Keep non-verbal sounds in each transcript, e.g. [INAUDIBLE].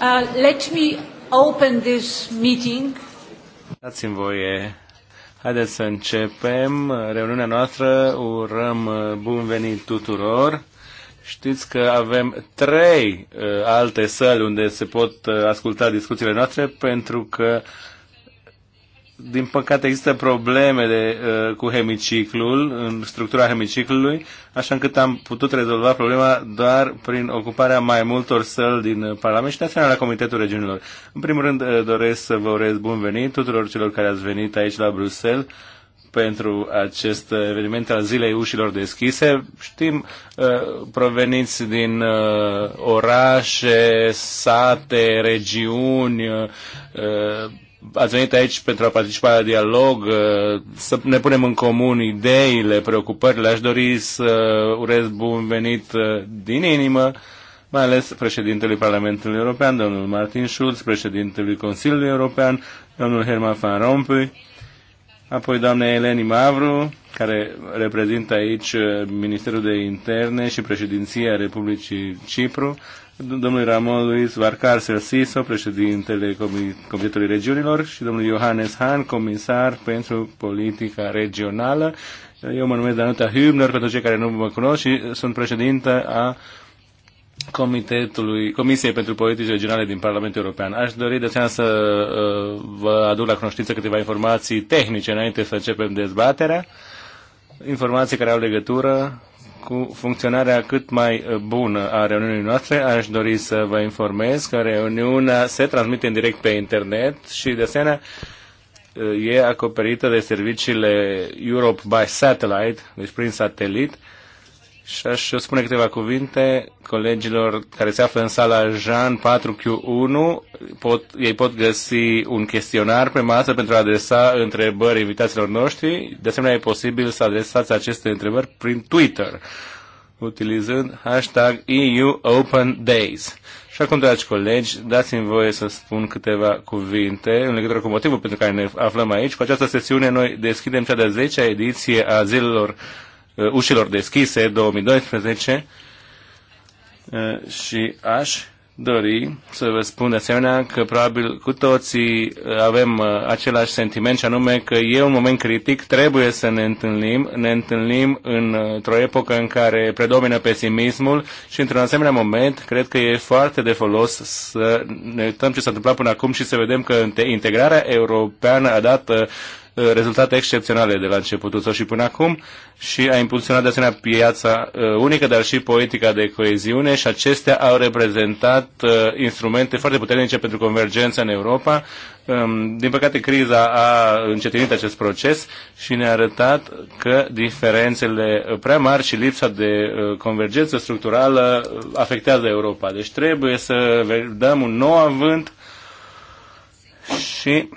Uh, let me open this meeting. Dați-mi voie. Haideți să începem reuniunea noastră. Urăm uh, bun venit tuturor. Știți că avem trei uh, alte săli unde se pot uh, asculta discuțiile noastre pentru că din păcate există probleme de, uh, cu hemiciclul, în structura hemiciclului, așa încât am putut rezolva problema doar prin ocuparea mai multor săli din uh, Parlament și de asemenea la Comitetul Regiunilor. În primul rând uh, doresc să vă urez bun venit tuturor celor care ați venit aici la Bruxelles pentru acest uh, eveniment al Zilei Ușilor Deschise. Știm, uh, proveniți din orașe, sate, regiuni, ați venit aici pentru a participa la dialog, uh, să ne punem în comun ideile, preocupările. Aș dori să urez bun venit uh, din inimă, mai ales președintelui Parlamentului European, domnul Martin Schulz, președintelui Consiliului European, domnul Herman Van Rompuy, apoi doamna Eleni Mavru, care reprezintă aici uh, Ministerul de Interne și președinția Republicii Cipru, domnului Ramon Luis Varcar Sersiso, președintele Comitetului Regiunilor și domnul Johannes Han, comisar pentru politica regională. Eu mă numesc Danuta Hübner, pentru cei care nu mă cunosc, și sunt președintă a Comitetului, Comisiei pentru Politici Regionale din Parlamentul European. Aș dori de asemenea să uh, vă aduc la cunoștință câteva informații tehnice înainte să începem dezbaterea, informații care au legătură cu funcționarea cât mai uh, bună a reuniunii noastre. Aș dori să vă informez că reuniunea se transmite în direct pe internet și, de asemenea, uh, e acoperită de serviciile Europe by Satellite, deci prin satelit, și aș spune câteva cuvinte colegilor care se află în sala Jean 4Q1. Pot, ei pot găsi un chestionar pe masă pentru a adresa întrebări invitaților noștri. De asemenea, e posibil să adresați aceste întrebări prin Twitter, utilizând hashtag EU Open Days. Și acum, dragi colegi, dați-mi voie să spun câteva cuvinte în legătură cu motivul pentru care ne aflăm aici. Cu această sesiune noi deschidem cea de-a 10-a ediție a zilelor Uh, ușilor deschise 2012 uh, și aș dori să vă spun de asemenea că probabil cu toții uh, avem același sentiment și anume că e un moment critic, trebuie să ne întâlnim, ne întâlnim într-o epocă în care predomină pesimismul și într-un asemenea moment cred că e foarte de folos să ne uităm ce s-a întâmplat până acum și să vedem că integrarea europeană a dat Uh, rezultate excepționale de la începutul său și până acum și a impulsionat de asemenea piața uh, unică, dar și politica de coeziune și acestea au reprezentat uh, instrumente foarte puternice pentru convergență în Europa. Um, din păcate, criza a încetinit acest proces și ne-a arătat că diferențele prea mari și lipsa de convergență structurală afectează Europa. Deci trebuie să dăm un nou avânt și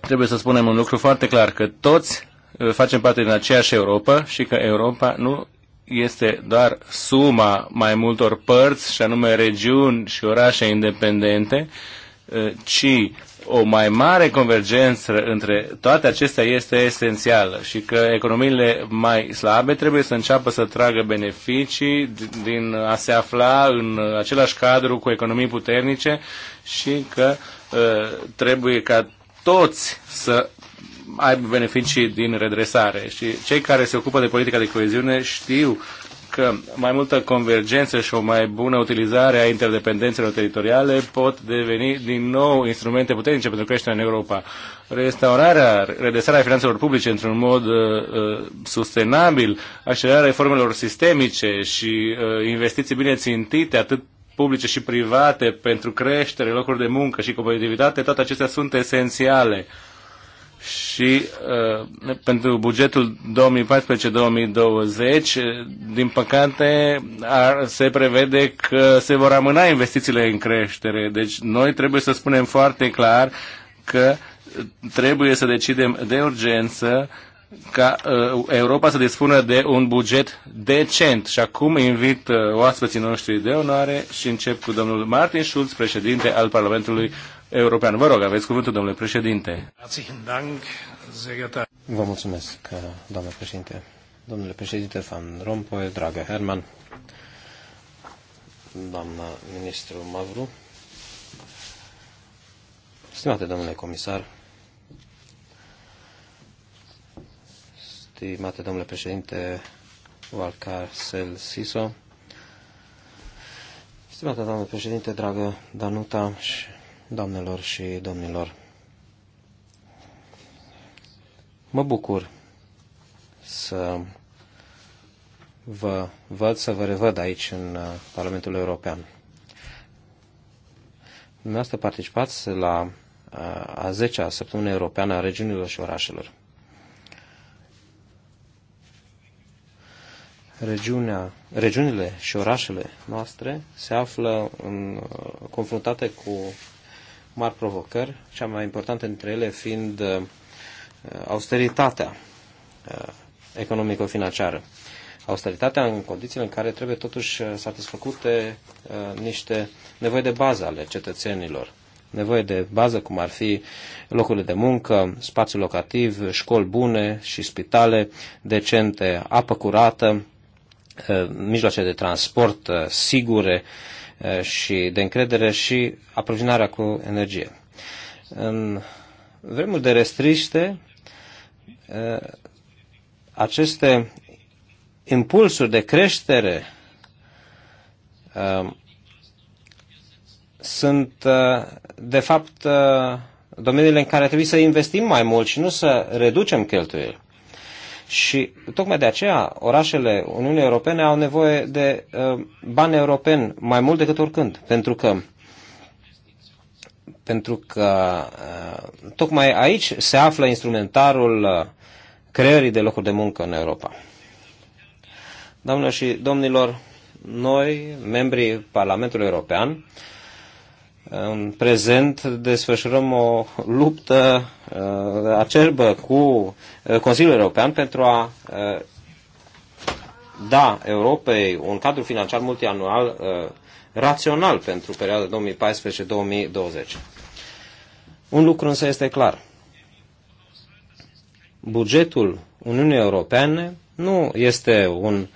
trebuie să spunem un lucru foarte clar, că toți uh, facem parte din aceeași Europa și că Europa nu este doar suma mai multor părți, și anume regiuni și orașe independente, uh, ci o mai mare convergență între toate acestea este esențială și că economiile mai slabe trebuie să înceapă să tragă beneficii din a se afla în același cadru cu economii puternice și că uh, trebuie ca toți să aibă beneficii din redresare. Și cei care se ocupă de politica de coeziune știu că mai multă convergență și o mai bună utilizare a interdependențelor teritoriale pot deveni din nou instrumente puternice pentru creșterea în Europa. Restaurarea, redresarea finanțelor publice într-un mod uh, uh sustenabil, accelerarea reformelor sistemice și uh, investiții bine țintite atât publice și private pentru creștere, locuri de muncă și competitivitate, toate acestea sunt esențiale. Și uh, pentru bugetul 2014-2020, din păcate, ar, se prevede că se vor amâna investițiile în creștere. Deci noi trebuie să spunem foarte clar că trebuie să decidem de urgență uh, ca uh, Europa să dispună de un buget decent. Și acum invit uh, oaspeții noștri de onoare și încep cu domnul Martin Schulz, președinte al Parlamentului European. Vă rog, aveți cuvântul, domnule președinte. Vă mulțumesc, uh, doamne președinte. Domnule președinte Van Rompuy, dragă Herman, doamna ministru Mavru, stimate domnule comisar, stimate domnule președinte Sel Siso, stimate domnule președinte, dragă Danuta și doamnelor și domnilor. Mă bucur să vă văd, să vă revăd aici în uh, Parlamentul European. Dumneavoastră participați la uh, a 10-a săptămână europeană a regiunilor și orașelor. regiunea, regiunile și orașele noastre se află în, uh, confruntate cu mari provocări, cea mai importantă dintre ele fiind uh, austeritatea uh, economico-financiară. Austeritatea în condițiile în care trebuie totuși satisfăcute niște nevoi de bază ale cetățenilor. Nevoie de bază cum ar fi locurile de muncă, spațiu locativ, școli bune și spitale decente, apă curată, Uh, mijloace de transport uh, sigure uh, și de încredere și aprovizionarea cu energie. În vremuri de restriște, aceste impulsuri de creștere sunt, de fapt, domeniile în care trebuie să investim mai mult și nu să reducem cheltuieli. Și tocmai de aceea orașele Uniunii Europene au nevoie de uh, bani europeni mai mult decât oricând, pentru că pentru că uh, tocmai aici se află instrumentarul uh, creării de locuri de muncă în Europa. Doamnelor și domnilor, noi, membrii Parlamentului European, în prezent desfășurăm o luptă uh, acerbă cu uh, Consiliul European pentru a uh, da Europei un cadru financiar multianual rațional pentru perioada 2014-2020. Un lucru însă este clar. Bugetul Uniunii Europene nu este un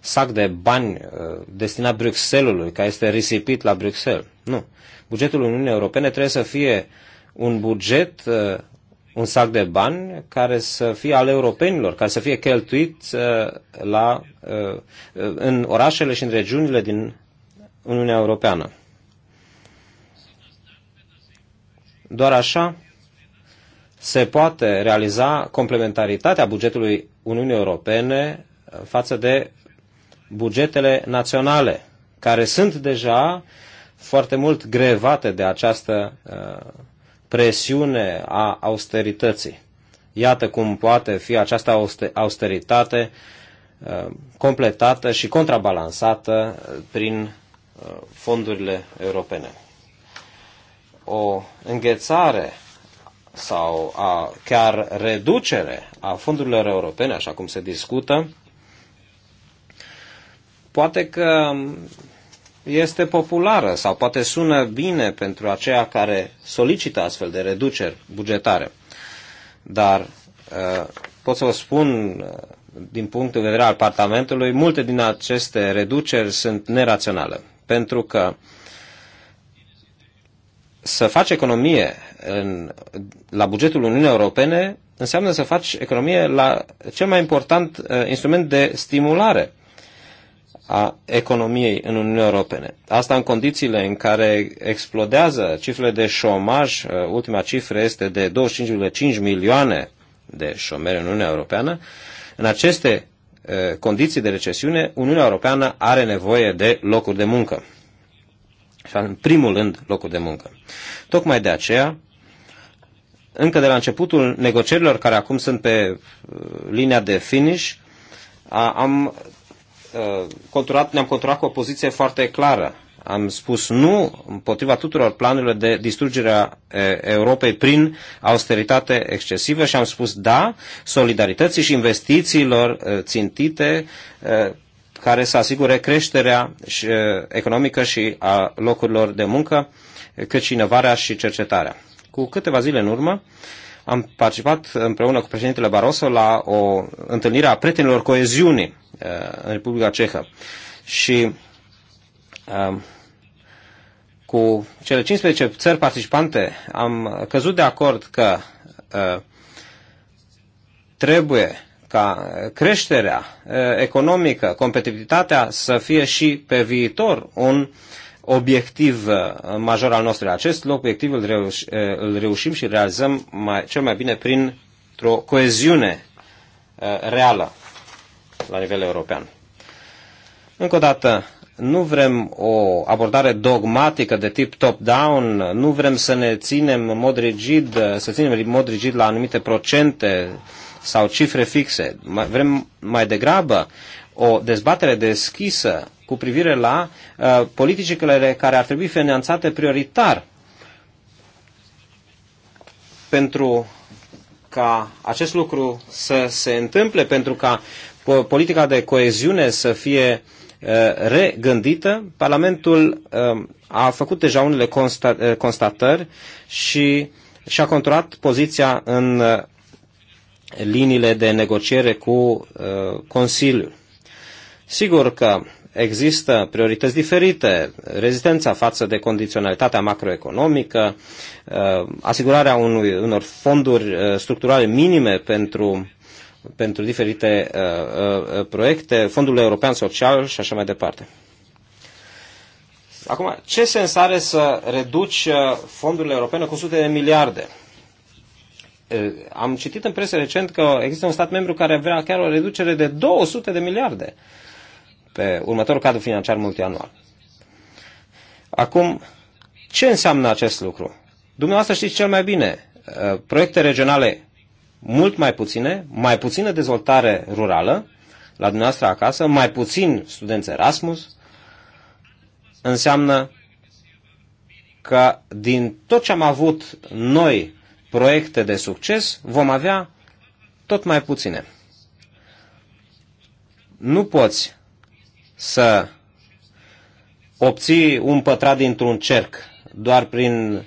sac de bani uh, destinat Bruxellesului, care este risipit la Bruxelles. Nu. Bugetul Uniunii Europene trebuie să fie un buget, uh, un sac de bani care să fie al europenilor, care să fie cheltuit uh, la, în orașele și în regiunile din Uniunea Europeană. Doar așa se poate realiza complementaritatea bugetului Uniunii Europene față de bugetele naționale, care sunt deja foarte mult grevate de această uh, presiune a austerității. Iată cum poate fi această austeritate uh, completată și contrabalansată uh, prin fondurile europene. O înghețare sau a chiar reducere a fondurilor europene, așa cum se discută, poate că este populară sau poate sună bine pentru aceia care solicită astfel de reduceri bugetare. Dar uh, pot să vă spun, uh, din punct de vedere al Parlamentului, multe din aceste reduceri sunt neraționale. Pentru că să faci economie în, la bugetul Uniunii Europene înseamnă să faci economie la cel mai important uh, instrument de stimulare a economiei în Uniunea Europene. Asta în condițiile în care explodează cifrele de șomaj, uh, ultima cifră este de 25,5 milioane de șomeri în Uniunea Europeană, în aceste uh, condiții de recesiune, Uniunea Europeană are nevoie de locuri de muncă. Și în primul rând locuri de muncă. Tocmai de aceea, încă de la începutul negocierilor care acum sunt pe uh, linia de finish, am Uh, conturat, ne-am conturat cu o poziție foarte clară. Am spus nu împotriva tuturor planurilor de distrugere a Europei prin austeritate excesivă și am spus da solidarității și investițiilor uh, țintite uh, care să asigure creșterea economică și a locurilor de muncă, cât și inovarea și cercetarea. Cu câteva zile în urmă, am participat împreună cu președintele Barroso la o întâlnire a prietenilor coeziunii uh, în Republica Cehă. Și um, cu cele 15 țări participante am căzut de acord că uh, trebuie ca creșterea uh, economică, competitivitatea să fie și pe viitor un obiectiv uh, major al nostru. Acest loc îl, reuș, uh, îl reușim și realizăm mai, cel mai bine printr-o coeziune uh, reală la nivel european. Încă o dată, nu vrem o abordare dogmatică de tip top-down, nu vrem să ne ținem în mod rigid, să ținem în mod rigid la anumite procente sau cifre fixe. Vrem mai degrabă o dezbatere deschisă cu privire la uh, politicile care ar trebui finanțate prioritar pentru ca acest lucru să se întâmple, pentru ca politica de coeziune să fie uh, regândită, Parlamentul uh, a făcut deja unele consta uh, constatări și și-a controlat poziția în uh, liniile de negociere cu uh, Consiliul. Sigur că există priorități diferite, rezistența față de condiționalitatea macroeconomică, uh, asigurarea unui, unor fonduri uh, structurale minime pentru pentru diferite uh, proiecte, Fondul European Social și așa mai departe. Acum, ce sens are să reduci fondurile europene cu sute de miliarde? Am citit în presă recent că există un stat membru care vrea chiar o reducere de 200 de miliarde. Uh, pe următorul cadru financiar multianual. Acum, ce înseamnă acest lucru? Dumneavoastră știți cel mai bine, uh, proiecte regionale mult mai puține, mai puțină dezvoltare rurală la dumneavoastră acasă, mai puțin studenți Erasmus, înseamnă că din tot ce am avut noi proiecte de succes, vom avea tot mai puține. Nu poți să obții un pătrat dintr-un cerc doar prin uh,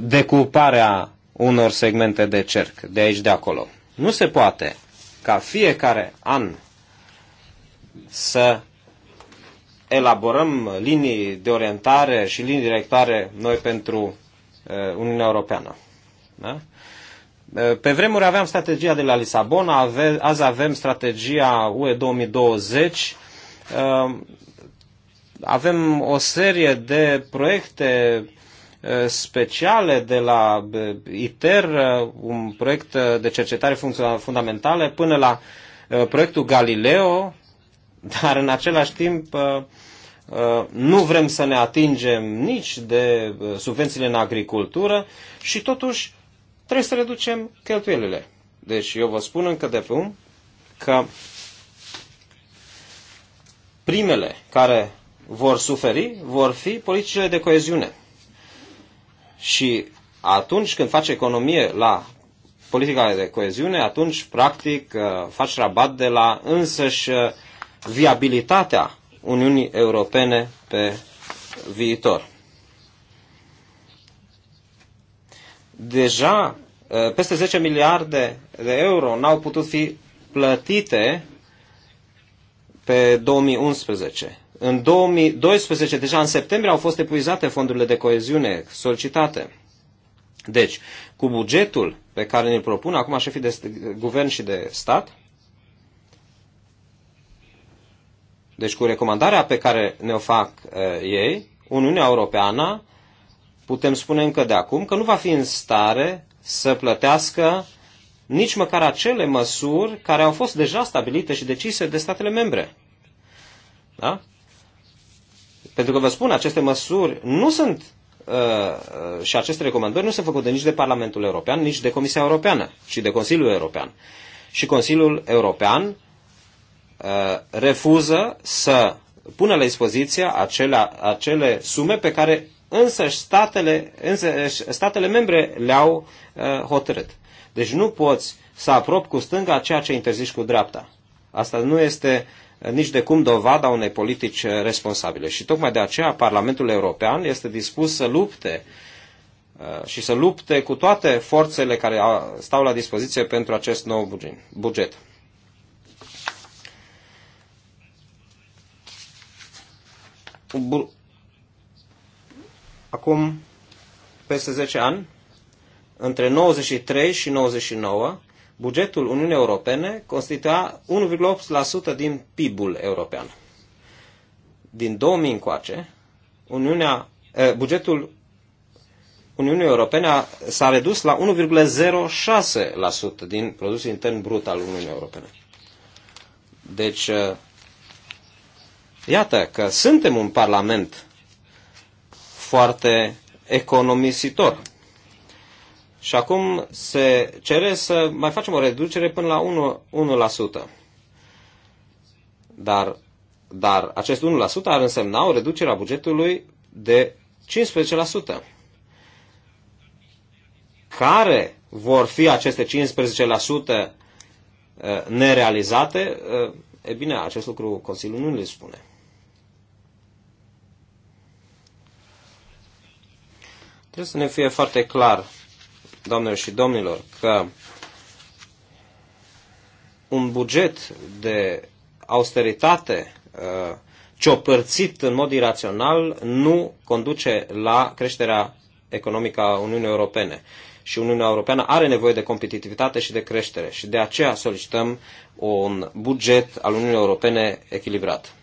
decuparea unor segmente de cerc, de aici, de acolo. Nu se poate ca fiecare an să elaborăm linii de orientare și linii directoare noi pentru uh, Uniunea Europeană. Da? Eh, pe vremuri aveam strategia de la Lisabona, ave, azi avem strategia UE 2020, eh, avem o serie de proiecte eh, speciale de la ITER, un proiect de cercetare fundamentale, până la proiectul Galileo, [LAUGHS] dar în același timp nu vrem să ne atingem nici de subvențiile în agricultură și totuși trebuie să reducem cheltuielile. Deci eu vă spun încă de acum că primele care vor suferi vor fi politicile de coeziune. Și atunci când faci economie la politica de coeziune, atunci practic uh, faci rabat de la însăși uh, viabilitatea Uniunii Europene pe viitor. deja ă, peste 10 miliarde de euro n-au putut fi plătite pe 2011. În 2012, deja în septembrie, au fost epuizate fondurile de coeziune solicitate. Deci, cu bugetul pe care ne-l propun acum șefii de guvern și de stat, deci cu recomandarea pe care ne-o fac uh, ei, Uniunea Europeană putem spune încă de acum că nu va fi în stare să plătească nici măcar acele măsuri care au fost deja stabilite și decise de statele membre. Da? Pentru că vă spun, aceste măsuri nu sunt uh, uh, și aceste recomandări nu sunt făcute nici de Parlamentul European, nici de Comisia Europeană, ci de Consiliul European. Și Consiliul European uh, refuză să pună la dispoziție acele, acele sume pe care însă statele, însăși statele membre le-au uh, hotărât. Deci nu poți să apropi cu stânga ceea ce interziști cu dreapta. Asta nu este uh, nici de cum dovada unei politici uh, responsabile. Și tocmai de aceea Parlamentul European este dispus să lupte uh, și să lupte cu toate forțele care stau la dispoziție pentru acest nou buget. Bu acum peste 10 ani, între 93 și 99, bugetul Uniunii Europene constituia 1,8% din PIB-ul european. Din 2000 încoace, Uniunea, eh, bugetul Uniunii Europene s-a redus la 1,06% din produsul intern brut al Uniunii Europene. Deci, eh, iată că suntem un parlament foarte economisitor. Și acum se cere să mai facem o reducere până la 1, 1%. Dar, dar acest 1% ar însemna o reducere a bugetului de 15%. Care vor fi aceste 15% eh, nerealizate? Eh, e bine, acest lucru Consiliul nu le spune. Trebuie să ne fie foarte clar, doamnelor și domnilor, că un buget de austeritate uh, ciopărțit în mod irațional nu conduce la creșterea economică a Uniunii Europene. Și Uniunea Europeană are nevoie de competitivitate și de creștere. Și de aceea solicităm un buget al Uniunii Europene echilibrat.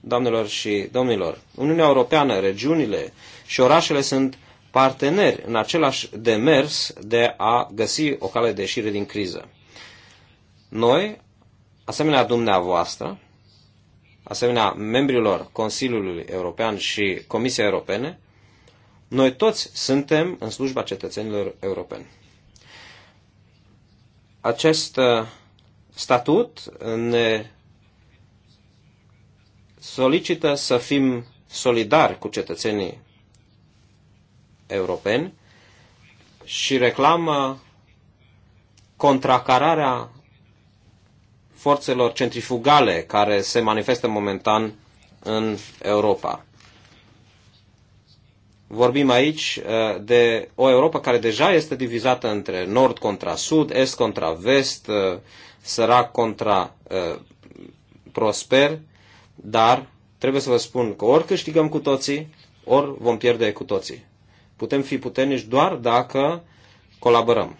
Doamnelor și domnilor, Uniunea Europeană, regiunile și orașele sunt parteneri în același demers de a găsi o cale de ieșire din criză. Noi, asemenea dumneavoastră, asemenea membrilor Consiliului European și Comisiei Europene, noi toți suntem în slujba cetățenilor europeni. Acest uh, statut ne solicită să fim solidari cu cetățenii europeni și reclamă contracararea forțelor centrifugale care se manifestă momentan în Europa. Vorbim aici uh, de o Europa care deja este divizată între nord contra sud, est contra vest, uh, sărac contra uh, prosper, dar trebuie să vă spun că ori câștigăm cu toții, ori vom pierde cu toții. Putem fi puternici doar dacă colaborăm.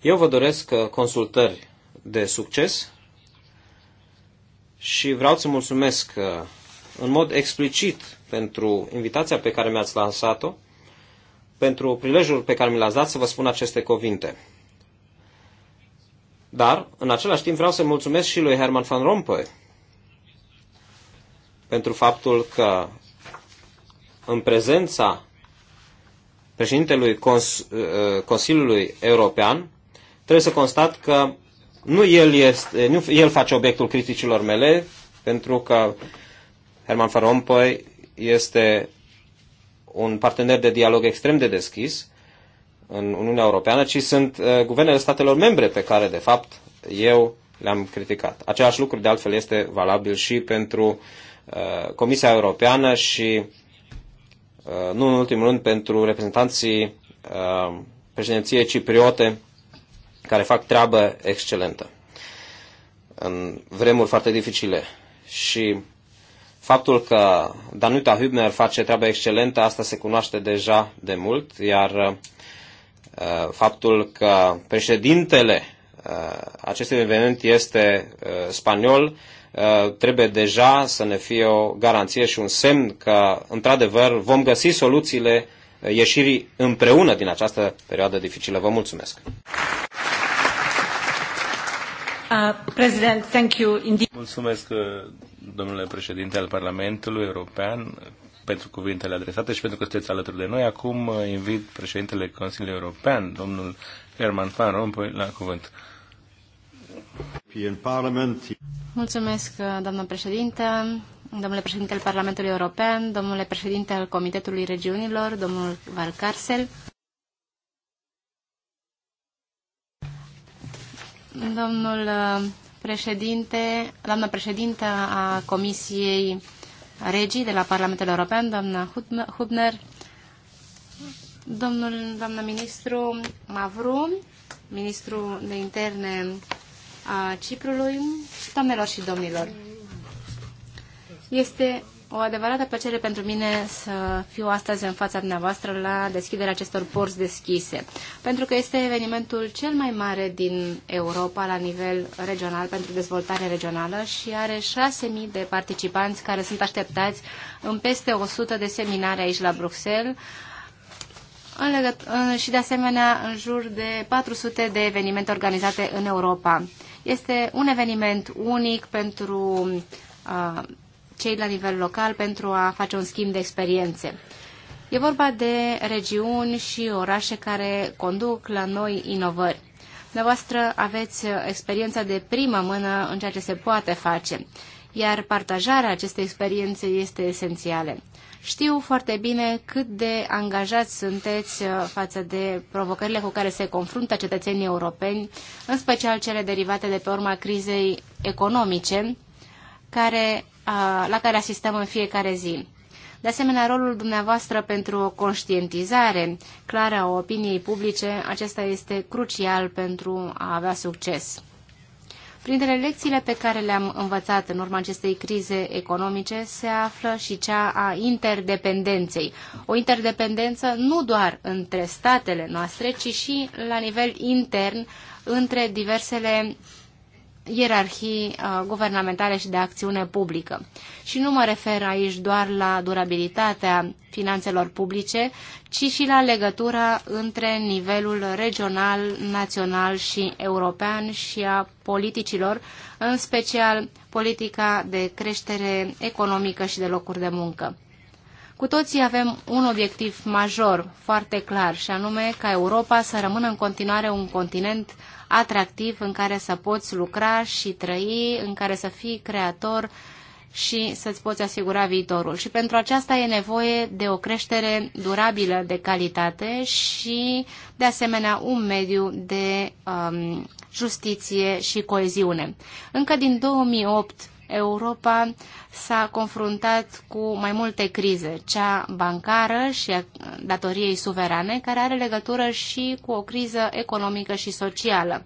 Eu vă doresc uh, consultări de succes și vreau să mulțumesc uh, în mod explicit pentru invitația pe care mi-ați lansat-o, pentru prilejul pe care mi l-ați dat să vă spun aceste cuvinte. Dar, în același timp, vreau să mulțumesc și lui Herman van Rompuy pentru faptul că în prezența președintelui Cons- uh, Consiliului European, trebuie să constat că nu el, este, nu el face obiectul criticilor mele, pentru că Herman Van Rompuy este un partener de dialog extrem de deschis în Uniunea Europeană, ci sunt uh, guvernele statelor membre pe care, de fapt, eu le-am criticat. Același lucru, de altfel, este valabil și pentru uh, Comisia Europeană și Uh, nu în ultimul rând pentru reprezentanții uh, președinției cipriote care fac treabă excelentă în vremuri foarte dificile. Și faptul că Danuta Hübner face treabă excelentă, asta se cunoaște deja de mult, iar uh, faptul că președintele acestui eveniment este spaniol, Uh, trebuie deja să ne fie o garanție și un semn că, într-adevăr, vom găsi soluțiile ieșirii împreună din această perioadă dificilă. Vă mulțumesc! Uh, President, thank you. Mulțumesc, uh, domnule președinte al Parlamentului European, pentru cuvintele adresate și pentru că sunteți alături de noi. Acum uh, invit președintele Consiliului European, domnul Herman Van Rompuy, la cuvânt. Mulțumesc, doamnă președinte, domnule președinte al Parlamentului European, domnule președinte al Comitetului Regiunilor, domnul Valcarcel. Domnul uh, președinte, doamna președinte a Comisiei Regii de la Parlamentul European, doamna Hubner, domnul, doamna ministru Mavru, ministru de interne a Ciprului, doamnelor și domnilor. Este o adevărată plăcere pentru mine să fiu astăzi în fața dumneavoastră la deschiderea acestor porți deschise, pentru că este evenimentul cel mai mare din Europa la nivel regional pentru dezvoltare regională și are 6.000 de participanți care sunt așteptați în peste 100 de seminare aici la Bruxelles, în legăt- și de asemenea în jur de 400 de evenimente organizate în Europa. Este un eveniment unic pentru uh, cei la nivel local pentru a face un schimb de experiențe. E vorba de regiuni și orașe care conduc la noi inovări. Dumneavoastră aveți experiența de primă mână în ceea ce se poate face, iar partajarea acestei experiențe este esențială. Știu foarte bine cât de angajați sunteți uh, față de provocările cu care se confruntă cetățenii europeni, în special cele derivate de pe urma crizei economice care, uh, la care asistăm în fiecare zi. De asemenea, rolul dumneavoastră pentru o conștientizare clară a opiniei publice, acesta este crucial pentru a avea succes. Printre lecțiile pe care le-am învățat în urma acestei crize economice se află și cea a interdependenței. O interdependență nu doar între statele noastre, ci și la nivel intern între diversele ierarhii uh, guvernamentale și de acțiune publică. Și nu mă refer aici doar la durabilitatea finanțelor publice, ci și la legătura între nivelul regional, național și european și a politicilor, în special politica de creștere economică și de locuri de muncă. Cu toții avem un obiectiv major, foarte clar, și anume ca Europa să rămână în continuare un continent atractiv în care să poți lucra și trăi, în care să fii creator și să-ți poți asigura viitorul. Și pentru aceasta e nevoie de o creștere durabilă de calitate și, de asemenea, un mediu de um, justiție și coeziune. Încă din 2008, Europa s-a confruntat cu mai multe crize, cea bancară și a datoriei suverane, care are legătură și cu o criză economică și socială.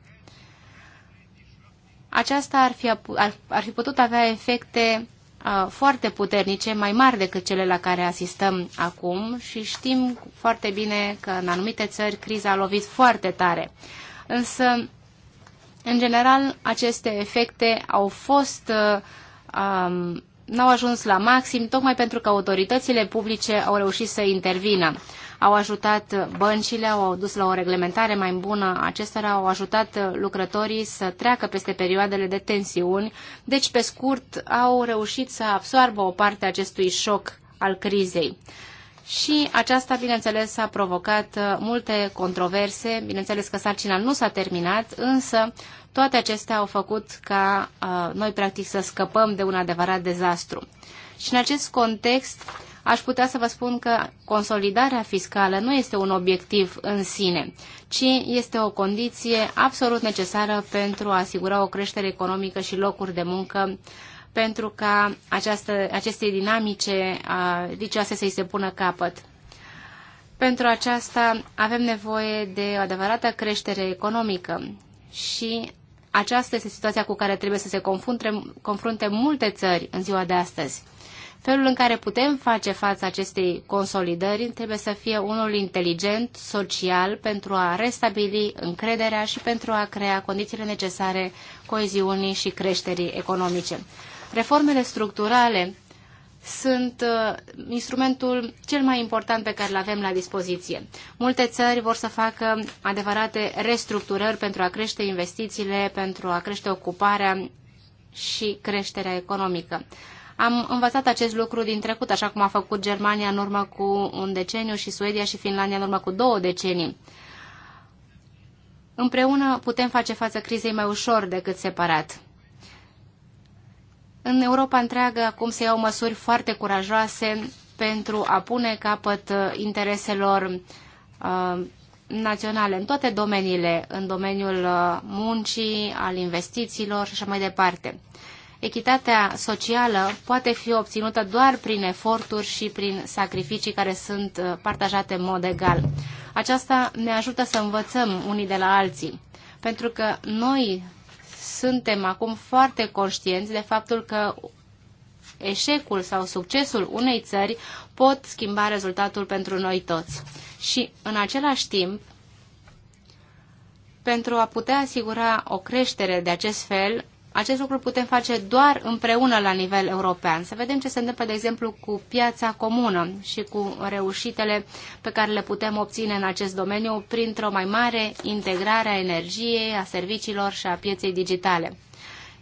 Aceasta ar fi, ar, ar fi putut avea efecte uh, foarte puternice, mai mari decât cele la care asistăm acum și știm foarte bine că în anumite țări criza a lovit foarte tare. Însă în general, aceste efecte au fost, uh, um, n-au ajuns la maxim, tocmai pentru că autoritățile publice au reușit să intervină. Au ajutat băncile, au dus la o reglementare mai bună acestora, au ajutat lucrătorii să treacă peste perioadele de tensiuni, deci pe scurt au reușit să absoarbă o parte a acestui șoc al crizei și aceasta, bineînțeles, a provocat uh, multe controverse, bineînțeles că sarcina nu s-a terminat, însă toate acestea au făcut ca uh, noi, practic, să scăpăm de un adevărat dezastru. Și în acest context, aș putea să vă spun că consolidarea fiscală nu este un obiectiv în sine, ci este o condiție absolut necesară pentru a asigura o creștere economică și locuri de muncă pentru ca această, aceste dinamice vicioase să-i se pună capăt. Pentru aceasta avem nevoie de o adevărată creștere economică și aceasta este situația cu care trebuie să se confrunte, confrunte multe țări în ziua de astăzi. Felul în care putem face față acestei consolidări trebuie să fie unul inteligent, social, pentru a restabili încrederea și pentru a crea condițiile necesare coeziunii și creșterii economice. Reformele structurale sunt uh, instrumentul cel mai important pe care îl avem la dispoziție. Multe țări vor să facă adevărate restructurări pentru a crește investițiile, pentru a crește ocuparea și creșterea economică. Am învățat acest lucru din trecut, așa cum a făcut Germania în urmă cu un deceniu și Suedia și Finlandia în urmă cu două decenii. Împreună putem face față crizei mai ușor decât separat. În Europa întreagă acum se iau măsuri foarte curajoase pentru a pune capăt uh, intereselor uh, naționale în toate domeniile, în domeniul uh, muncii, al investițiilor și așa mai departe. Echitatea socială poate fi obținută doar prin eforturi și prin sacrificii care sunt uh, partajate în mod egal. Aceasta ne ajută să învățăm unii de la alții, pentru că noi suntem acum foarte conștienți de faptul că eșecul sau succesul unei țări pot schimba rezultatul pentru noi toți. Și în același timp, pentru a putea asigura o creștere de acest fel, acest lucru putem face doar împreună la nivel european. Să vedem ce se întâmplă, de exemplu, cu piața comună și cu reușitele pe care le putem obține în acest domeniu printr-o mai mare integrare a energiei, a serviciilor și a pieței digitale.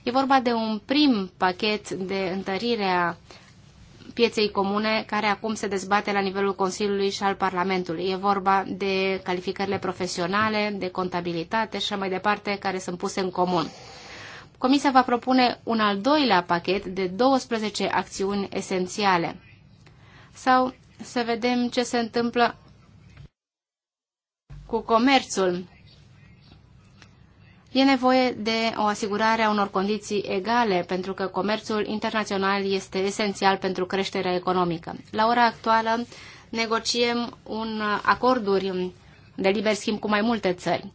E vorba de un prim pachet de întărire a pieței comune care acum se dezbate la nivelul Consiliului și al Parlamentului. E vorba de calificările profesionale, de contabilitate și mai departe care sunt puse în comun. Comisia va propune un al doilea pachet de 12 acțiuni esențiale. Sau să vedem ce se întâmplă cu comerțul. E nevoie de o asigurare a unor condiții egale, pentru că comerțul internațional este esențial pentru creșterea economică. La ora actuală negociem un acorduri de liber schimb cu mai multe țări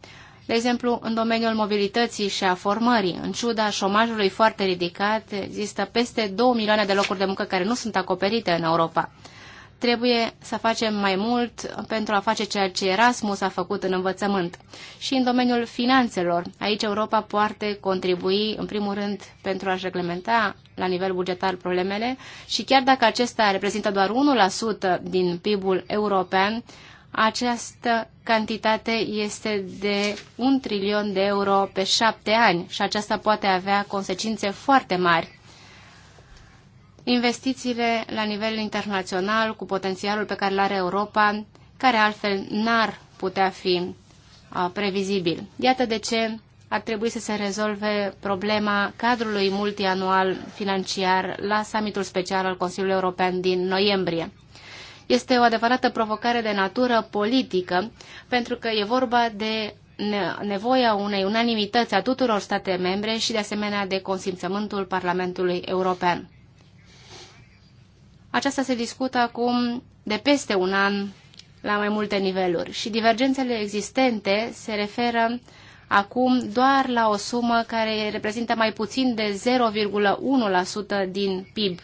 de exemplu, în domeniul mobilității și a formării. În ciuda șomajului foarte ridicat, există peste 2 milioane de locuri de muncă care nu sunt acoperite în Europa. Trebuie să facem mai mult pentru a face ceea ce Erasmus a făcut în învățământ. Și în domeniul finanțelor, aici Europa poate contribui, în primul rând, pentru a-și reglementa la nivel bugetar problemele și chiar dacă acesta reprezintă doar 1% din PIB-ul european, această cantitate este de un trilion de euro pe șapte ani și aceasta poate avea consecințe foarte mari. Investițiile la nivel internațional cu potențialul pe care îl are Europa, care altfel n-ar putea fi a, previzibil. Iată de ce ar trebui să se rezolve problema cadrului multianual financiar la summitul special al Consiliului European din noiembrie este o adevărată provocare de natură politică, pentru că e vorba de nevoia unei unanimități a tuturor state membre și de asemenea de consimțământul Parlamentului European. Aceasta se discută acum de peste un an la mai multe niveluri și divergențele existente se referă acum doar la o sumă care reprezintă mai puțin de 0,1% din PIB.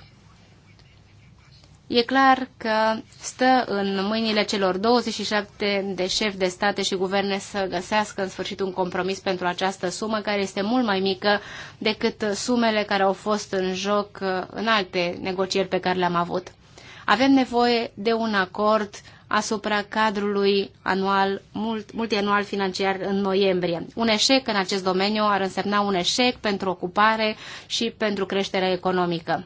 E clar că stă în mâinile celor 27 de șefi de state și guverne să găsească în sfârșit un compromis pentru această sumă, care este mult mai mică decât sumele care au fost în joc uh, în alte negocieri pe care le-am avut. Avem nevoie de un acord asupra cadrului anual, mult, multianual financiar în noiembrie. Un eșec în acest domeniu ar însemna un eșec pentru ocupare și pentru creșterea economică.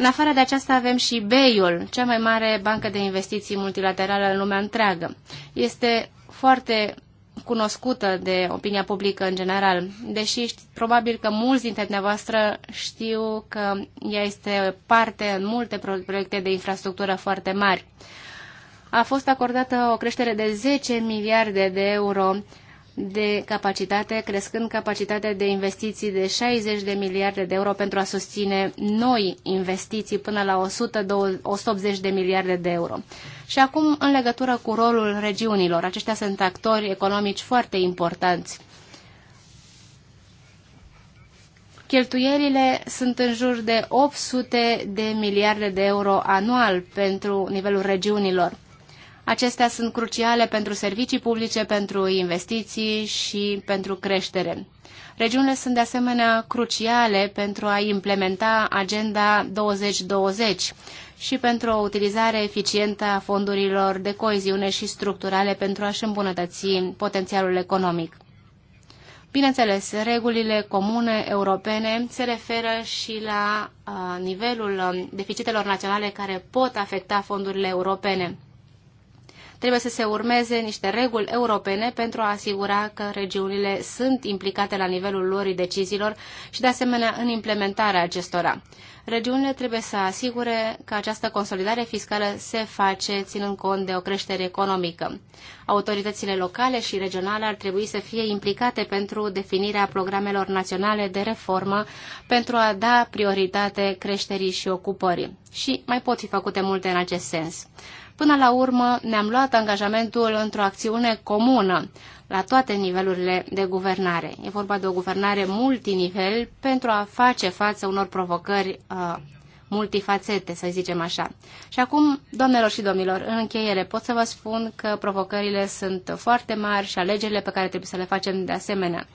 În afară de aceasta avem și BEI-ul, cea mai mare bancă de investiții multilaterală în lumea întreagă. Este foarte cunoscută de opinia publică în general, deși probabil că mulți dintre dumneavoastră știu că ea este parte în multe proiecte de infrastructură foarte mari. A fost acordată o creștere de 10 miliarde de euro de capacitate, crescând capacitatea de investiții de 60 de miliarde de euro pentru a susține noi investiții până la 180 de miliarde de euro. Și acum, în legătură cu rolul regiunilor, aceștia sunt actori economici foarte importanți. Cheltuielile sunt în jur de 800 de miliarde de euro anual pentru nivelul regiunilor. Acestea sunt cruciale pentru servicii publice, pentru investiții și pentru creștere. Regiunile sunt de asemenea cruciale pentru a implementa Agenda 2020 și pentru o utilizare eficientă a fondurilor de coeziune și structurale pentru a-și îmbunătăți potențialul economic. Bineînțeles, regulile comune europene se referă și la nivelul deficitelor naționale care pot afecta fondurile europene. Trebuie să se urmeze niște reguli europene pentru a asigura că regiunile sunt implicate la nivelul lor deciziilor și, de asemenea, în implementarea acestora. Regiunile trebuie să asigure că această consolidare fiscală se face ținând cont de o creștere economică. Autoritățile locale și regionale ar trebui să fie implicate pentru definirea programelor naționale de reformă pentru a da prioritate creșterii și ocupării. Și mai pot fi făcute multe în acest sens. Până la urmă ne-am luat angajamentul într-o acțiune comună la toate nivelurile de guvernare. E vorba de o guvernare multinivel pentru a face față unor provocări uh, multifacete, să zicem așa. Și acum, doamnelor și domnilor, în încheiere pot să vă spun că provocările sunt foarte mari și alegerile pe care trebuie să le facem de asemenea.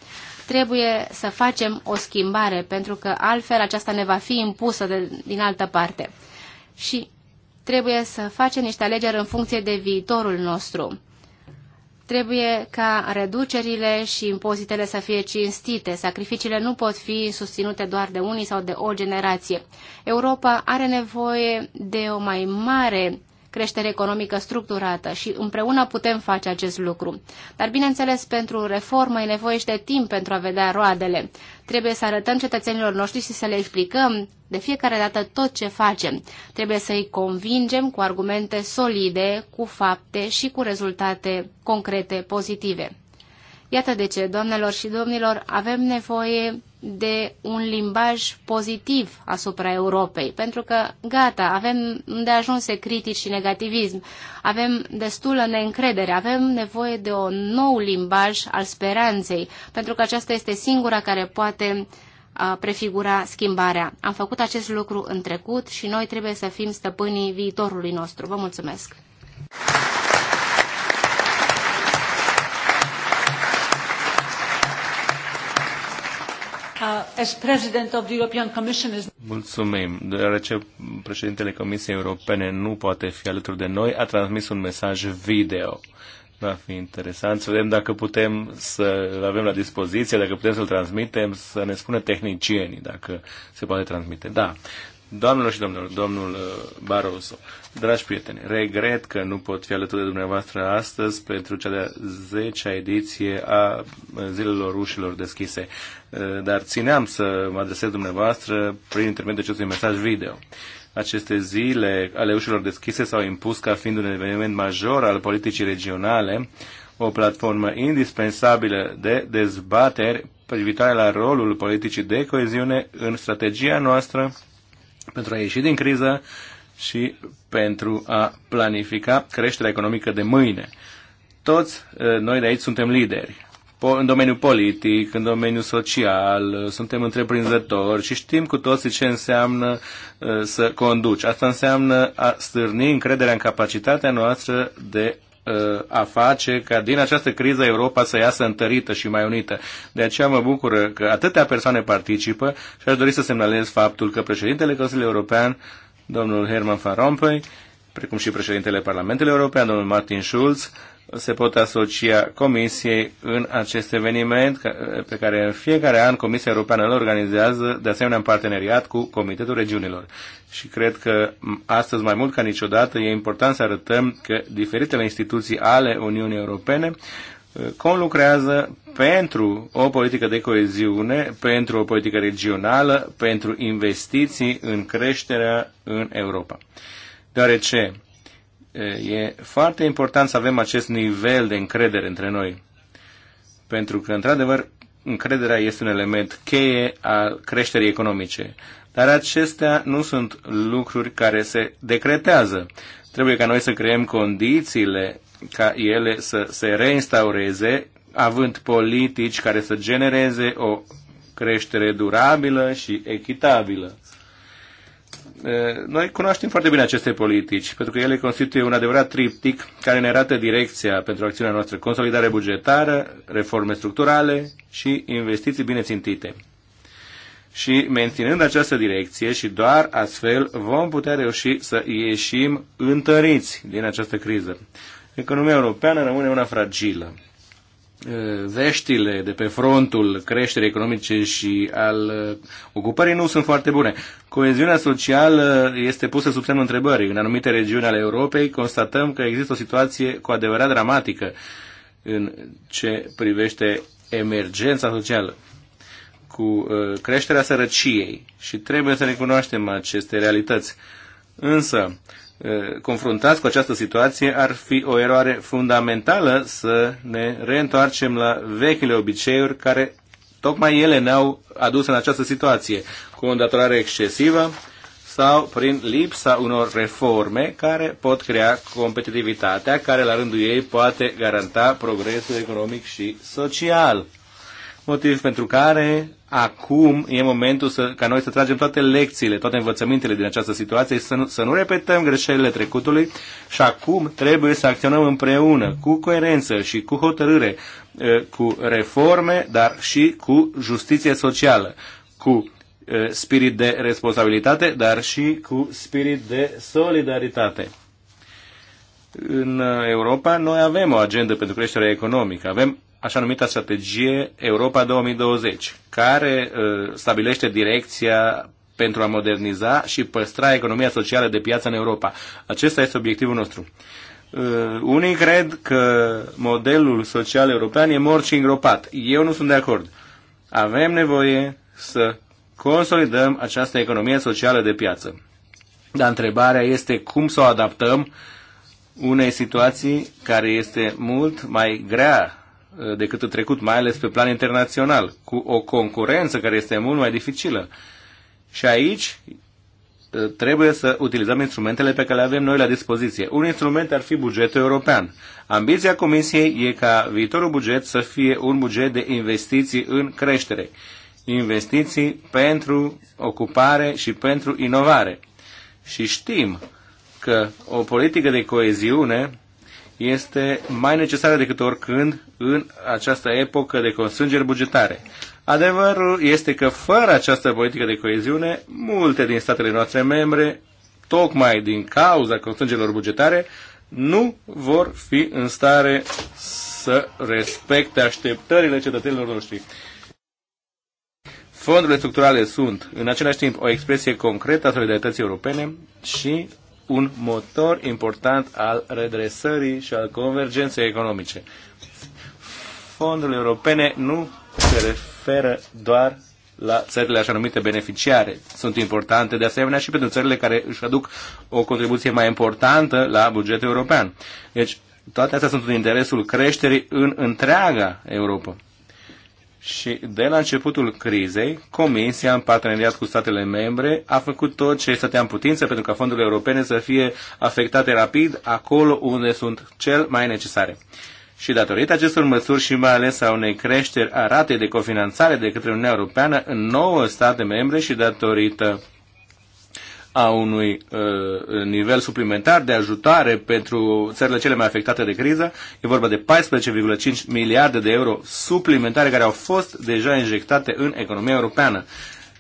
Trebuie să facem o schimbare, pentru că altfel aceasta ne va fi impusă de, din altă parte. Și Trebuie să facem niște alegeri în funcție de viitorul nostru. Trebuie ca reducerile și impozitele să fie cinstite. Sacrificiile nu pot fi susținute doar de unii sau de o generație. Europa are nevoie de o mai mare creștere economică structurată și împreună putem face acest lucru. Dar, bineînțeles, pentru reformă e nevoie și de timp pentru a vedea roadele. Trebuie să arătăm cetățenilor noștri și să le explicăm de fiecare dată tot ce facem. Trebuie să-i convingem cu argumente solide, cu fapte și cu rezultate concrete pozitive. Iată de ce, doamnelor și domnilor, avem nevoie de un limbaj pozitiv asupra Europei, pentru că, gata, avem de ajunse critici și negativism, avem destulă neîncredere, avem nevoie de un nou limbaj al speranței, pentru că aceasta este singura care poate prefigura schimbarea. Am făcut acest lucru în trecut și noi trebuie să fim stăpânii viitorului nostru. Vă mulțumesc! As president of the European Commission is... Mulțumim. Deoarece președintele Comisiei Europene nu poate fi alături de noi, a transmis un mesaj video. Va fi interesant să vedem dacă putem să-l avem la dispoziție, dacă putem să-l transmitem, să ne spună tehnicienii dacă se poate transmite. Da. Doamnelor și domnilor, domnul uh, Barroso, dragi prieteni, regret că nu pot fi alături de dumneavoastră astăzi pentru cea de-a 10-a ediție a uh, Zilelor Ușilor Deschise, uh, dar țineam să mă adresez dumneavoastră prin intermediul acestui mesaj video aceste zile ale ușilor deschise s-au impus ca fiind un eveniment major al politicii regionale, o platformă indispensabilă de dezbateri privitoare la rolul politicii de coeziune în strategia noastră pentru a ieși din criză și pentru a planifica creșterea economică de mâine. Toți eh, noi de aici suntem lideri în domeniul politic, în domeniul social, eh, suntem întreprinzători și știm cu toții ce înseamnă eh, să conduci. Asta înseamnă a stârni încrederea în capacitatea noastră de a face ca din această criză Europa să iasă întărită și mai unită. De aceea mă bucură că atâtea persoane participă și aș dori să semnalez faptul că președintele Consiliului European, domnul Herman Van Rompuy, precum și președintele Parlamentului European, domnul Martin Schulz, se pot asocia Comisiei în acest eveniment pe care în fiecare an Comisia Europeană îl organizează, de asemenea în parteneriat cu Comitetul Regiunilor. Și cred că astăzi mai mult ca niciodată e important să arătăm că diferitele instituții ale Uniunii Europene uh, conlucrează pentru o politică de coeziune, pentru o politică regională, pentru investiții în creșterea în Europa. Deoarece e foarte important să avem acest nivel de încredere între noi. Pentru că, într-adevăr, încrederea este un element cheie al creșterii economice. Dar acestea nu sunt lucruri care se decretează. Trebuie ca noi să creăm condițiile ca ele să se reinstaureze, având politici care să genereze o creștere durabilă și echitabilă. Eh, noi cunoaștem foarte bine aceste politici, pentru că ele constituie un adevărat triptic care ne arată direcția pentru acțiunea noastră, consolidare bugetară, reforme structurale și investiții bine țintite. Și menținând această direcție și doar astfel vom putea reuși să ieșim întăriți din această criză. Economia europeană rămâne una fragilă veștile de pe frontul creșterii economice și al uh, ocupării nu sunt foarte bune. Coeziunea socială este pusă sub semnul întrebării. În anumite regiuni ale Europei constatăm că există o situație cu adevărat dramatică în ce privește emergența socială cu uh, creșterea sărăciei și trebuie să recunoaștem aceste realități. Însă, Eh, confruntați cu această situație, ar fi o eroare fundamentală să ne reîntoarcem la vechile obiceiuri care tocmai ele ne-au adus în această situație, cu o îndatorare excesivă sau prin lipsa unor reforme care pot crea competitivitatea, care la rândul ei poate garanta progresul economic și social motiv pentru care acum e momentul să, ca noi să tragem toate lecțiile, toate învățămintele din această situație, să nu, să nu repetăm greșelile trecutului și acum trebuie să acționăm împreună, cu coerență și cu hotărâre, eh, cu reforme, dar și cu justiție socială, cu eh, spirit de responsabilitate, dar și cu spirit de solidaritate în eh, Europa noi avem o agendă pentru creșterea economică, avem așa numita strategie Europa 2020, care uh, stabilește direcția pentru a moderniza și păstra economia socială de piață în Europa. Acesta este obiectivul nostru. Uh, unii cred că modelul social european e mort și îngropat. Eu nu sunt de acord. Avem nevoie să consolidăm această economie socială de piață. Dar întrebarea este cum să o adaptăm unei situații care este mult mai grea Eh, decât în trecut, mai ales pe plan internațional, cu o concurență care este mult mai dificilă. Și aici eh, trebuie să utilizăm instrumentele pe care le avem noi la dispoziție. Un instrument ar fi bugetul european. Ambiția Comisiei e ca viitorul buget să fie un buget de investiții în creștere, investiții pentru ocupare și pentru inovare. Și știm că o politică de coeziune este mai necesară decât oricând în această epocă de constrângeri bugetare. Adevărul este că fără această politică de coeziune, multe din statele noastre membre, tocmai din cauza constrângerilor bugetare, nu vor fi în stare să respecte așteptările cetățenilor noștri. Fondurile structurale sunt, în același timp, o expresie concretă a solidarității europene și un motor important al redresării și al convergenței economice. Fondurile europene nu se referă doar la țările așa numite beneficiare. Sunt importante de asemenea și pentru țările care își aduc o contribuție mai importantă la bugetul european. Deci, toate astea sunt în interesul creșterii în întreaga Europa. Și de la începutul crizei, Comisia, în parteneriat cu statele membre, a făcut tot ce stătea în putință pentru ca fondurile europene să fie afectate rapid acolo unde sunt cel mai necesare. Și datorită acestor măsuri și mai ales a unei creșteri a ratei de cofinanțare de către Uniunea Europeană în nouă state membre și datorită a unui uh, nivel suplimentar de ajutare pentru țările cele mai afectate de criză. E vorba de 14,5 miliarde de euro suplimentare care au fost deja injectate în economia europeană.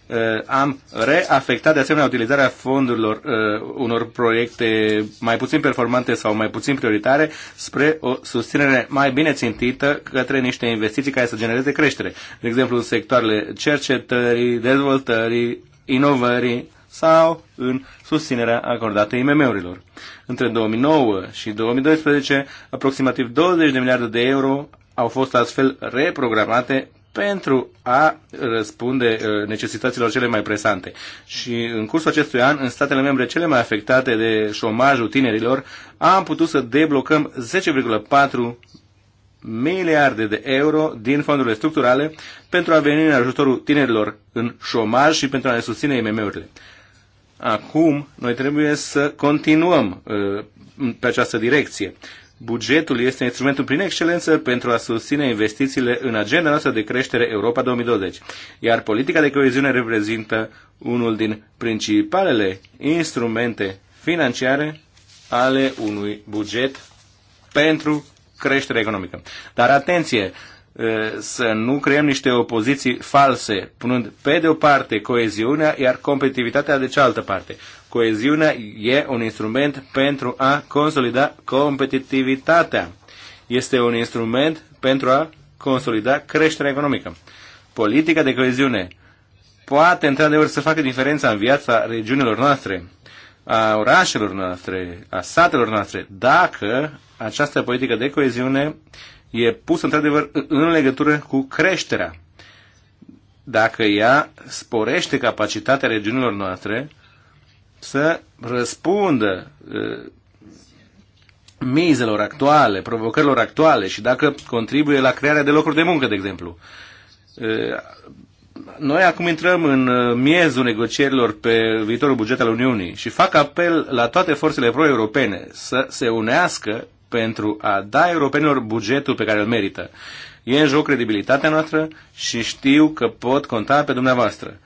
Uh, am reafectat de asemenea utilizarea fondurilor uh, unor proiecte mai puțin performante sau mai puțin prioritare spre o susținere mai bine țintită către niște investiții care să genereze creștere. De exemplu, în sectoarele cercetării, dezvoltării, inovării, sau în susținerea acordată IMM-urilor. Între 2009 și 2012, aproximativ 20 de miliarde de euro au fost astfel reprogramate pentru a răspunde uh, necesităților cele mai presante. Și în cursul acestui an, în statele membre cele mai afectate de șomajul tinerilor, am putut să deblocăm 10,4 miliarde de euro din fondurile structurale pentru a veni în ajutorul tinerilor în șomaj și pentru a ne susține IMM-urile. Acum noi trebuie să continuăm uh, pe această direcție. Bugetul este instrumentul prin excelență pentru a susține investițiile în agenda noastră de creștere Europa 2020, iar politica de coeziune reprezintă unul din principalele instrumente financiare ale unui buget pentru creștere economică. Dar atenție, să nu creăm niște opoziții false, punând pe de o parte coeziunea, iar competitivitatea de cealaltă parte. Coeziunea e un instrument pentru a consolida competitivitatea. Este un instrument pentru a consolida creșterea economică. Politica de coeziune poate, într-adevăr, să facă diferența în viața regiunilor noastre, a orașelor noastre, a satelor noastre, dacă această politică de coeziune e pus într-adevăr în legătură cu creșterea. Dacă ea sporește capacitatea regiunilor noastre să răspundă mizelor actuale, provocărilor actuale și dacă contribuie la crearea de locuri de muncă, de exemplu. Noi acum intrăm în miezul negocierilor pe viitorul buget al Uniunii și fac apel la toate forțele pro-europene să se unească pentru a da europenilor bugetul pe care îl merită. E în joc credibilitatea noastră și știu că pot conta pe dumneavoastră.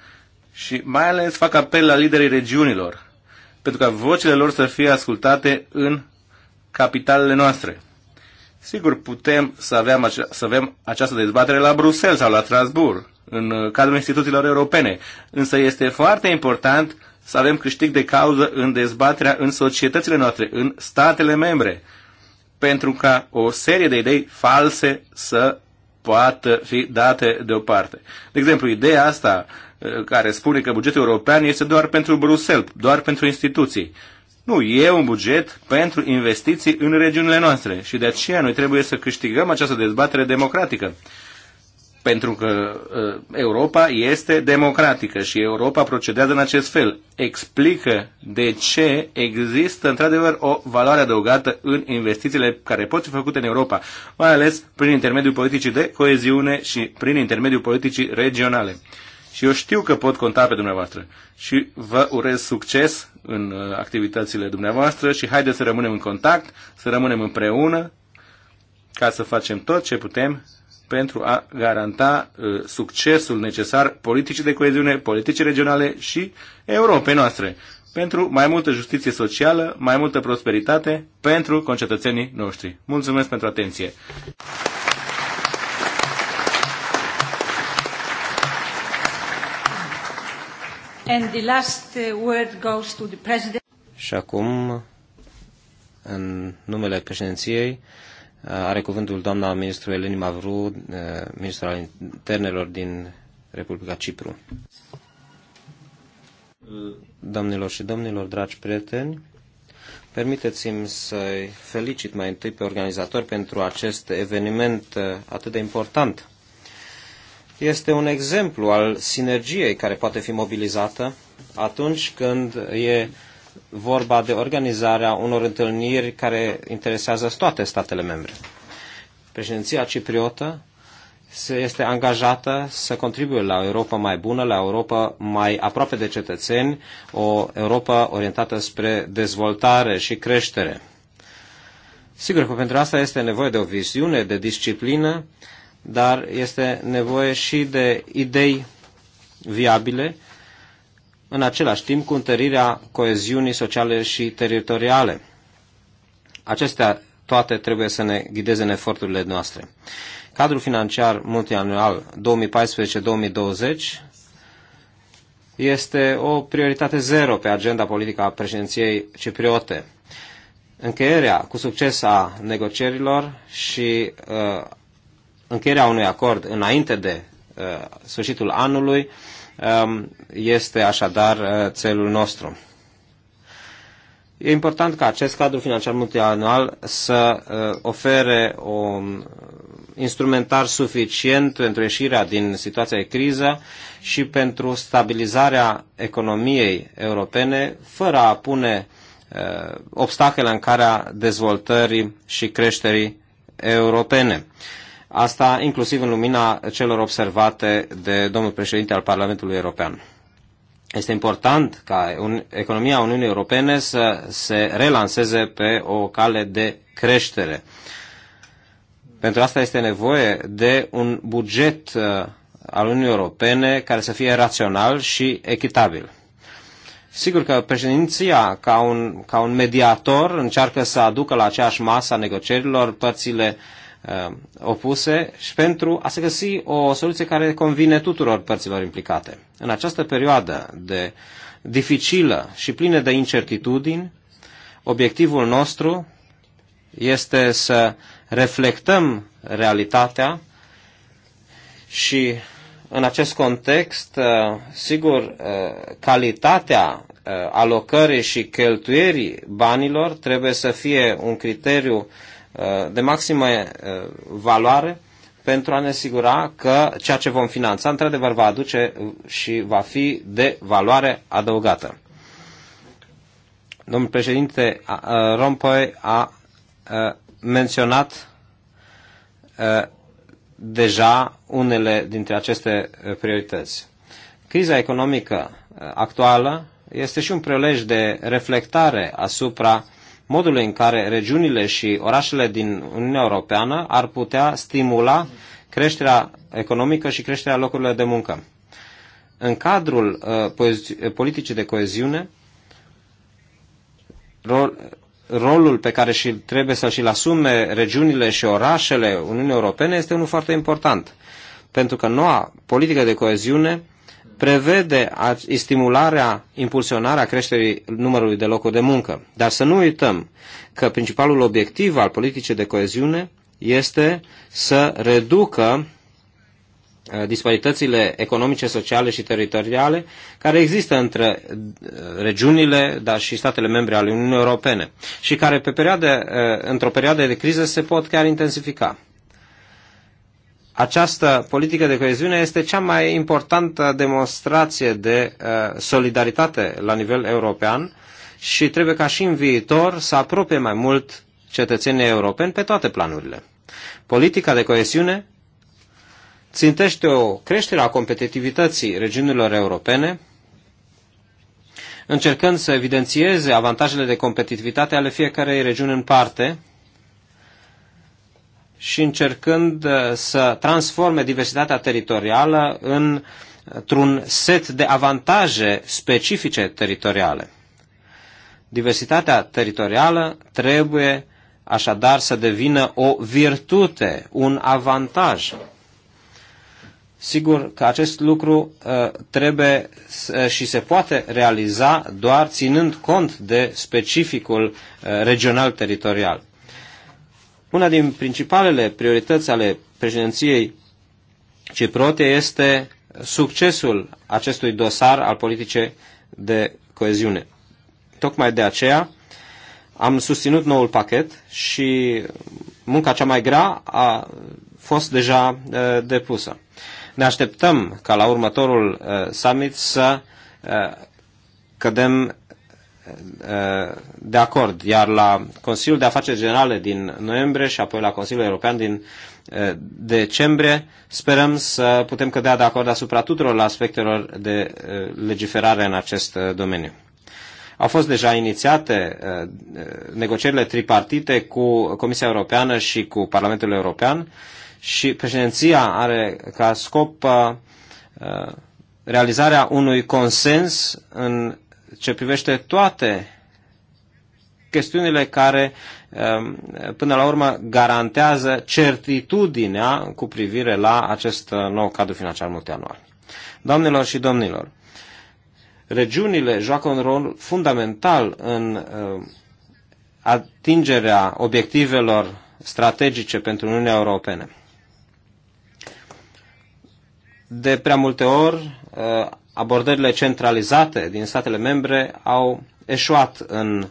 Și mai ales fac apel la liderii regiunilor, pentru ca vocile lor să fie ascultate în capitalele noastre. Sigur, putem să avem, ace- să avem această dezbatere la Bruxelles sau la Strasbourg, în cadrul instituțiilor europene, însă este foarte important să avem câștig de cauză în dezbaterea în societățile noastre, în statele membre pentru ca o serie de idei false să poată fi date deoparte. De exemplu, ideea asta eh, care spune că bugetul european este doar pentru Bruxelles, doar pentru instituții. Nu, e un buget pentru investiții în regiunile noastre și de aceea noi trebuie să câștigăm această dezbatere democratică pentru că ă, Europa este democratică și Europa procedează în acest fel. Explică de ce există într-adevăr o valoare adăugată în investițiile care pot fi făcute în Europa, mai ales prin intermediul politicii de coeziune și prin intermediul politicii regionale. Și eu știu că pot conta pe dumneavoastră și vă urez succes în ă, activitățile dumneavoastră și haideți să rămânem în contact, să rămânem împreună ca să facem tot ce putem pentru a garanta uh, succesul necesar politicii de coeziune, politicii regionale și Europei noastre, pentru mai multă justiție socială, mai multă prosperitate pentru concetățenii noștri. Mulțumesc pentru atenție! And the last uh, word goes to the president. Și acum, în numele președinției, are cuvântul doamna ministru Eleni Mavru, eh, ministrul al internelor din Republica Cipru. Domnilor și domnilor, dragi prieteni, permiteți-mi să-i felicit mai întâi pe organizatori pentru acest eveniment eh, atât de important. Este un exemplu al sinergiei care poate fi mobilizată atunci când e vorba de organizarea unor întâlniri care interesează toate statele membre. Președinția cipriotă se este angajată să contribuie la o Europa mai bună, la o Europa mai aproape de cetățeni, o Europa orientată spre dezvoltare și creștere. Sigur că pentru asta este nevoie de o viziune, de disciplină, dar este nevoie și de idei viabile în același timp cu întărirea coeziunii sociale și teritoriale. Acestea toate trebuie să ne ghideze în eforturile noastre. Cadrul financiar multianual 2014-2020 este o prioritate zero pe agenda politică a președinției cipriote. Încheierea cu succes a negocierilor și uh, încheierea unui acord înainte de uh, sfârșitul anului Um, este așadar uh, țelul nostru. E important ca acest cadru financiar multianual să uh, ofere un instrumentar suficient pentru ieșirea din situația de criză și pentru stabilizarea economiei europene, fără a pune uh, obstacole în calea dezvoltării și creșterii europene. Asta inclusiv în lumina celor observate de domnul președinte al Parlamentului European. Este important ca economia Uniunii Europene să se relanseze pe o cale de creștere. Pentru asta este nevoie de un buget uh, al Uniunii Europene care să fie rațional și echitabil. Sigur că președinția, ca un, ca un mediator, încearcă să aducă la aceeași masă a negocierilor părțile uh, Uh, opuse și pentru a se găsi o soluție care convine tuturor părților implicate. În această perioadă de dificilă și plină de incertitudini, obiectivul nostru este să reflectăm realitatea și în acest context, uh, sigur, uh, calitatea alocării și cheltuierii banilor trebuie să fie un criteriu Uh, de maximă uh, valoare pentru a ne asigura că ceea ce vom finanța într-adevăr va aduce uh, și va fi de valoare adăugată. Domnul președinte Rompoy a menționat deja unele dintre aceste priorități. Criza economică actuală este și un prelej de reflectare asupra modului în care regiunile și orașele din Uniunea Europeană ar putea stimula creșterea economică și creșterea locurilor de muncă. În cadrul uh, politicii de coeziune, rol, rolul pe care și trebuie să-l și-l asume regiunile și orașele Uniunii Europene este unul foarte important, pentru că noua politică de coeziune prevede stimularea, impulsionarea creșterii numărului de locuri de muncă. Dar să nu uităm că principalul obiectiv al politicii de coeziune este să reducă disparitățile economice, sociale și teritoriale care există între regiunile, dar și statele membre ale Uniunii Europene și care pe perioade, într-o perioadă de criză se pot chiar intensifica. Această politică de coeziune este cea mai importantă demonstrație de uh, solidaritate la nivel european și trebuie ca și în viitor să apropie mai mult cetățenii europeni pe toate planurile. Politica de coeziune țintește o creștere a competitivității regiunilor europene, încercând să evidențieze avantajele de competitivitate ale fiecarei regiuni în parte, și încercând uh, să transforme diversitatea teritorială într-un set de avantaje specifice teritoriale. Diversitatea teritorială trebuie așadar să devină o virtute, un avantaj. Sigur că acest lucru uh, trebuie uh, și se poate realiza doar ținând cont de specificul regional teritorial. Una din principalele priorități ale președinției ciprote este succesul acestui dosar al politicii de coeziune. Tocmai de aceea am susținut noul pachet și munca cea mai grea a fost deja depusă. Ne așteptăm ca la următorul summit să cădem Eh, de acord. Iar la Consiliul de Afaceri Generale din noiembrie și apoi la Consiliul European din eh, decembrie sperăm să putem cădea de acord asupra tuturor aspectelor de eh, legiferare în acest domeniu. Au fost deja inițiate negocierile tripartite cu Comisia Europeană și cu Parlamentul European și președinția are ca scop realizarea unui consens în ce privește toate chestiunile care um, până la urmă garantează certitudinea cu privire la acest uh, nou cadru financiar multianual. Doamnelor și domnilor, regiunile joacă un rol fundamental în um, atingerea obiectivelor strategice pentru Uniunea Europeană. De prea multe ori uh, abordările centralizate din statele membre au eșuat în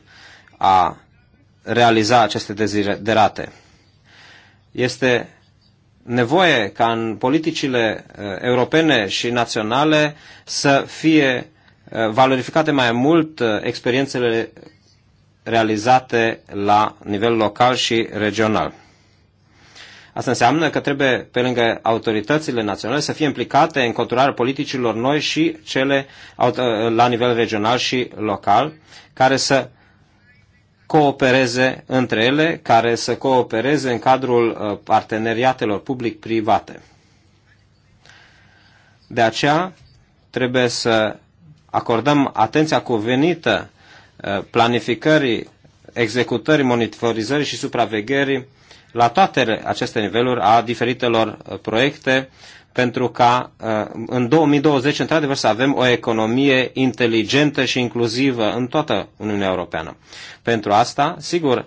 a realiza aceste deziderate. Este nevoie ca în politicile eh, europene și naționale să fie eh, valorificate mai mult eh, experiențele realizate la nivel local și regional. Asta înseamnă că trebuie, pe lângă autoritățile naționale, să fie implicate în conturarea politicilor noi și cele la nivel regional și local, care să coopereze între ele, care să coopereze în cadrul uh, parteneriatelor public-private. De aceea, trebuie să acordăm atenția cuvenită uh, planificării, executării, monitorizării și supravegherii la toate aceste niveluri a diferitelor uh, proiecte pentru ca uh, în 2020, într-adevăr, să avem o economie inteligentă și inclusivă în toată Uniunea Europeană. Pentru asta, sigur,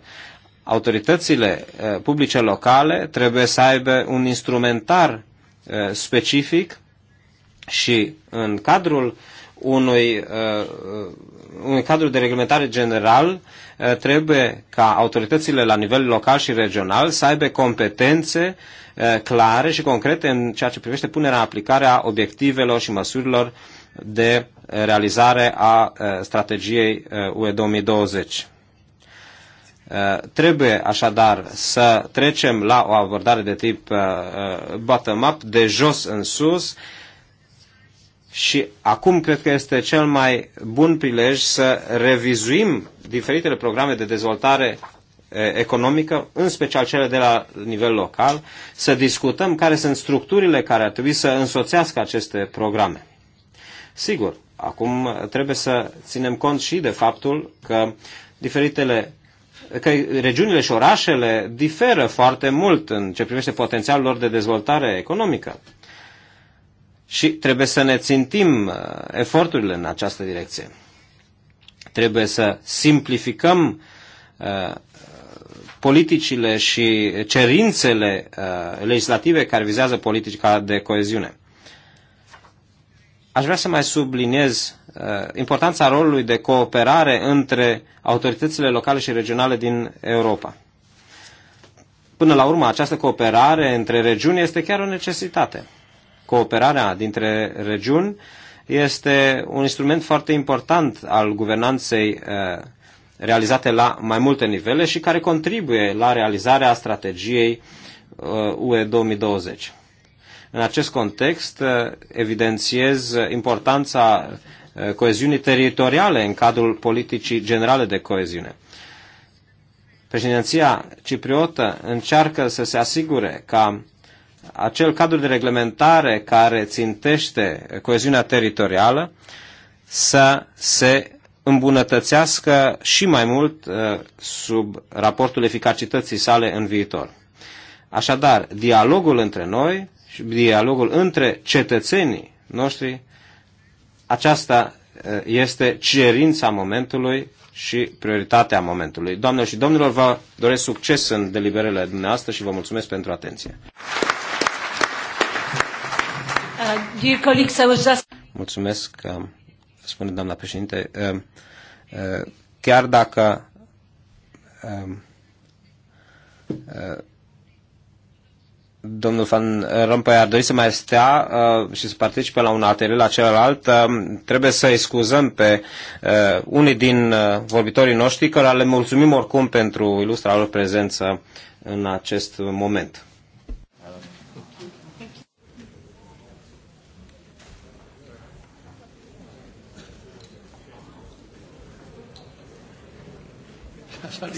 autoritățile uh, publice locale trebuie să aibă un instrumentar specific și în cadrul unui unui cadru de reglementare general uh, trebuie ca autoritățile la nivel local și regional să aibă competențe uh, clare și concrete în ceea ce privește punerea în aplicare a obiectivelor și măsurilor de realizare a uh, strategiei UE 2020. Trebuie așadar să trecem la o abordare de tip bottom-up, de jos în sus, și acum cred că este cel mai bun prilej să revizuim diferitele programe de dezvoltare economică, în special cele de la nivel local, să discutăm care sunt structurile care ar trebui să însoțească aceste programe. Sigur, acum trebuie să ținem cont și de faptul că diferitele că regiunile și orașele diferă foarte mult în ce privește potențialul lor de dezvoltare economică și trebuie să ne țintim uh, eforturile în această direcție. Trebuie să simplificăm uh, politicile și cerințele uh, legislative care vizează politica de coeziune. Aș vrea să mai subliniez importanța rolului de cooperare între autoritățile locale și regionale din Europa. Până la urmă, această cooperare între regiuni este chiar o necesitate cooperarea dintre regiuni este un instrument foarte important al guvernanței uh, realizate la mai multe nivele și care contribuie la realizarea strategiei uh, UE 2020. În acest context, uh, evidențiez importanța coeziunii teritoriale în cadrul politicii generale de coeziune. Președinția cipriotă încearcă să se asigure ca acel cadru de reglementare care țintește coeziunea teritorială să se îmbunătățească și mai mult uh, sub raportul eficacității sale în viitor. Așadar, dialogul între noi și dialogul între cetățenii noștri, aceasta uh, este cerința momentului și prioritatea momentului. Doamnelor și domnilor, vă doresc succes în deliberele dumneavoastră și vă mulțumesc pentru atenție dear colleagues, I was just... Mulțumesc, uh, spune doamna președinte. Uh, uh, chiar dacă domnul Van Rompuy ar dori să mai stea uh, și să participe la un atelier la celălalt, uh, trebuie să-i scuzăm pe uh, unii din uh, vorbitorii noștri, cărora le mulțumim oricum pentru ilustra lor prezență în acest moment. Sorry.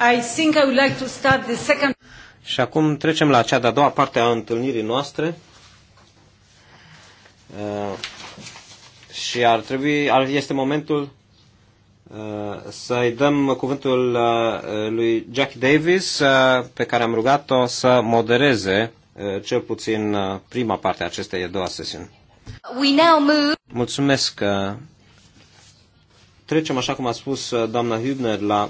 I think I would like to start the second... Și acum trecem la cea de-a doua parte a întâlnirii noastre. Uh, și ar trebui, ar, este momentul Uh, să-i dăm cuvântul uh, lui Jack Davis, uh, pe care am rugat-o să modereze cel puțin prima parte a acestei a doua sesiuni. We now move. Mulțumesc. Trecem, așa cum a spus doamna Hübner, la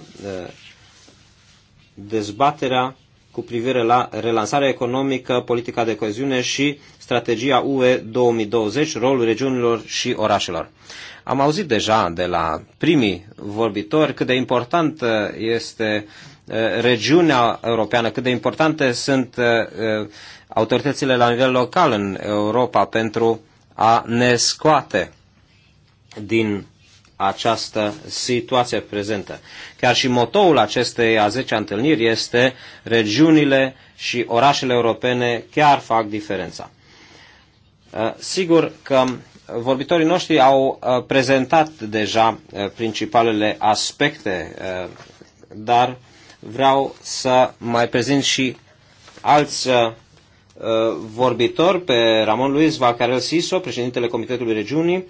dezbaterea cu privire la relansarea economică, politica de coeziune și strategia UE 2020, rolul regiunilor și orașelor. Am auzit deja de la primii vorbitori cât de important uh, este uh, regiunea europeană, cât de importante sunt uh, autoritățile la nivel local în Europa pentru a ne scoate din această situație prezentă. Chiar și motoul acestei a 10 -a întâlniri este regiunile și orașele europene chiar fac diferența. Sigur că vorbitorii noștri au uh, prezentat deja uh, principalele aspecte, uh, dar vreau să mai prezint și alți vorbitori pe Ramon Luis Vacarel Siso, președintele Comitetului Regiunii,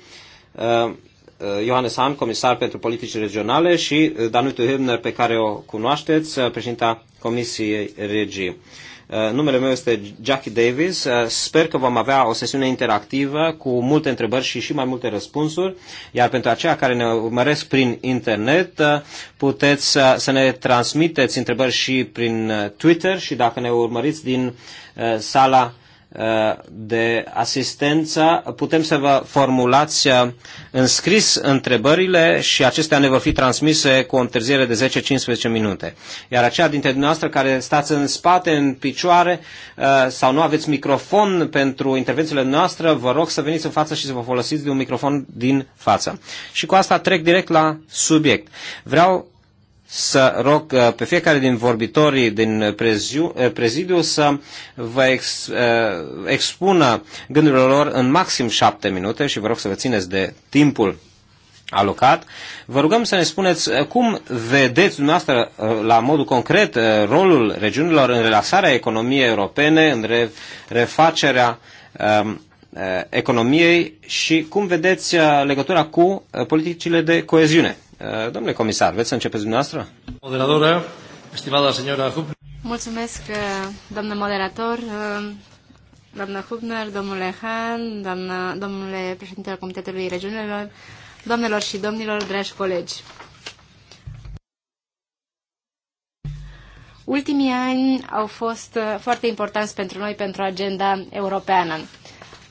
Ioanes Han, comisar pentru politici regionale și Danute Hübner, pe care o cunoașteți, președinta Comisiei Regii. Uh, numele meu este Jackie Davis. Uh, sper că vom avea o sesiune interactivă cu multe întrebări și și mai multe răspunsuri, iar pentru aceia care ne urmăresc prin internet, uh, puteți să ne transmiteți întrebări și prin Twitter și dacă ne urmăriți din sala de asistență, putem să vă formulați uh, în scris întrebările și acestea ne vor fi transmise cu o întârziere de 10-15 minute. Iar aceia dintre dumneavoastră care stați în spate, în picioare uh, sau nu aveți microfon pentru intervențiile noastre, vă rog să veniți în față și să vă folosiți de un microfon din față. Și cu asta trec direct la subiect. Vreau să rog uh, pe fiecare din vorbitorii din uh, prezidiu să vă ex, uh, expună gândurile lor în maxim șapte minute și vă rog să vă țineți de timpul alocat. Vă rugăm să ne spuneți cum vedeți dumneavoastră la modul concret rolul regiunilor în relaxarea economiei europene, în refacerea um, economiei și cum vedeți legătura cu politicile de coeziune. Uh, domnule comisar, veți să începeți dumneavoastră? Moderadora, estimada señora Hubner. Mulțumesc, uh, domnule moderator, uh, doamna Hubner, domnule Han, doamna, domnule președinte al Comitetului Regiunilor, doamnelor și domnilor, dragi colegi. Ultimii ani au fost foarte importanți pentru noi, pentru agenda europeană.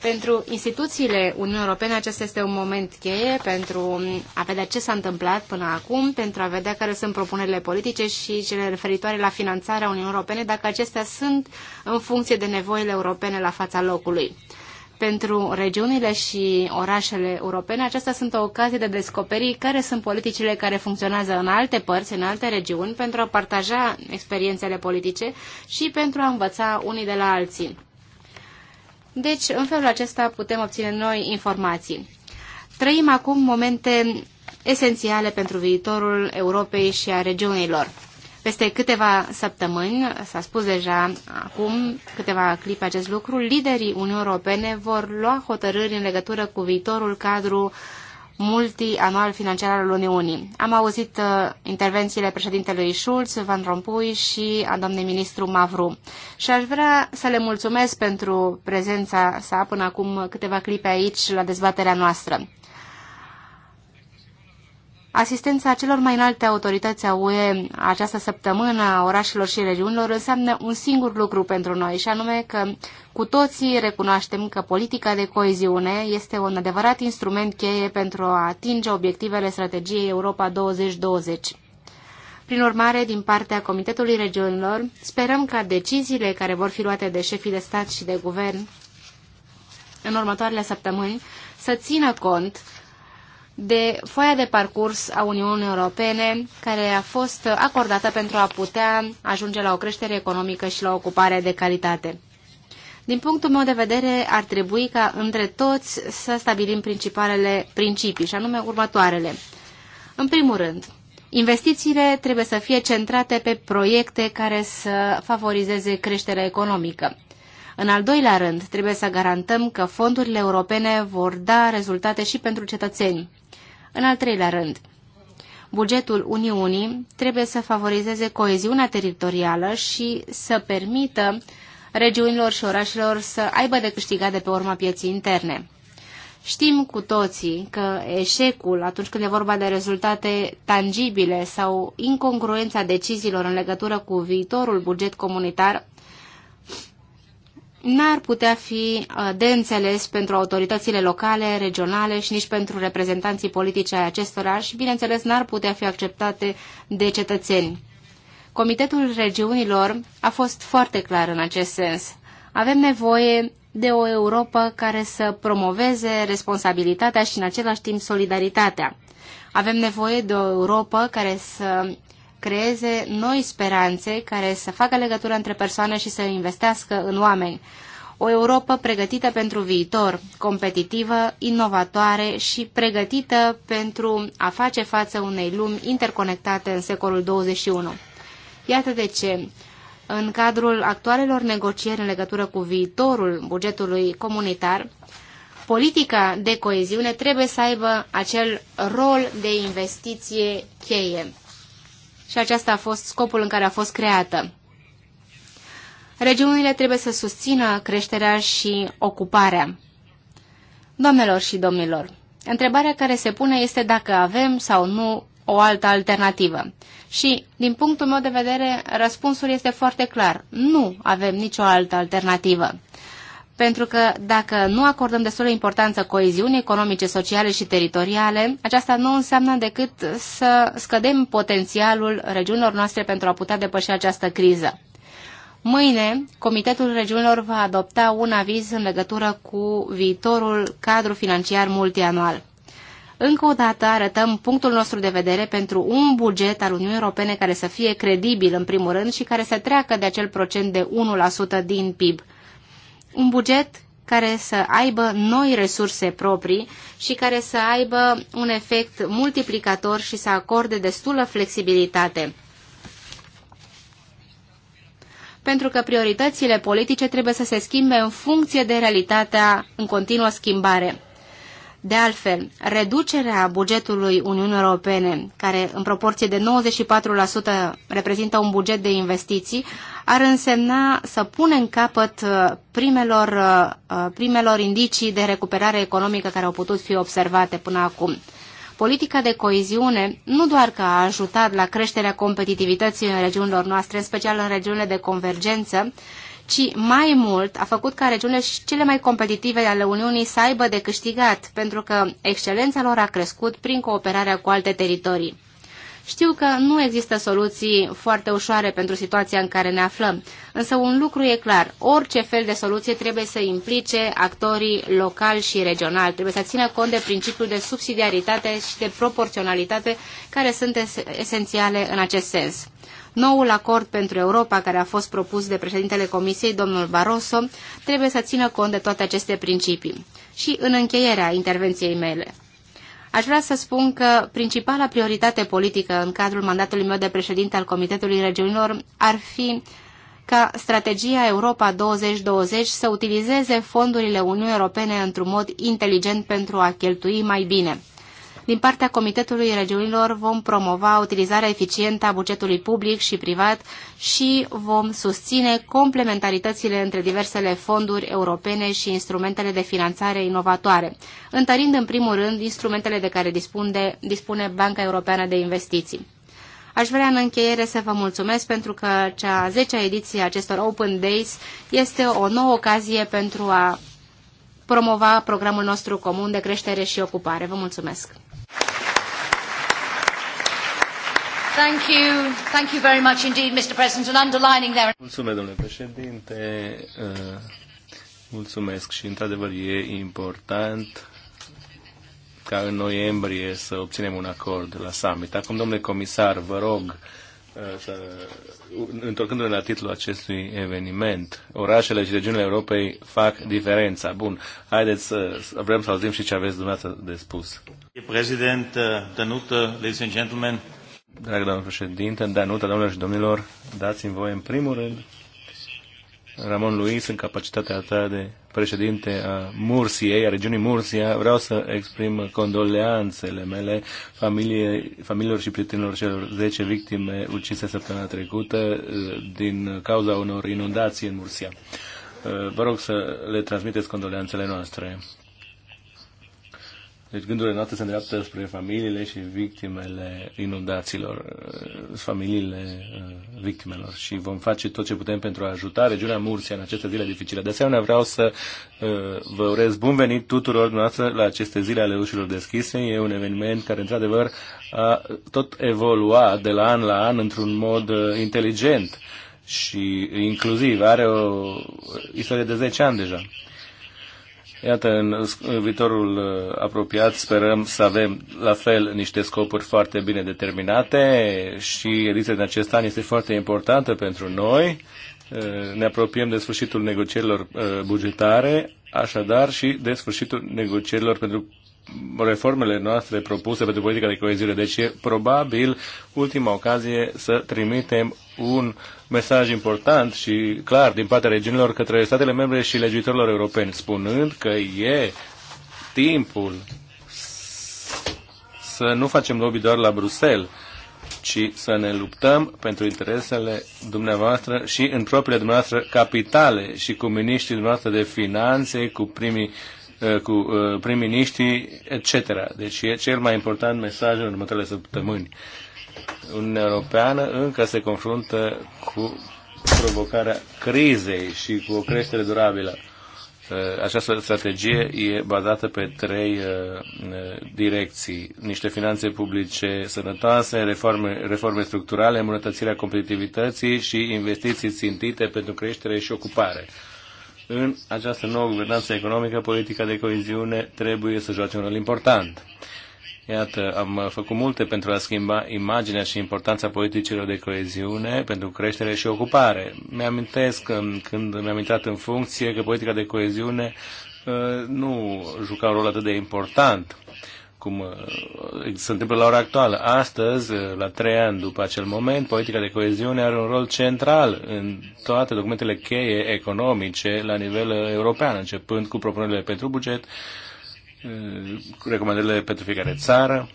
Pentru instituțiile Uniunii Europene acesta este un moment cheie pentru a vedea ce s-a întâmplat până acum, pentru a vedea care sunt propunerile politice și cele referitoare la finanțarea Uniunii Europene, dacă acestea sunt în funcție de nevoile europene la fața locului. Pentru regiunile și orașele europene, acestea sunt o ocazie de descoperi care sunt politicile care funcționează în alte părți, în alte regiuni, pentru a partaja experiențele politice și pentru a învăța unii de la alții. Deci, în felul acesta putem obține noi informații. Trăim acum momente esențiale pentru viitorul Europei și a regiunilor. Peste câteva săptămâni, s-a spus deja acum câteva clipe acest lucru, liderii Uniunii Europene vor lua hotărâri în legătură cu viitorul cadru multianual financiar al Uniunii. Am auzit uh, intervențiile președintelui Schulz, Van Rompuy și a doamnei ministru Mavru. Și aș vrea să le mulțumesc pentru prezența sa până acum câteva clipe aici la dezbaterea noastră. Asistența celor mai înalte autorități a UE această săptămână a orașelor și regiunilor înseamnă un singur lucru pentru noi și anume că cu toții recunoaștem că politica de coeziune este un adevărat instrument cheie pentru a atinge obiectivele strategiei Europa 2020. Prin urmare, din partea Comitetului Regiunilor, sperăm ca deciziile care vor fi luate de șefii de stat și de guvern în următoarele săptămâni să țină cont de foaia de parcurs a Uniunii Europene care a fost acordată pentru a putea ajunge la o creștere economică și la o ocupare de calitate. Din punctul meu de vedere, ar trebui ca între toți să stabilim principalele principii, și anume următoarele. În primul rând, investițiile trebuie să fie centrate pe proiecte care să favorizeze creșterea economică. În al doilea rând, trebuie să garantăm că fondurile europene vor da rezultate și pentru cetățeni. În al treilea rând, bugetul Uniunii trebuie să favorizeze coeziunea teritorială și să permită regiunilor și orașelor să aibă de câștigat de pe urma pieții interne. Știm cu toții că eșecul, atunci când e vorba de rezultate tangibile sau incongruența deciziilor în legătură cu viitorul buget comunitar, n-ar putea fi uh, de înțeles pentru autoritățile locale, regionale și nici pentru reprezentanții politice ai acestora și, bineînțeles, n-ar putea fi acceptate de cetățeni. Comitetul Regiunilor a fost foarte clar în acest sens. Avem nevoie de o Europa care să promoveze responsabilitatea și, în același timp, solidaritatea. Avem nevoie de o Europa care să creeze noi speranțe care să facă legătură între persoane și să investească în oameni. O Europa pregătită pentru viitor, competitivă, inovatoare și pregătită pentru a face față unei lumi interconectate în secolul 21. Iată de ce în cadrul actualelor negocieri în legătură cu viitorul bugetului comunitar, politica de coeziune trebuie să aibă acel rol de investiție cheie și acesta a fost scopul în care a fost creată. Regiunile trebuie să susțină creșterea și ocuparea. Doamnelor și domnilor, întrebarea care se pune este dacă avem sau nu o altă alternativă. Și, din punctul meu de vedere, răspunsul este foarte clar. Nu avem nicio altă alternativă pentru că dacă nu acordăm destulă importanță coeziunii economice, sociale și teritoriale, aceasta nu înseamnă decât să scădem potențialul regiunilor noastre pentru a putea depăși această criză. Mâine, Comitetul Regiunilor va adopta un aviz în legătură cu viitorul cadru financiar multianual. Încă o dată arătăm punctul nostru de vedere pentru un buget al Uniunii Europene care să fie credibil în primul rând și care să treacă de acel procent de 1% din PIB un buget care să aibă noi resurse proprii și care să aibă un efect multiplicator și să acorde destulă flexibilitate. Pentru că prioritățile politice trebuie să se schimbe în funcție de realitatea în continuă schimbare. De altfel, reducerea bugetului Uniunii Europene, care în proporție de 94% reprezintă un buget de investiții, ar însemna să punem capăt uh, primelor, uh, uh, primelor indicii de recuperare economică care au putut fi observate până acum. Politica de coeziune nu doar că a ajutat la creșterea competitivității în regiunilor noastre, în special în regiunile de convergență, ci mai mult a făcut ca regiunile cele mai competitive ale Uniunii să aibă de câștigat, pentru că excelența lor a crescut prin cooperarea cu alte teritorii. Știu că nu există soluții foarte ușoare pentru situația în care ne aflăm, însă un lucru e clar, orice fel de soluție trebuie să implice actorii locali și regionali, trebuie să țină cont de principiul de subsidiaritate și de proporționalitate care sunt es esențiale în acest sens. Noul acord pentru Europa, care a fost propus de președintele Comisiei, domnul Barroso, trebuie să țină cont de toate aceste principii. Și în încheierea intervenției mele, Aș vrea să spun că principala prioritate politică în cadrul mandatului meu de președinte al Comitetului Regiunilor ar fi ca strategia Europa 2020 să utilizeze fondurile Uniunii Europene într-un mod inteligent pentru a cheltui mai bine. Din partea Comitetului Regiunilor vom promova utilizarea eficientă a bugetului public și privat și vom susține complementaritățile între diversele fonduri europene și instrumentele de finanțare inovatoare, întărind în primul rând instrumentele de care dispune, dispune Banca Europeană de Investiții. Aș vrea în încheiere să vă mulțumesc pentru că cea 10-a ediție a acestor Open Days este o nouă ocazie pentru a promova programul nostru comun de creștere și ocupare. Vă mulțumesc! Thank you. Thank you very much indeed, Mr. President, and underlining there. Mulțumesc, domnule președinte. Uh, mulțumesc și, într-adevăr, e important ca în noiembrie să obținem un acord la summit. Acum, domnule comisar, vă rog, uh, să, întorcându-ne la titlul acestui eveniment, orașele și regiunile Europei fac diferența. Bun, haideți să vrem să auzim și ce aveți dumneavoastră de spus. Președinte uh, Danută, ladies and gentlemen, dragă doamnă președinte, în da, nu, doamnelor și domnilor, dați-mi voie în primul rând Ramon Luis, în capacitatea ta de președinte a Mursiei, a regiunii Mursia, vreau să exprim condoleanțele mele familiei, familiilor și prietenilor celor 10 victime ucise săptămâna trecută uh, din cauza unor inundații în Mursia. Uh, vă rog să le transmiteți condoleanțele noastre. Deci gândurile noastre se îndreaptă spre familiile și victimele inundațiilor, familiile uh, victimelor și vom face tot ce putem pentru a ajuta regiunea Murcia în aceste zile dificile. De asemenea, vreau să uh, vă urez bun venit tuturor noastre la aceste zile ale ușilor deschise. E un eveniment care, într-adevăr, a tot evoluat de la an la an într-un mod uh, inteligent și inclusiv. Are o istorie de 10 ani deja. Iată, în viitorul uh, apropiat sperăm să avem la fel niște scopuri foarte bine determinate și ediția din acest an este foarte importantă pentru noi. Uh, ne apropiem de sfârșitul negocierilor uh, bugetare, așadar și de sfârșitul negocierilor pentru reformele noastre propuse pentru politica de coeziune. Deci e probabil ultima ocazie să trimitem un mesaj important și clar din partea regiunilor către statele membre și legiuitorilor europeni, spunând că e timpul să nu facem lobby doar la Bruxelles, ci să ne luptăm pentru interesele dumneavoastră și în propriile dumneavoastră capitale și cu miniștrii dumneavoastră de finanțe, cu primii Uh, cu uh, prim-miniștrii, etc. Deci e cel mai important mesaj în următoarele săptămâni. Uniunea Europeană încă se confruntă cu provocarea crizei și cu o creștere durabilă. Uh, această strategie e bazată pe trei direcții. Niște finanțe publice sănătoase, reforme, reforme structurale, îmbunătățirea competitivității și investiții țintite pentru creștere și ocupare. În această nouă guvernanță economică, politica de coeziune trebuie să joace un rol important. Iată, am făcut multe pentru a schimba imaginea și importanța politicilor de coeziune pentru creștere și ocupare. Mi-amintesc când mi-am intrat în funcție că politica de coeziune uh, nu juca un rol atât de important cum uh, se întâmplă la ora actuală. Astăzi, uh, la trei ani după acel moment, politica de coeziune are un rol central în toate documentele cheie economice la nivel uh, european, începând cu propunerile pentru buget, cu recomandările pentru fiecare țară,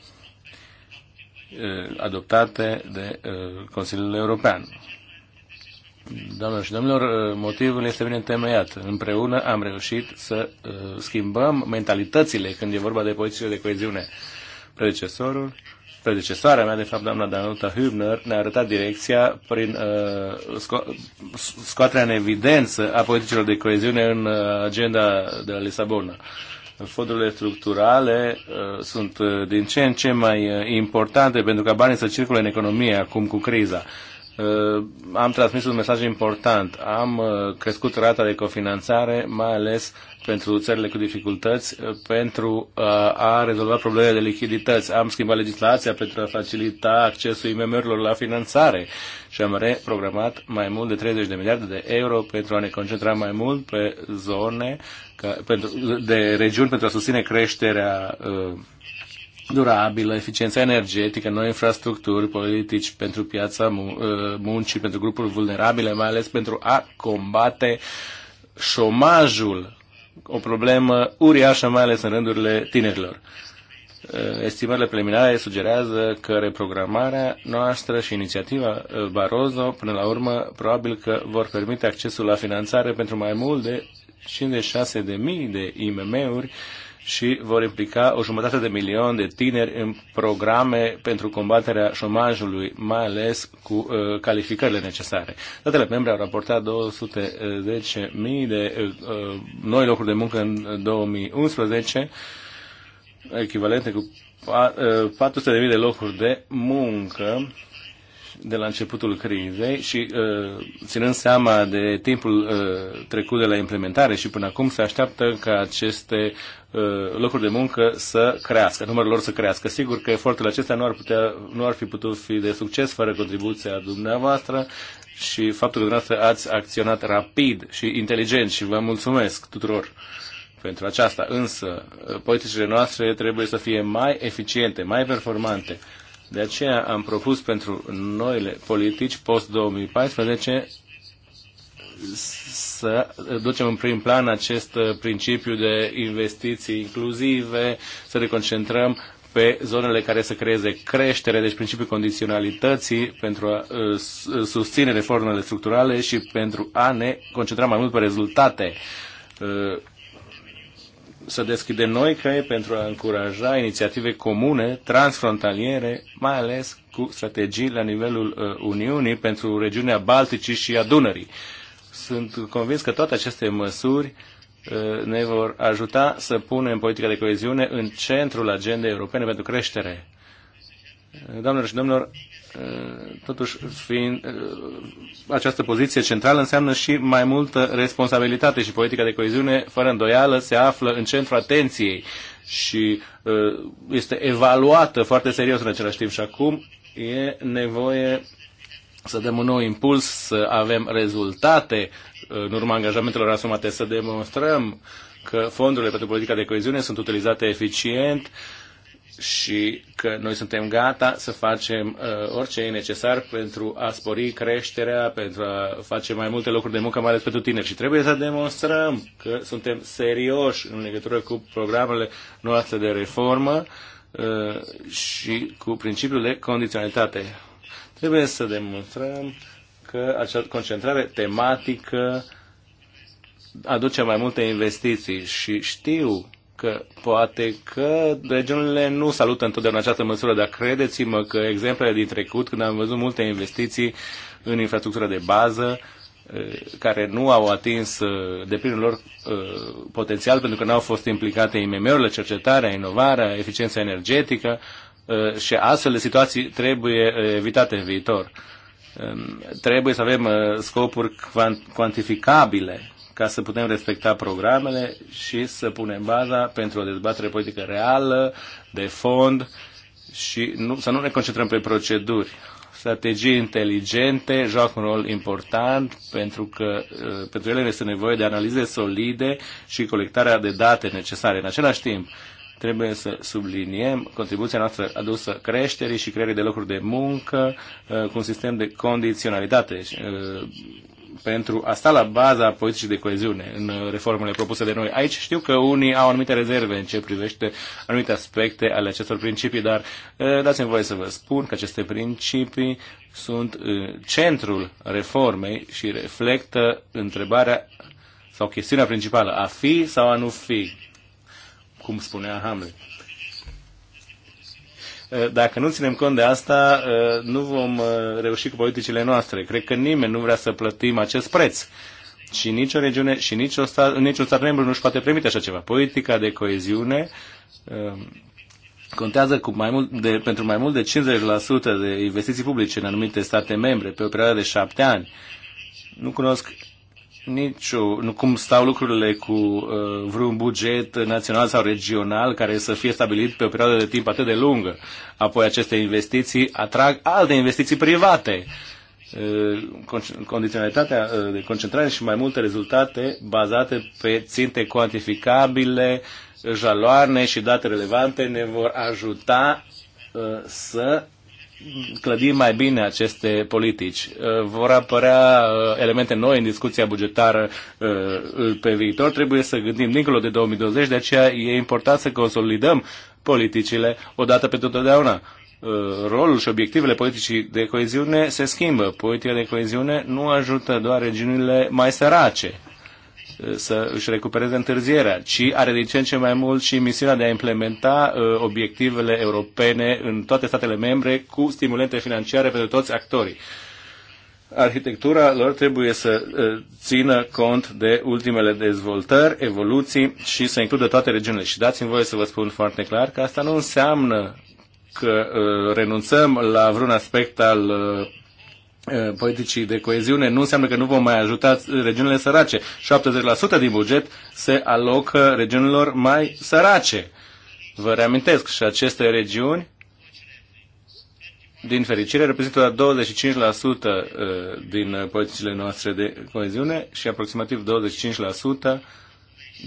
adoptate de Consiliul European. Doamnelor și domnilor, uh, motivul este bine întemeiat. Împreună am reușit să uh, schimbăm mentalitățile când e vorba de poziție de coeziune. Predecesorul, predecesoarea mea, de fapt, doamna Danuta Hübner, ne-a arătat direcția prin uh, sco- scoaterea în evidență a politicilor de coeziune în uh, agenda de la Lisabona. Fondurile structurale uh, sunt din ce în ce mai importante pentru ca banii să circule în economie acum cu criza. Uh, am transmis un mesaj important. Am uh, crescut rata de cofinanțare, mai ales pentru țările cu dificultăți, uh, pentru a rezolva problemele de lichidități. Am schimbat legislația pentru a facilita accesul IMM-urilor la finanțare și am reprogramat mai mult de 30 de miliarde de euro pentru a ne concentra mai mult pe zone, ca, pentru, de regiuni pentru a susține creșterea durabilă, eficiența energetică, noi infrastructuri, politici pentru piața uh, muncii, pentru grupuri vulnerabile, mai ales pentru a combate șomajul, o problemă uriașă, mai ales în rândurile tinerilor. Uh, estimările preliminare sugerează că reprogramarea noastră și inițiativa uh, Barroso, până la urmă, probabil că vor permite accesul la finanțare pentru mai mult de 56.000 de IMM-uri și vor implica o jumătate de milion de tineri în programe pentru combaterea șomajului, mai ales cu uh, calificările necesare. Statele membre au raportat 210.000 uh, de uh, uh, noi locuri de muncă în 2011, uh, echivalente cu 400.000 de locuri de muncă de la începutul crizei și uh, ținând seama de timpul uh, trecut de la implementare și până acum se așteaptă ca aceste uh, locuri de muncă să crească, numărul lor să crească. Sigur că efortul acesta nu ar, putea, nu ar fi putut fi de succes fără contribuția dumneavoastră și faptul că dumneavoastră ați acționat rapid și inteligent și vă mulțumesc tuturor pentru aceasta. Însă, politicile noastre trebuie să fie mai eficiente, mai performante de aceea am propus pentru noile politici post-2014 să ducem în prim plan acest principiu de investiții inclusive, să ne concentrăm pe zonele care să creeze creștere, deci principiul condiționalității pentru a uh, susține reformele structurale și pentru a ne concentra mai mult pe rezultate uh, să deschidem noi căi pentru a încuraja inițiative comune, transfrontaliere, mai ales cu strategii la nivelul uh, Uniunii pentru regiunea Balticii și a Dunării. Sunt convins că toate aceste măsuri uh, ne vor ajuta să punem politica de coeziune în centrul agendei europene pentru creștere Doamnelor și domnilor, eh, totuși fiind, eh, această poziție centrală înseamnă și mai multă responsabilitate și politica de coeziune, fără îndoială, se află în centrul atenției și eh, este evaluată foarte serios în același timp și acum e nevoie să dăm un nou impuls, să avem rezultate în urma angajamentelor asumate, să demonstrăm că fondurile pentru politica de coeziune sunt utilizate eficient, uh, și că noi suntem gata să facem uh, orice e necesar pentru a spori creșterea, pentru a face mai multe locuri de muncă, mai ales pentru tineri. Și trebuie să demonstrăm că suntem serioși în legătură cu programele noastre de reformă uh, și cu principiul de condiționalitate. Trebuie să demonstrăm că acea concentrare tematică aduce mai multe investiții și știu că poate că regiunile nu salută întotdeauna această măsură, dar credeți-mă că exemplele din trecut, când am văzut multe investiții în infrastructură de bază, eh, care nu au atins eh, de plinul lor eh, potențial pentru că nu au fost implicate IMM-urile, cercetarea, inovarea, eficiența energetică și astfel de situații trebuie evitate în viitor. Trebuie să avem scopuri cuantificabile ca să putem respecta programele și să punem baza pentru o dezbatere politică reală, de fond și nu, să nu ne concentrăm pe proceduri. Strategii inteligente joacă un rol important pentru că uh, pentru ele este nevoie de analize solide și colectarea de date necesare. În același timp, trebuie să subliniem contribuția noastră adusă creșterii și creării de locuri de muncă uh, cu un sistem de condiționalitate uh, pentru a sta la baza politicii de coeziune în uh, reformele propuse de noi. Aici știu că unii au anumite rezerve în ce privește anumite aspecte ale acestor principii, dar uh, dați-mi voie să vă spun că aceste principii sunt uh, centrul reformei și reflectă întrebarea sau chestiunea principală, a fi sau a nu fi, cum spunea Hamlet. Eh, dacă nu ținem cont de asta, eh, nu vom eh, reuși cu politicile noastre. Cred că nimeni nu vrea să plătim acest preț. Și nicio regiune și nicio stat, niciun stat membru nu își poate permite așa ceva. Politica de coeziune contează cu mai mult de, pentru mai mult de 50% de investiții publice în anumite state membre pe o perioadă de șapte ani. Nu cunosc nici nu cum stau lucrurile cu uh, vreun buget național sau regional care să fie stabilit pe o perioadă de timp atât de lungă. Apoi aceste investiții atrag alte investiții private. Uh, condiționalitatea uh, de concentrare și mai multe rezultate bazate pe ținte cuantificabile, jaloane și date relevante ne vor ajuta uh, să clădi mai bine aceste politici. Uh, vor apărea uh, elemente noi în discuția bugetară uh, pe viitor. Trebuie să gândim dincolo de 2020, de aceea e important să consolidăm politicile odată pentru totdeauna rolul și obiectivele politicii de coeziune se schimbă. Politica de coeziune nu ajută doar regiunile mai sărace, să își recupereze întârzierea, ci are din ce în ce mai mult și misiunea de a implementa uh, obiectivele europene în toate statele membre cu stimulente financiare pentru toți actorii arhitectura lor trebuie să uh, țină cont de ultimele dezvoltări, evoluții și să includă toate regiunile. Și dați-mi voie să vă spun foarte clar că asta nu înseamnă că uh, renunțăm la vreun aspect al Uh, politicii de coeziune nu înseamnă că nu vom mai ajuta regiunile sărace. 70% din buget se alocă regiunilor mai sărace. Vă reamintesc, și aceste regiuni, din fericire, reprezintă la 25% uh, din politicile noastre de coeziune și aproximativ 25%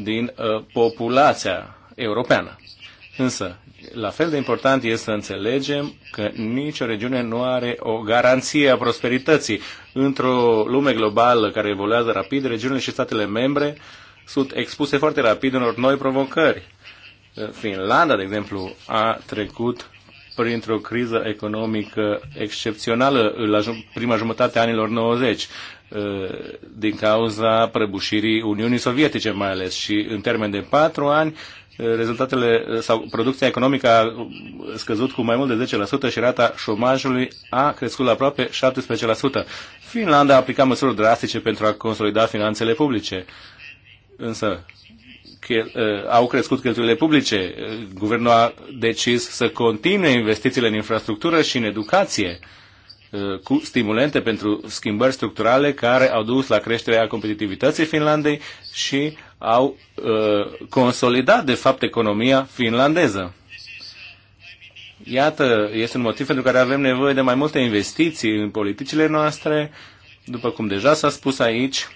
din uh, populația europeană. Însă, la fel de important este să înțelegem că nicio regiune nu are o garanție a prosperității. Într-o lume globală care evoluează rapid, regiunile și statele membre sunt expuse foarte rapid unor noi provocări. Finlanda, de exemplu, a trecut printr-o criză economică excepțională la prima jumătate a anilor 90 ă, din cauza prăbușirii Uniunii Sovietice mai ales și în termen de patru ani rezultatele sau producția economică a scăzut cu mai mult de 10% și rata șomajului a crescut la aproape 17%. Finlanda a aplicat măsuri drastice pentru a consolida finanțele publice. Însă, ă, au crescut cheltuielile publice. Guvernul a decis să continue investițiile în infrastructură și în educație ă, cu stimulente pentru schimbări structurale care au dus la creșterea competitivității Finlandei și au uh, consolidat, de fapt, economia finlandeză. Iată, este un motiv pentru care avem nevoie de mai multe investiții în politicile noastre, după cum deja s-a spus aici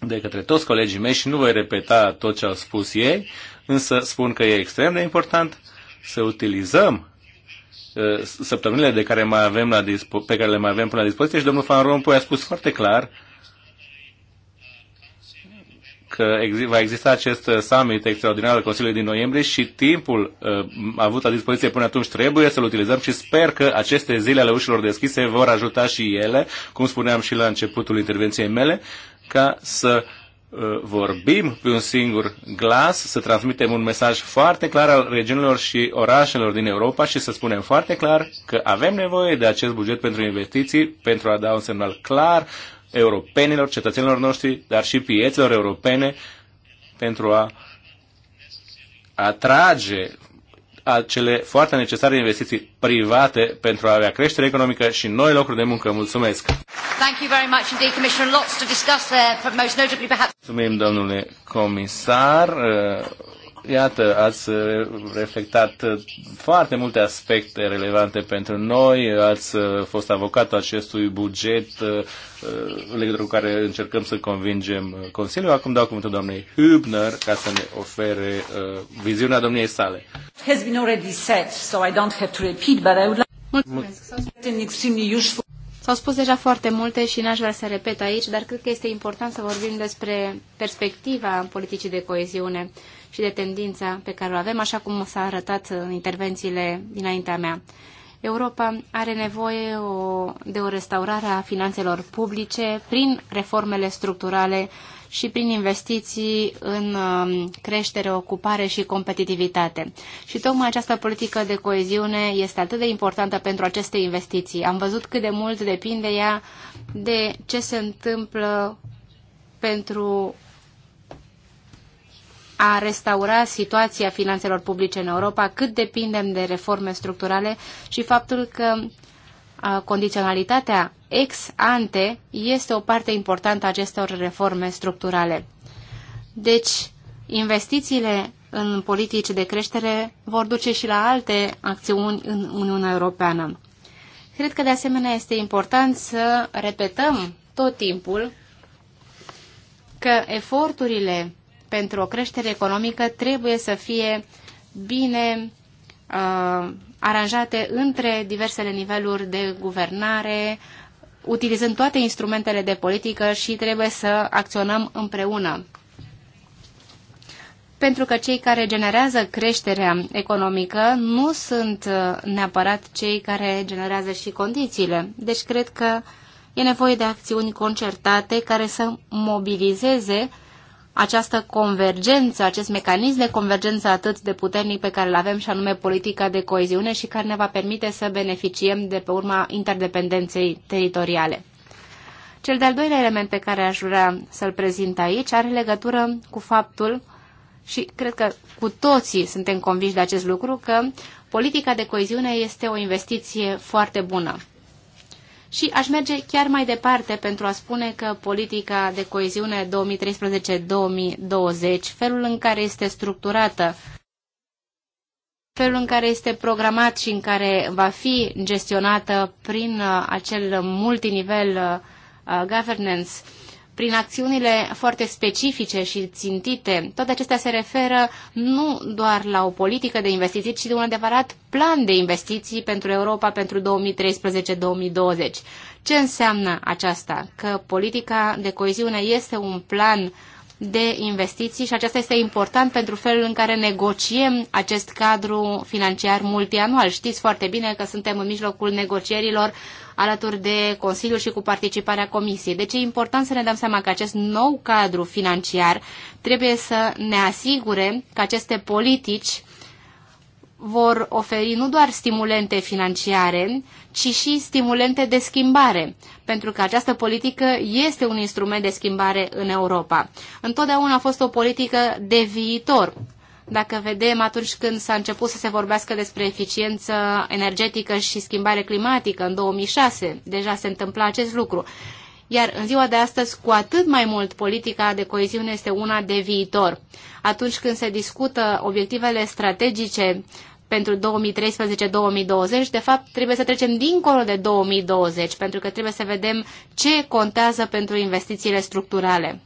de către toți colegii mei și nu voi repeta tot ce au spus ei, însă spun că e extrem de important să utilizăm uh, săptămânile de care mai avem la dispo- pe care le mai avem până la dispoziție și domnul Van Rompuy a spus foarte clar uh, că va exista acest uh, summit extraordinar al Consiliului din noiembrie și timpul uh, avut la dispoziție până atunci trebuie să-l utilizăm și sper că aceste zile ale ușilor deschise vor ajuta și ele, cum spuneam și la începutul intervenției mele, ca să uh, vorbim pe un singur glas, să transmitem un mesaj foarte clar al regiunilor și orașelor din Europa și să spunem foarte clar că avem nevoie de acest buget pentru investiții pentru a da un semnal clar uh, europenilor, cetățenilor noștri, dar și piețelor europene pentru a atrage acele foarte necesare investiții private pentru a avea creștere economică și noi locuri de muncă. Mulțumesc! Mulțumim, domnule comisar. Iată, ați reflectat foarte multe aspecte relevante pentru noi, ați fost avocatul acestui buget uh, în legătură cu care încercăm să convingem Consiliul. Acum dau cuvântul doamnei Hübner ca să ne ofere uh, viziunea domniei sale. Has been already said, so I don't have to repeat, but I would like... S-au spus deja foarte multe și n-aș vrea să repet aici, dar cred că este important să vorbim despre perspectiva politicii de coeziune și de tendința pe care o avem, așa cum s-a arătat în intervențiile dinaintea mea. Europa are nevoie o, de o restaurare a finanțelor publice prin reformele structurale și prin investiții în um, creștere, ocupare și competitivitate. Și tocmai această politică de coeziune este atât de importantă pentru aceste investiții. Am văzut cât de mult depinde ea de ce se întâmplă pentru a restaura situația finanțelor publice în Europa, cât depindem de reforme structurale și faptul că condiționalitatea ex ante este o parte importantă a acestor reforme structurale. Deci, investițiile în politici de creștere vor duce și la alte acțiuni în Uniunea Europeană. Cred că de asemenea este important să repetăm tot timpul că eforturile pentru o creștere economică trebuie să fie bine uh, aranjate între diversele niveluri de guvernare, utilizând toate instrumentele de politică și trebuie să acționăm împreună. Pentru că cei care generează creșterea economică nu sunt uh, neapărat cei care generează și condițiile. Deci cred că e nevoie de acțiuni concertate care să mobilizeze uh, această convergență, acest mecanism de convergență atât de puternic pe care îl avem și anume politica de coeziune și care ne va permite să beneficiem de pe urma interdependenței teritoriale. Cel de-al doilea element pe care aș vrea să-l prezint aici are legătură cu faptul și cred că cu toții suntem conviși de acest lucru că politica de coeziune este o investiție foarte bună și aș merge chiar mai departe pentru a spune că politica de coeziune 2013-2020, felul în care este structurată, felul în care este programat și în care va fi gestionată prin uh, acel multinivel uh, uh, governance, prin acțiunile foarte specifice și țintite. Toate acestea se referă nu doar la o politică de investiții, ci de un adevărat plan de investiții pentru Europa pentru 2013-2020. Ce înseamnă aceasta? Că politica de coeziune este un plan de investiții și aceasta este important pentru felul în care negociem acest cadru financiar multianual. Știți foarte bine că suntem în mijlocul negocierilor alături de Consiliu și cu participarea Comisiei. Deci e important să ne dăm seama că acest nou cadru financiar trebuie să ne asigure că aceste politici vor oferi nu doar stimulente financiare, ci și stimulente de schimbare, pentru că această politică este un instrument de schimbare în Europa. Întotdeauna a fost o politică de viitor. Dacă vedem atunci când s-a început să se vorbească despre eficiență energetică și schimbare climatică în 2006, deja se întâmpla acest lucru. Iar în ziua de astăzi, cu atât mai mult, politica de coeziune este una de viitor. Atunci când se discută obiectivele strategice pentru 2013-2020, de fapt trebuie să trecem dincolo de 2020, pentru că trebuie să vedem ce contează pentru investițiile structurale.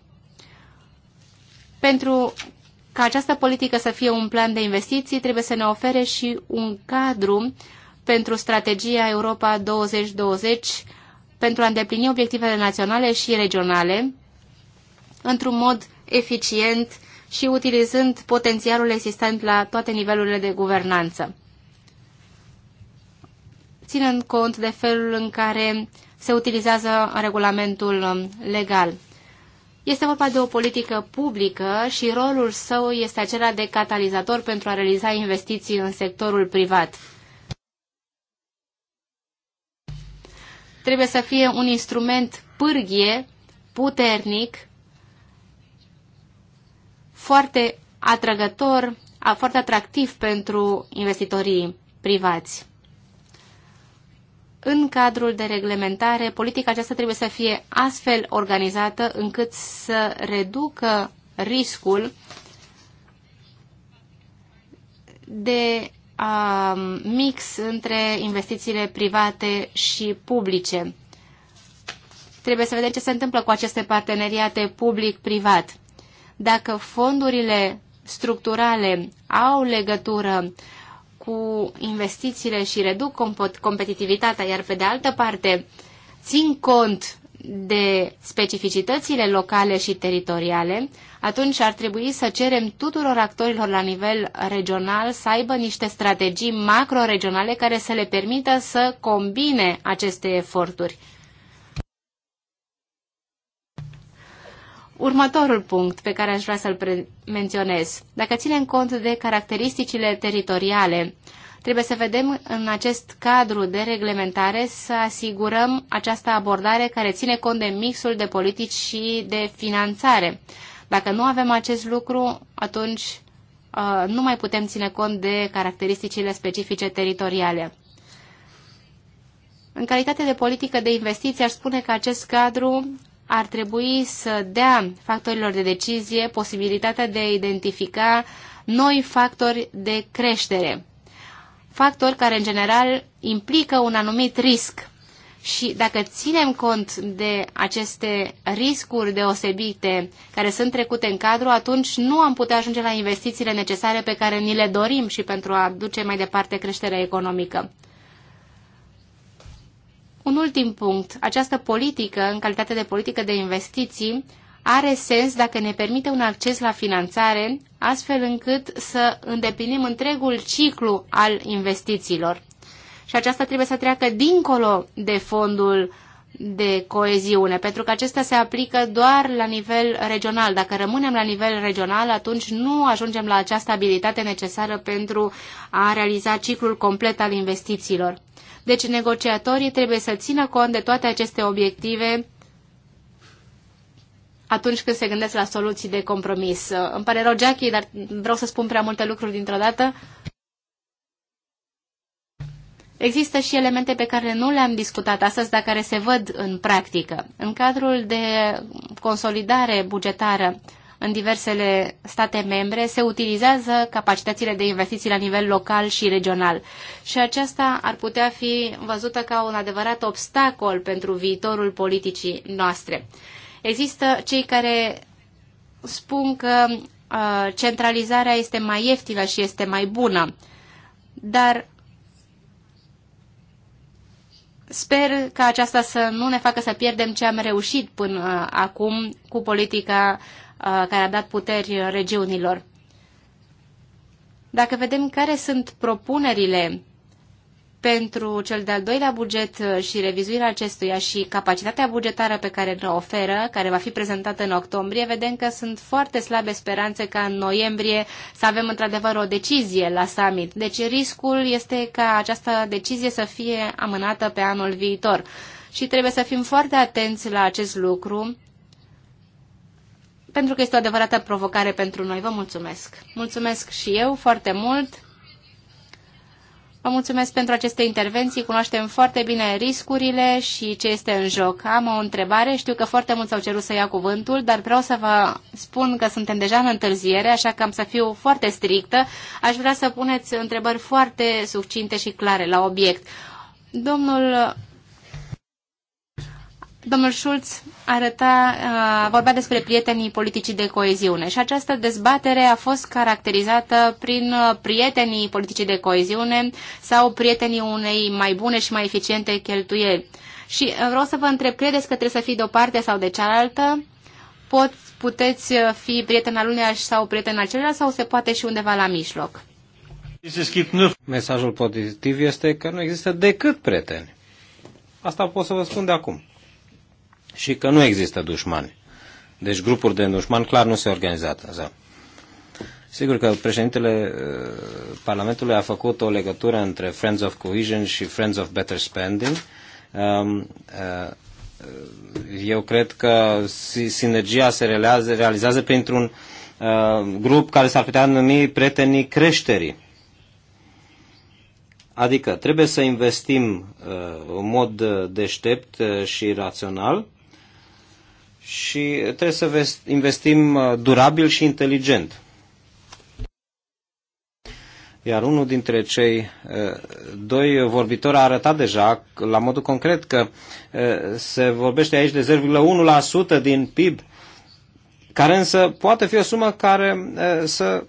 Pentru ca această politică să fie un plan de investiții, trebuie să ne ofere și un cadru pentru strategia Europa 2020 pentru a îndeplini obiectivele naționale și regionale într-un mod eficient și utilizând potențialul existent la toate nivelurile de guvernanță. Ținând cont de felul în care se utilizează regulamentul um, legal. Este vorba de o politică publică și rolul său este acela de catalizator pentru a realiza investiții în sectorul privat. Trebuie să fie un instrument pârghie puternic foarte atrăgător, foarte atractiv pentru investitorii privați. În cadrul de reglementare, politica aceasta trebuie să fie astfel organizată încât să reducă riscul de a, mix între investițiile private și publice. Trebuie să vedem ce se întâmplă cu aceste parteneriate public-privat. Dacă fondurile structurale au legătură cu investițiile și reduc competitivitatea, iar pe de altă parte țin cont de specificitățile locale și teritoriale, atunci ar trebui să cerem tuturor actorilor la nivel regional să aibă niște strategii macro-regionale care să le permită să combine aceste eforturi. Următorul punct pe care aș vrea să-l menționez. Dacă ținem cont de caracteristicile teritoriale, trebuie să vedem în acest cadru de reglementare să asigurăm această abordare care ține cont de mixul de politici și de finanțare. Dacă nu avem acest lucru, atunci uh, nu mai putem ține cont de caracteristicile specifice teritoriale. În calitate de politică de investiții, aș spune că acest cadru ar trebui să dea factorilor de decizie posibilitatea de a identifica noi factori de creștere. Factori care, în general, implică un anumit risc. Și dacă ținem cont de aceste riscuri deosebite care sunt trecute în cadru, atunci nu am putea ajunge la investițiile necesare pe care ni le dorim și pentru a duce mai departe creșterea economică. Un ultim punct. Această politică, în calitate de politică de investiții, are sens dacă ne permite un acces la finanțare, astfel încât să îndeplinim întregul ciclu al investițiilor. Și aceasta trebuie să treacă dincolo de fondul de coeziune, pentru că acesta se aplică doar la nivel regional. Dacă rămânem la nivel regional, atunci nu ajungem la această abilitate necesară pentru a realiza ciclul complet al investițiilor. Deci negociatorii trebuie să țină cont de toate aceste obiective atunci când se gândesc la soluții de compromis. Îmi pare rău, Jackie, dar vreau să spun prea multe lucruri dintr-o dată. Există și elemente pe care nu le-am discutat astăzi, dar care se văd în practică. În cadrul de consolidare bugetară, în diversele state membre se utilizează capacitățile de investiții la nivel local și regional. Și aceasta ar putea fi văzută ca un adevărat obstacol pentru viitorul politicii noastre. Există cei care spun că uh, centralizarea este mai ieftină și este mai bună, dar Sper ca aceasta să nu ne facă să pierdem ce am reușit până acum cu politica Uh, care a dat puteri regiunilor. Dacă vedem care sunt propunerile pentru cel de-al doilea buget uh, și revizuirea acestuia și capacitatea bugetară pe care ne oferă, care va fi prezentată în octombrie, vedem că sunt foarte slabe speranțe ca în noiembrie să avem într-adevăr o decizie la summit. Deci riscul este ca această decizie să fie amânată pe anul viitor. Și trebuie să fim foarte atenți la acest lucru pentru că este o adevărată provocare pentru noi. Vă mulțumesc! Mulțumesc și eu foarte mult! Vă mulțumesc pentru aceste intervenții, cunoaștem foarte bine riscurile și ce este în joc. Am o întrebare, știu că foarte mulți au cerut să ia cuvântul, dar vreau să vă spun că suntem deja în întârziere, așa că am să fiu foarte strictă. Aș vrea să puneți întrebări foarte succinte și clare la obiect. Domnul Domnul Schulz arăta, a, uh, vorbea despre prietenii politicii de coeziune și această dezbatere a fost caracterizată prin uh, prietenii politicii de coeziune sau prietenii unei mai bune și mai eficiente cheltuieli. Și uh, vreau să vă întreb, credeți că trebuie să fii de o parte sau de cealaltă? Pot, puteți fi prieten al uneia sau prieten al celuilalt sau se poate și undeva la mijloc? Mesajul pozitiv este că nu există decât prieteni. Asta pot să vă spun de acum și că nu există dușmani. Deci grupuri de dușmani clar nu se organizează. Sigur că președintele uh, Parlamentului a făcut o legătură între Friends of Cohesion și Friends of Better Spending. Um, uh, eu cred că sinergia se realizează, realizează printr-un uh, grup care s-ar putea numi prietenii creșterii. Adică trebuie să investim în mod deștept și rațional și trebuie să investim uh, durabil și inteligent. Iar unul dintre cei uh, doi vorbitori a arătat deja, la modul concret, că uh, se vorbește aici de 0,1% din PIB, care însă poate fi o sumă care să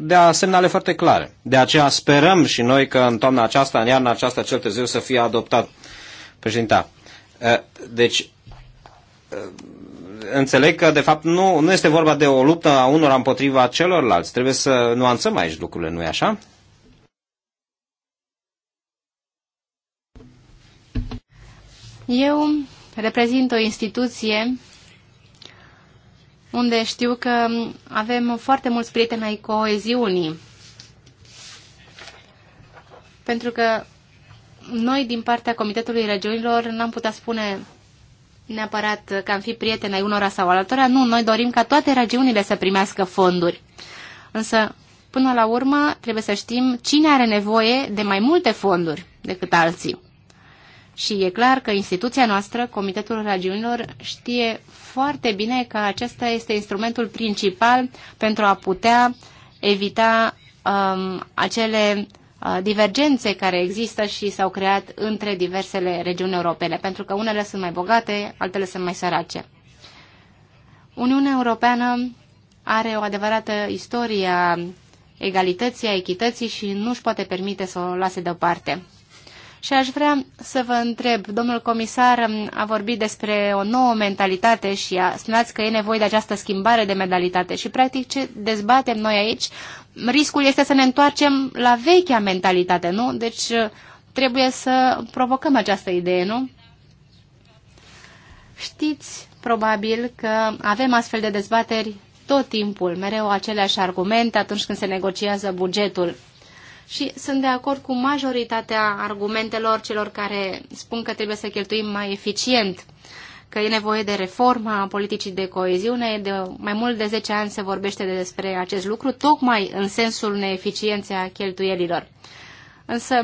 dea semnale foarte clare. De aceea sperăm și noi că în toamna aceasta, în iarna aceasta, cel târziu să fie adoptat președinta. Deci Ehm, înțeleg că, de fapt, nu, nu este vorba de o luptă a unora împotriva celorlalți. Trebuie să nuanțăm aici lucrurile, nu-i așa? Eu reprezint o instituție unde știu că avem foarte mulți prieteni ai coeziunii. Pentru că noi, din partea Comitetului Regiunilor, n-am putea spune neapărat că am fi prieteni ai unora sau altora. Nu, noi dorim ca toate regiunile să primească fonduri. Însă, până la urmă, trebuie să știm cine are nevoie de mai multe fonduri decât alții. Și e clar că instituția noastră, Comitetul Regiunilor, știe foarte bine că acesta este instrumentul principal pentru a putea evita um, acele divergențe care există și s-au creat între diversele regiuni europene, pentru că unele sunt mai bogate, altele sunt mai sărace. Uniunea Europeană are o adevărată istorie a egalității, a echității și nu își poate permite să o lase deoparte. Și aș vrea să vă întreb, domnul comisar a vorbit despre o nouă mentalitate și a, spuneați că e nevoie de această schimbare de mentalitate și practic ce dezbatem noi aici riscul este să ne întoarcem la vechea mentalitate, nu? Deci uh, trebuie să provocăm această idee, nu? Știți probabil că avem astfel de dezbateri tot timpul, mereu aceleași argumente atunci când se negociază bugetul. Și sunt de acord cu majoritatea argumentelor celor care spun că trebuie să cheltuim mai eficient că e nevoie de reforma politicii de coeziune. De mai mult de 10 ani se vorbește despre acest lucru, tocmai în sensul neeficienței a cheltuielilor. Însă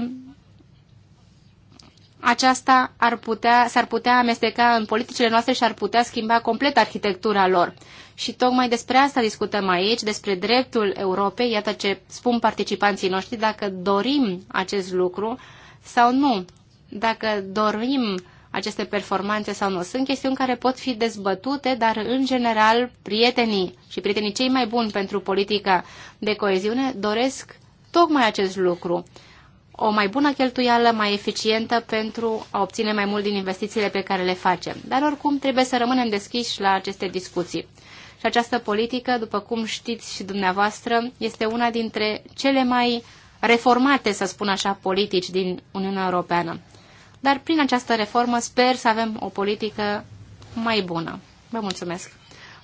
aceasta ar putea, s-ar putea amesteca în politicile noastre și ar putea schimba complet arhitectura lor. Și tocmai despre asta discutăm aici, despre dreptul Europei, iată ce spun participanții noștri, dacă dorim acest lucru sau nu, dacă dorim aceste performanțe sau nu. Sunt chestiuni care pot fi dezbătute, dar în general prietenii și prietenii cei mai buni pentru politica de coeziune doresc tocmai acest lucru. O mai bună cheltuială, mai eficientă pentru a obține mai mult din investițiile pe care le facem. Dar oricum trebuie să rămânem deschiși la aceste discuții. Și această politică, după cum știți și dumneavoastră, este una dintre cele mai reformate, să spun așa, politici din Uniunea Europeană dar prin această reformă sper să avem o politică mai bună. Vă mulțumesc!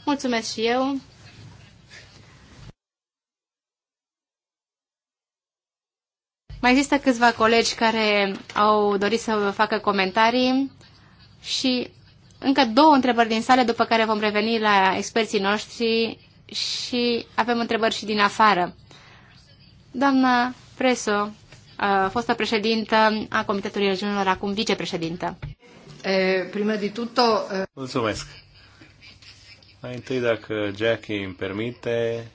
Mulțumesc și eu! Mai există câțiva colegi care au dorit să facă comentarii și încă două întrebări din sală, după care vom reveni la experții noștri și avem întrebări și din afară. Doamna Preso, fostă președintă a Comitetului Regiunilor, acum vicepreședintă. Prima de tutto... Mulțumesc. Mai întâi, dacă Jackie îmi permite,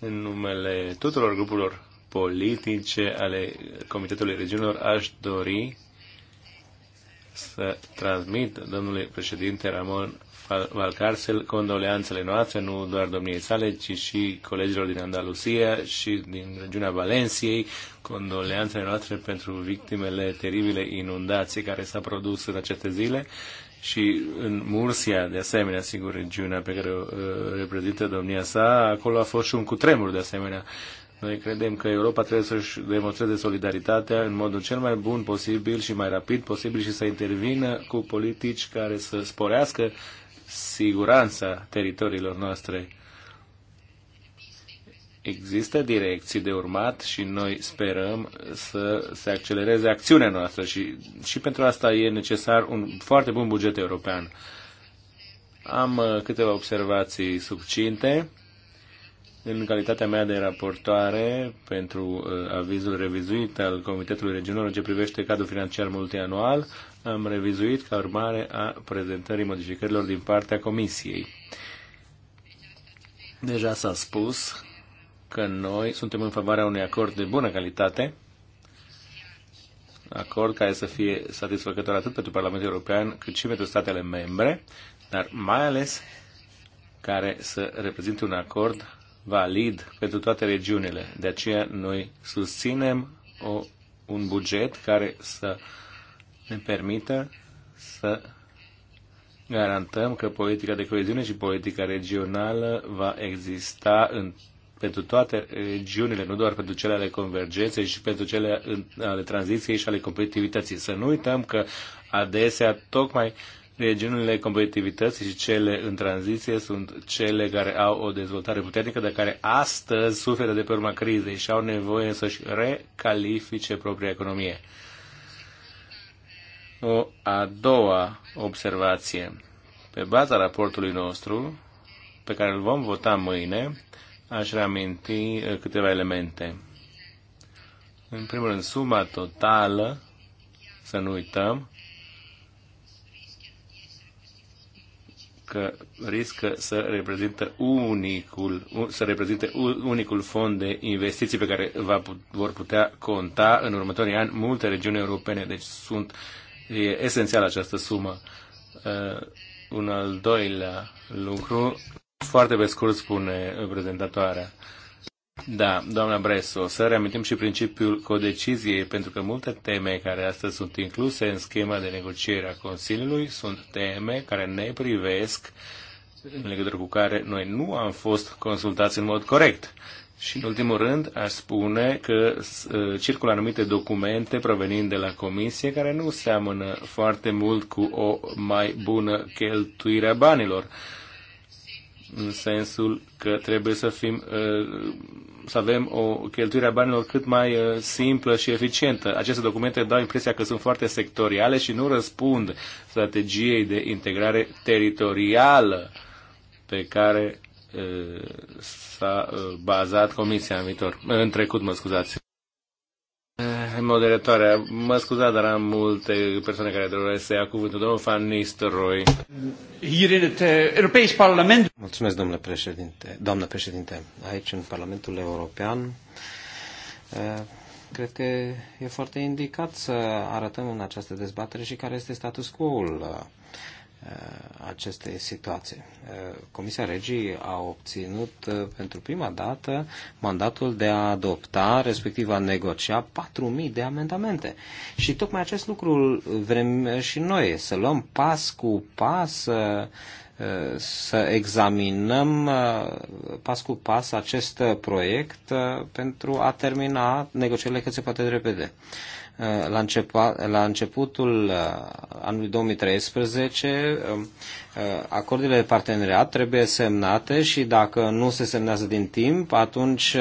în numele tuturor grupurilor politice ale Comitetului Regiunilor, aș dori să transmit domnului președinte Ramon Valcarcel condoleanțele noastre, nu doar domniei sale, ci și colegilor din Andalusia și din regiunea Valenciei, condoleanțele noastre pentru victimele teribile inundații care s-a produs în aceste zile și în Mursia, de asemenea, sigur, regiunea pe care o uh, reprezintă domnia sa, acolo a fost și un cutremur, de asemenea. Noi credem că Europa trebuie să-și demonstreze solidaritatea în modul cel mai bun posibil și mai rapid posibil și să intervină cu politici care să sporească siguranța teritoriilor noastre. Există direcții de urmat și noi sperăm să se accelereze acțiunea noastră și, și pentru asta e necesar un foarte bun buget european. Am uh, câteva observații subcinte. În calitatea mea de raportoare pentru uh, avizul revizuit al Comitetului Regional ce privește cadrul financiar multianual, am revizuit ca urmare a prezentării modificărilor din partea Comisiei. Deja s-a spus că noi suntem în favoarea unui acord de bună calitate, acord care să fie satisfăcător atât pentru Parlamentul European cât și pentru statele membre, dar mai ales care să reprezinte un acord valid pentru toate regiunile. De aceea noi susținem o, un buget care să uh, ne permită să garantăm că politica de coeziune și politica regională va exista în, pentru toate regiunile, nu doar pentru cele ale convergenței, și pentru cele ale tranziției și ale competitivității. Să nu uităm că adesea tocmai regiunile competitivității și cele în tranziție sunt cele care au o dezvoltare puternică, dar care astăzi suferă de pe urma crizei și au nevoie să-și recalifice propria economie. O a doua observație. Pe baza raportului nostru, pe care îl vom vota mâine, aș reaminti eh, câteva elemente. În primul rând, suma totală, să nu uităm, că riscă să reprezintă unicul, să reprezinte unicul fond de investiții pe care va, vor putea conta în următorii ani multe regiuni europene. Deci sunt uh, E esențială această sumă. Un al doilea lucru, foarte pe scurt spune prezentatoarea. Da, doamna Bresu, să reamintim și principiul codeciziei, pentru că multe teme care astăzi sunt incluse în schema de negociere a Consiliului sunt teme care ne privesc, în legătură cu care noi nu am fost consultați în mod corect. Uh, și, în ultimul rând, aș spune că uh, circulă anumite documente provenind de la Comisie care nu seamănă foarte mult cu o mai bună cheltuire a banilor, în sensul că trebuie să fim uh, să avem o cheltuire a banilor cât mai uh, simplă și eficientă. Aceste documente dau impresia că sunt foarte sectoriale și nu răspund strategiei de integrare teritorială pe care s-a uh, bazat comisia în viitor, în trecut, mă scuzați. Eh, moderatoarea, mă scuzați, dar am multe persoane care doresc să ia cuvântul. Domnul Van Nistelrooy. Eh, Parlament. Mulțumesc, domnule președinte. Doamnă președinte, aici în Parlamentul European eh, cred că e foarte indicat să arătăm în această dezbatere și care este status quo-ul Uh, aceste situații. Uh, Comisia Regii a obținut uh, pentru prima dată mandatul de a adopta, respectiv a negocia 4.000 de amendamente. Și tocmai acest lucru vrem și noi, să luăm pas cu pas să examinăm uh, pas cu pas acest uh, proiect uh, pentru a termina negocierile cât se poate de repede. La, începa, la începutul anului 2013, um, acordurile de parteneriat trebuie semnate și dacă nu se semnează din timp, atunci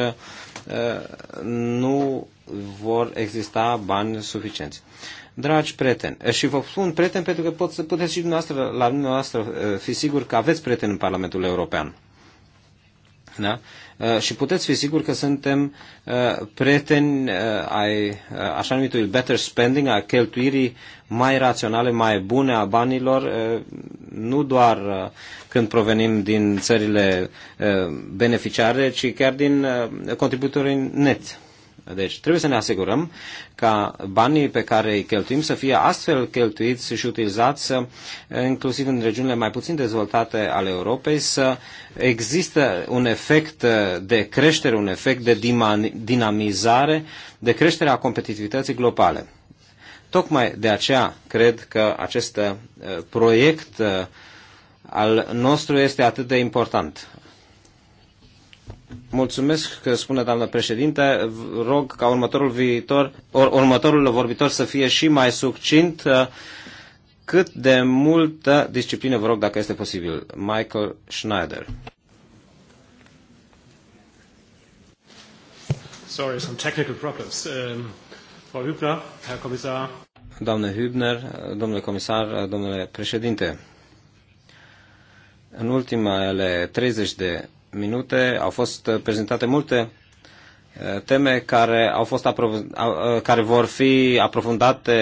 nu vor exista bani suficienți dragi prieteni, și vă spun prieteni pentru că pot, puteți și dumneavoastră, la dumneavoastră, fi sigur că aveți prieteni în Parlamentul European. Da? Și puteți fi sigur că suntem prieteni ai așa numitului better spending, a cheltuirii mai raționale, mai bune a banilor, nu doar când provenim din țările beneficiare, ci chiar din contributorii net. Deci trebuie să ne asigurăm ca banii pe care îi cheltuim să fie astfel cheltuiți și utilizați, inclusiv în regiunile mai puțin dezvoltate ale Europei, să există un efect de creștere, un efect de dinamizare, de creștere a competitivității globale. Tocmai de aceea cred că acest uh, proiect uh, al nostru este atât de important. Mulțumesc că spune doamnă președinte. Rog ca următorul, viitor, or, următorul vorbitor să fie și mai succint. Cât de multă disciplină vă rog dacă este posibil. Michael Schneider. Sorry, some technical problems. Um, Frau Hübner, Herr Kommissar. Doamne Hübner, domnule comisar, domnule președinte. În ultimele 30 de minute au fost uh, prezentate multe uh, teme care, au fost uh, care vor fi aprofundate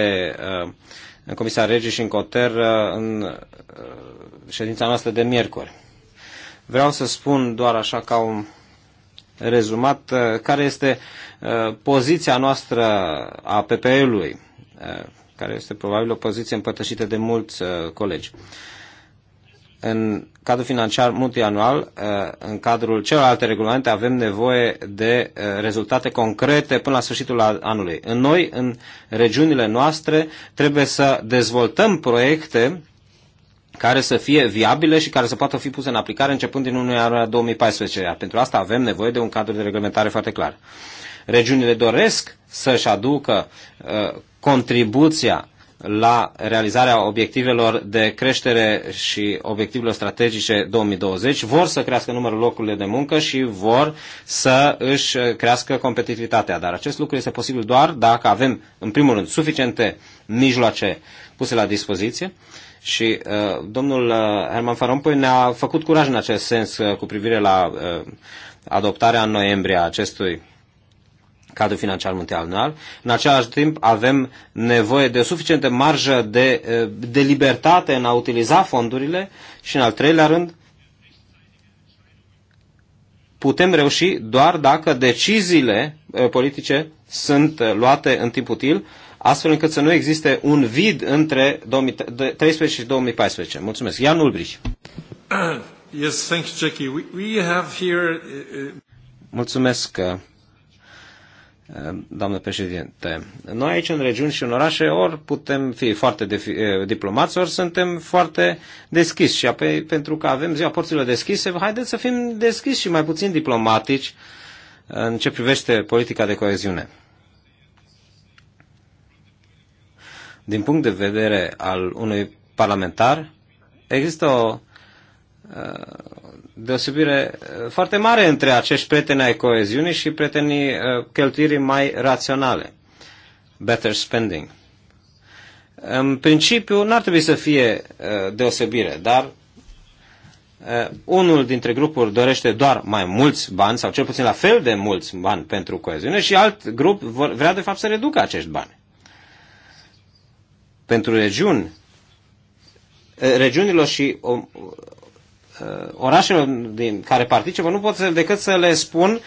în Comisia Regii și în Coter în ședința noastră de miercuri. Vreau să spun doar așa ca un rezumat care este poziția noastră a PPE-ului, care este probabil o poziție împărtășită de mulți colegi în cadrul financiar multianual, uh, în cadrul celorlalte regulamente, avem nevoie de uh, rezultate concrete până la sfârșitul anului. În noi, în regiunile noastre, trebuie să dezvoltăm proiecte care să fie viabile și care să poată fi puse în aplicare începând din 1 ianuarie 2014. Iar pentru asta avem nevoie de un cadru de reglementare foarte clar. Regiunile doresc să-și aducă uh, contribuția la realizarea obiectivelor de creștere și obiectivelor strategice 2020, vor să crească numărul locurilor de muncă și vor să își crească competitivitatea. Dar acest lucru este posibil doar dacă avem, în primul rând, suficiente mijloace puse la dispoziție. Și uh, domnul uh, Herman Farompoi ne-a făcut curaj în acest sens uh, cu privire la uh, adoptarea în noiembrie a acestui cadrul financiar multianual. În același timp avem nevoie de o suficientă marjă de, eh, de libertate în a utiliza fondurile și în al treilea rând putem reuși doar dacă deciziile eh, politice sunt eh, luate în timp util, astfel încât să nu existe un vid între 2013 și 2014. Mulțumesc. Ian Ulbrich. Yes, thank you, Jackie. We, we have here... Mulțumesc, doamnă președinte. Noi aici în regiuni și în orașe ori putem fi foarte eh, diplomați, ori suntem foarte deschiși. Și apoi, pentru că avem ziua porților deschise, haideți să fim deschiși și mai puțin diplomatici în ce privește politica de coeziune. Din punct de vedere al unui parlamentar, există o, eh, deosebire eh, foarte mare între acești prieteni ai coeziunii și prietenii eh, cheltuirii mai raționale. Better spending. În principiu, n-ar trebui să fie eh, deosebire, dar unul dintre grupuri dorește doar mai mulți bani, sau cel puțin la fel de mulți bani pentru coeziune, și alt grup vrea de fapt să reducă acești bani. Pentru regiuni, regiunilor și Uh, orașelor din care participă, nu pot decât să le spun,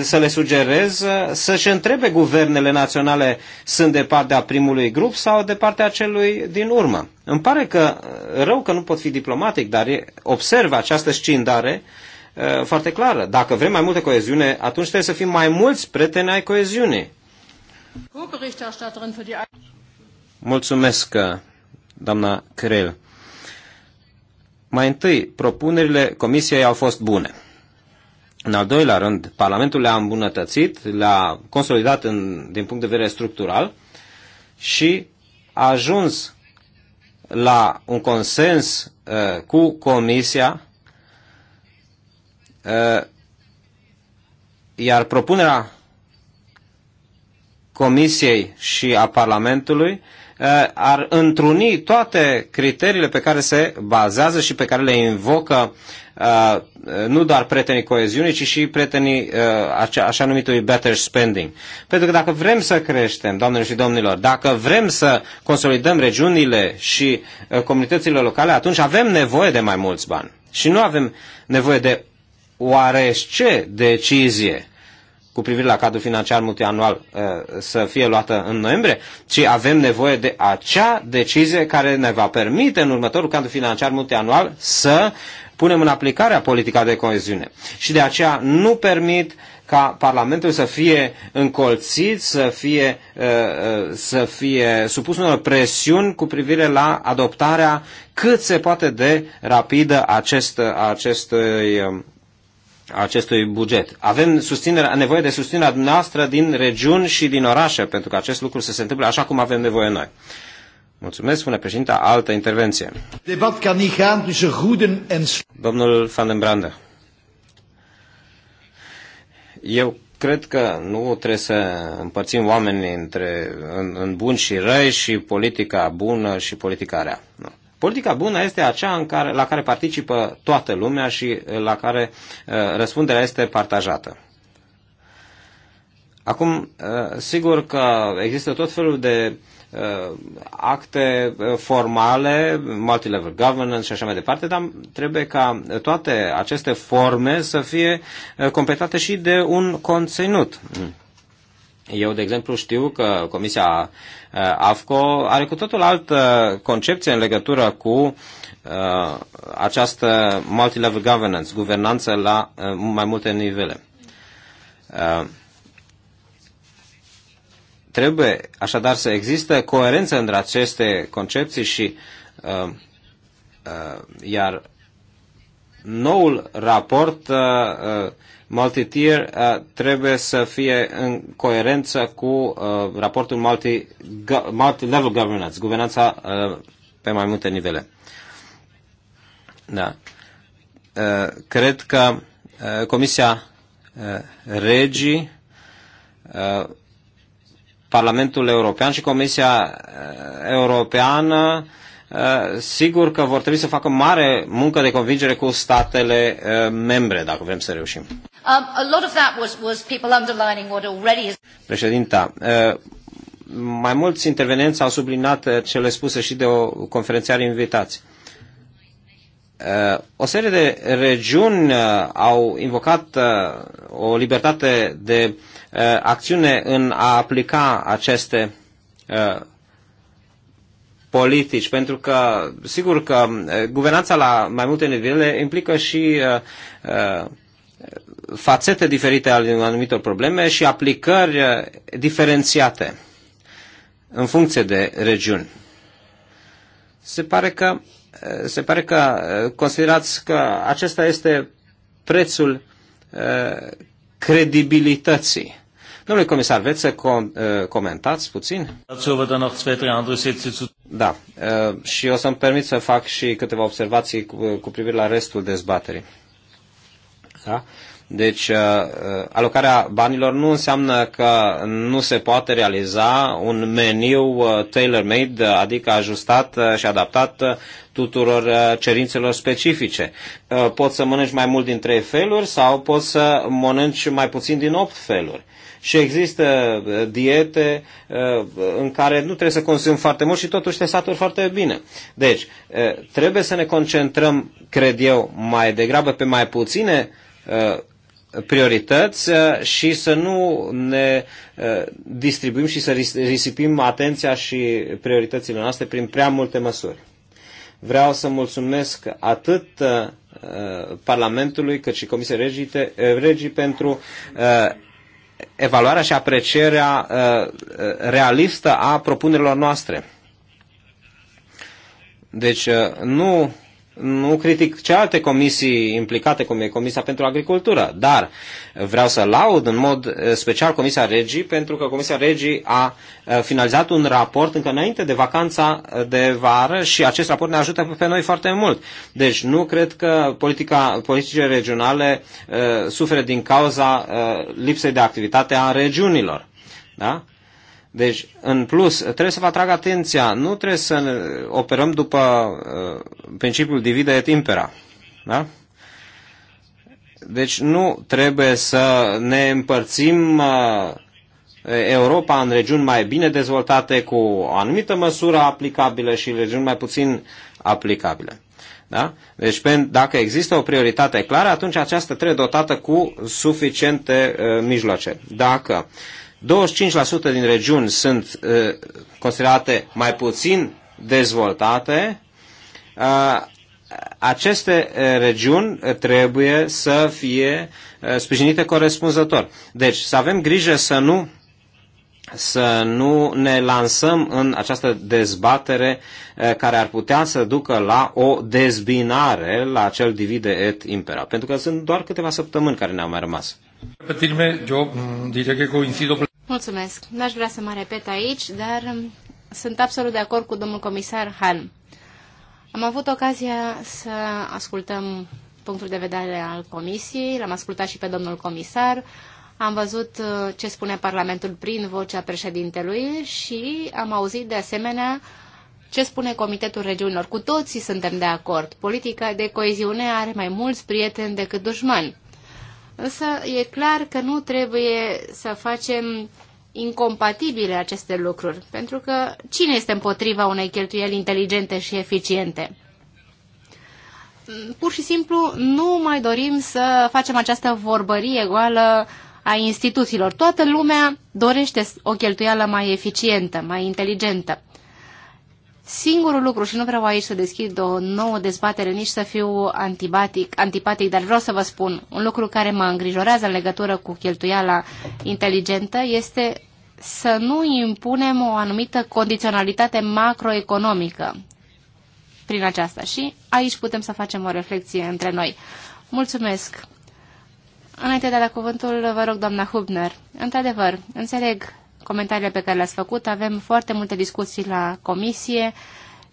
să le sugerez uh, să-și întrebe guvernele naționale sunt de partea primului grup sau de partea celui din urmă. Îmi pare că uh, rău că nu pot fi diplomatic, dar observ această scindare foarte clară. Dacă vrem mai multă coeziune, atunci trebuie să fim mai mulți prieteni ai coeziunii. Mulțumesc, doamna Crel. Mai întâi, propunerile Comisiei au fost bune. În al doilea rând, Parlamentul le-a îmbunătățit, le-a consolidat în, din punct de vedere structural și a ajuns la un consens uh, cu Comisia, uh, iar propunerea Comisiei și a Parlamentului uh, Eh, ar întruni toate criteriile pe care se bazează și pe care le invocă eh, nu doar prietenii coeziunii, ci și prietenii eh, așa numitului better spending. Pentru că dacă vrem să creștem, doamnelor și domnilor, dacă vrem să consolidăm regiunile și comunitățile locale, atunci avem nevoie de mai mulți bani. Și nu avem nevoie de oarește decizie cu privire la cadrul financiar multianual uh, să fie luată în noiembrie, ci avem nevoie de acea decizie care ne va permite în următorul cadru financiar multianual să punem în aplicare politica de coeziune. Și de aceea nu permit ca Parlamentul să fie încolțit, să fie, uh, uh, să fie supus unor presiuni cu privire la adoptarea cât se poate de rapidă acest, acestui um, acestui buget. Avem susținere, nevoie de susținerea noastră din regiuni și din orașe pentru că acest lucru să se întâmple așa cum avem nevoie noi. Mulțumesc, spune președinta, altă intervenție. Domnul Van den Brande. Eu cred că nu trebuie să împărțim oamenii între, în, în bun și răi și politica bună și politica rea. Nu. Politica bună este aceea în care, la care participă toată lumea și eh, la care uh, răspunderea este partajată. Acum, uh, sigur că există tot felul de uh, acte formale, multilevel governance și așa mai departe, dar trebuie ca toate aceste forme să fie completate și de un conținut. Mm. Eu, de exemplu, știu că Comisia uh, AFCO are cu totul altă concepție în legătură cu uh, această multi-level governance, guvernanță la uh, mai multe nivele. Trebuie așadar să existe coerență între aceste concepții și iar noul raport uh, multitier uh, trebuie să fie în coerență cu uh, raportul multi, multi governance, guvernanța uh, pe mai multe nivele. Da. Cred că Comisia Regii, Parlamentul European și Comisia Europeană sigur că vor trebui să facă mare muncă de convingere cu statele membre dacă vrem să reușim. Președinta, uh, mai mulți intervenenți au subliniat uh, cele spuse și de o conferențiari invitați. Uh, o serie de regiuni au invocat o libertate de acțiune în a aplica aceste politici, pentru că, sigur că guvernanța la mai multe nivele implică și fațete diferite ale anumitor probleme și aplicări eh, diferențiate în funcție de regiuni. Se pare că, eh, se pare că eh, considerați că acesta este prețul credibilității. Domnule comisar, veți să com- comentați puțin? Da, și o să-mi permit să fac și câteva observații cu, cu privire la restul dezbaterii. Da? Deci, uh, uh, alocarea banilor nu înseamnă că nu se poate realiza un meniu uh, tailor-made, adică ajustat și adaptat tuturor cerințelor specifice. Poți să mănânci mai mult din trei feluri sau poți să mănânci mai puțin din opt feluri. Și există diete în care nu trebuie să consumi foarte mult și totuși te saturi foarte bine. Deci, trebuie să ne concentrăm, cred eu, mai degrabă pe mai puține priorități uh, și să nu ne uh, distribuim și să risipim atenția și prioritățile noastre prin prea multe măsuri. Vreau să mulțumesc atât uh, Parlamentului cât și Comisiei Regii, pentru evaluarea și aprecierea realistă a propunerilor noastre. Deci nu nu critic ce alte comisii implicate, cum e Comisia pentru Agricultură, dar vreau să laud în mod eh, special Comisia Regii, pentru că Comisia Regii a eh, finalizat un raport încă înainte de vacanța eh, de vară și acest raport ne ajută pe noi foarte mult. Deci nu cred că politica, politicile regionale uh, suferă din cauza uh, lipsei de activitate a regiunilor. Da? Deci, în plus, trebuie să vă atrag atenția, nu trebuie să operăm după uh, principiul divide et impera. Da? Deci nu trebuie să ne împărțim uh, Europa în regiuni mai bine dezvoltate cu o anumită măsură aplicabilă și regiuni mai puțin aplicabile. Da? Deci dacă există o prioritate clară, atunci aceasta trebuie dotată cu suficiente uh, mijloace. Dacă uh, 25% din regiuni sunt uh, considerate mai puțin dezvoltate, uh, aceste uh, regiuni trebuie să fie sprijinite corespunzător. Deci să avem grijă să nu să nu ne lansăm în această dezbatere care ar putea să ducă la o dezbinare la acel divide et impera, pentru că sunt doar câteva săptămâni care ne-au mai rămas. Petirme, eu diría que coincido Mulțumesc. N-aș vrea să mă repet aici, dar um, sunt absolut de acord cu domnul comisar Han. Am avut ocazia să ascultăm punctul de vedere al comisiei, l-am ascultat și pe domnul comisar, am văzut uh, ce spune Parlamentul prin vocea președintelui și am auzit de asemenea ce spune Comitetul Regiunilor. Cu toții suntem de acord. Politica de coeziune are mai mulți prieteni decât dușmani. Însă e clar că nu trebuie să facem incompatibile aceste lucruri, pentru că cine este împotriva unei cheltuieli inteligente și eficiente? Mm, pur și simplu nu mai dorim să facem această vorbărie goală a instituțiilor. Toată lumea dorește o cheltuială mai eficientă, mai inteligentă. Singurul lucru, și nu vreau aici să deschid o nouă dezbatere, nici să fiu antipatic, antipatic, dar vreau să vă spun, un lucru care mă îngrijorează în legătură cu cheltuiala inteligentă este să nu impunem o anumită condiționalitate macroeconomică prin aceasta. Și aici putem să facem o reflexie între noi. Mulțumesc! Înainte de a da cuvântul, vă rog, doamna Hubner, într-adevăr, înțeleg comentariile pe care le-ați făcut. Avem foarte multe discuții la comisie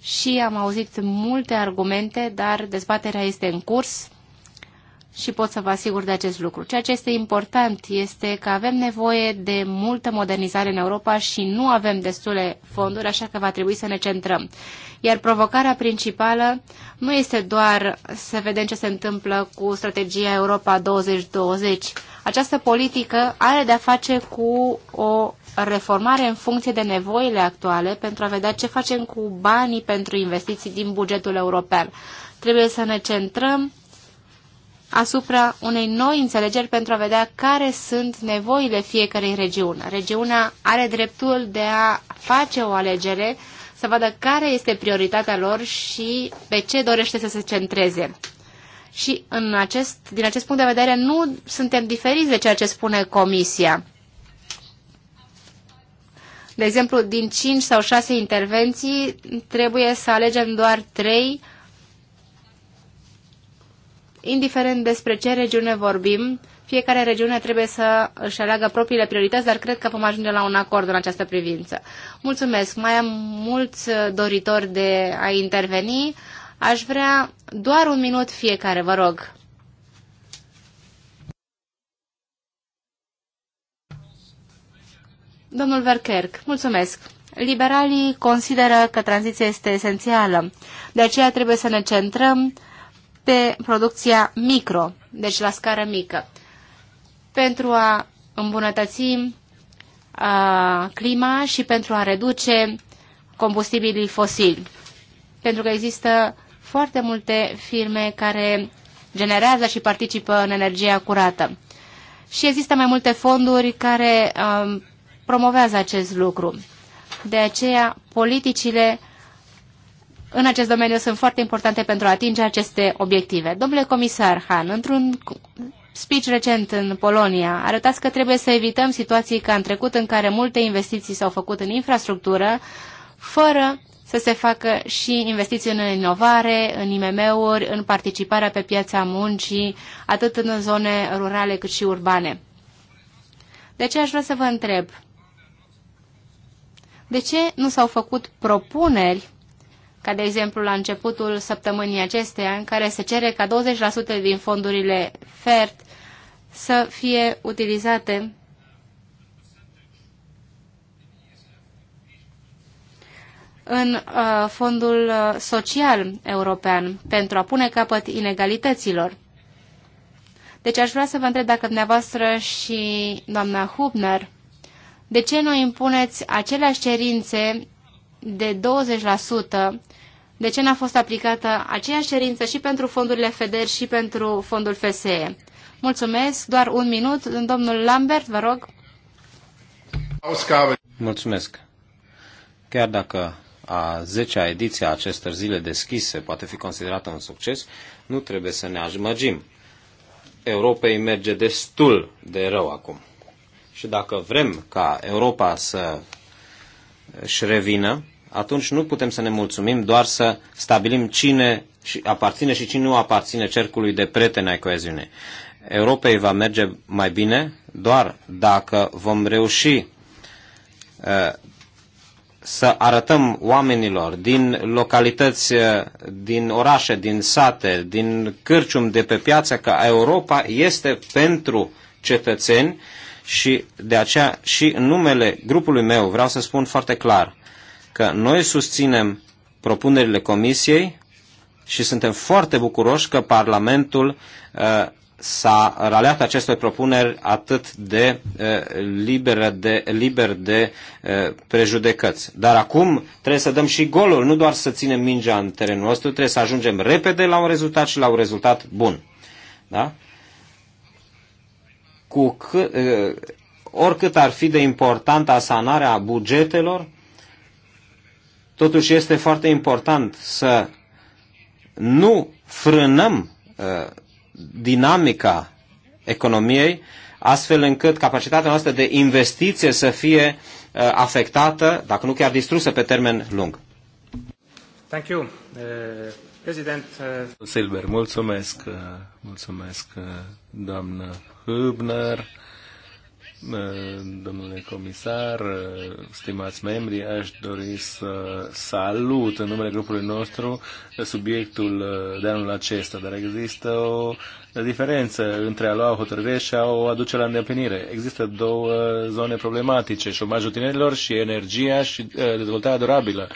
și am auzit multe argumente, dar dezbaterea este în curs și pot să vă asigur de acest lucru. Ceea ce este important este că avem nevoie de multă modernizare în Europa și nu avem destule fonduri, așa că va trebui să ne centrăm. Iar provocarea principală nu este doar să vedem ce se întâmplă cu strategia Europa 2020. Această politică are de-a face cu o reformare în funcție de nevoile actuale pentru a vedea ce facem cu banii pentru investiții din bugetul european. Trebuie să ne centrăm asupra unei noi înțelegeri pentru a vedea care sunt nevoile fiecarei regiuni. Regiunea are dreptul de a face o alegere, să vadă care este prioritatea lor și pe ce dorește să se centreze. Și în acest, din acest punct de vedere nu suntem diferiți de ceea ce spune Comisia. De exemplu, din 5 sau 6 intervenții trebuie să alegem doar 3, indiferent despre ce regiune vorbim. Fiecare regiune trebuie să își aleagă propriile priorități, dar cred că vom ajunge la un acord în această privință. Mulțumesc! Mai am mulți uh, doritori de a interveni. Aș vrea doar un minut fiecare, vă rog. Domnul Verkerk, mulțumesc. Liberalii consideră că tranziția este esențială. De aceea trebuie să ne centrăm pe producția micro, deci la scară mică, pentru a îmbunătăți a, uh, clima și pentru a reduce combustibilii fosili. Pentru că există foarte multe firme care generează și participă în energia curată. Și există mai multe fonduri care a, um, promovează acest lucru. De aceea, politicile în acest domeniu sunt foarte importante pentru a atinge aceste obiective. Domnule comisar Han, într-un speech recent în Polonia, arătați că trebuie să evităm situații ca în trecut în care multe investiții s-au făcut în infrastructură, fără să se facă și investiții în inovare, în IMM-uri, în participarea pe piața muncii, atât în zone rurale cât și urbane. De ce aș vrea să vă întreb, de ce nu s-au făcut propuneri, ca de exemplu la începutul săptămânii acesteia, în care se cere ca 20% din fondurile FERT să fie utilizate în uh, fondul uh, social european pentru a pune capăt inegalităților. Deci aș vrea să vă întreb dacă dumneavoastră și doamna Hubner de ce nu impuneți aceleași cerințe de 20%? De ce n-a fost aplicată aceeași cerință și pentru fondurile FEDER și pentru fondul FSE? Mulțumesc, doar un minut. Domnul Lambert, vă rog. Mulțumesc. Chiar dacă a 10-a ediție a acestor zile deschise poate fi considerată un succes, nu trebuie să ne ajmăgim. Europei merge destul de rău acum și dacă vrem ca Europa să își revină, atunci nu putem să ne mulțumim doar să stabilim cine aparține și cine nu aparține cercului de prieteni ai coeziunei. Europei va merge mai bine doar dacă vom reuși uh, să arătăm oamenilor din localități, uh, din orașe, din sate, din cârcium de pe piață că Europa este pentru cetățeni și de aceea și în numele grupului meu vreau să spun foarte clar că noi susținem propunerile Comisiei și suntem foarte bucuroși că Parlamentul uh, s-a raleat aceste propuneri atât de uh, liber de, liber de uh, prejudecăți. Dar acum trebuie să dăm și golul, nu doar să ținem mingea în terenul nostru, trebuie să ajungem repede la un rezultat și la un rezultat bun. Da? cu cât, oricât ar fi de importantă asanarea bugetelor, totuși este foarte important să nu frânăm dinamica economiei, astfel încât capacitatea noastră de investiție să fie afectată, dacă nu chiar distrusă pe termen lung. Thank you. President. Silver, mulțumesc, mulțumesc, doamnă Hübner, domnule comisar, stimați membri, aș dori să salut în numele grupului nostru subiectul de anul acesta, dar există o diferență între a lua o hotărâre și a o aduce la îndeplinire. Există două zone problematice, șomajul tinerilor și energia și dezvoltarea durabilă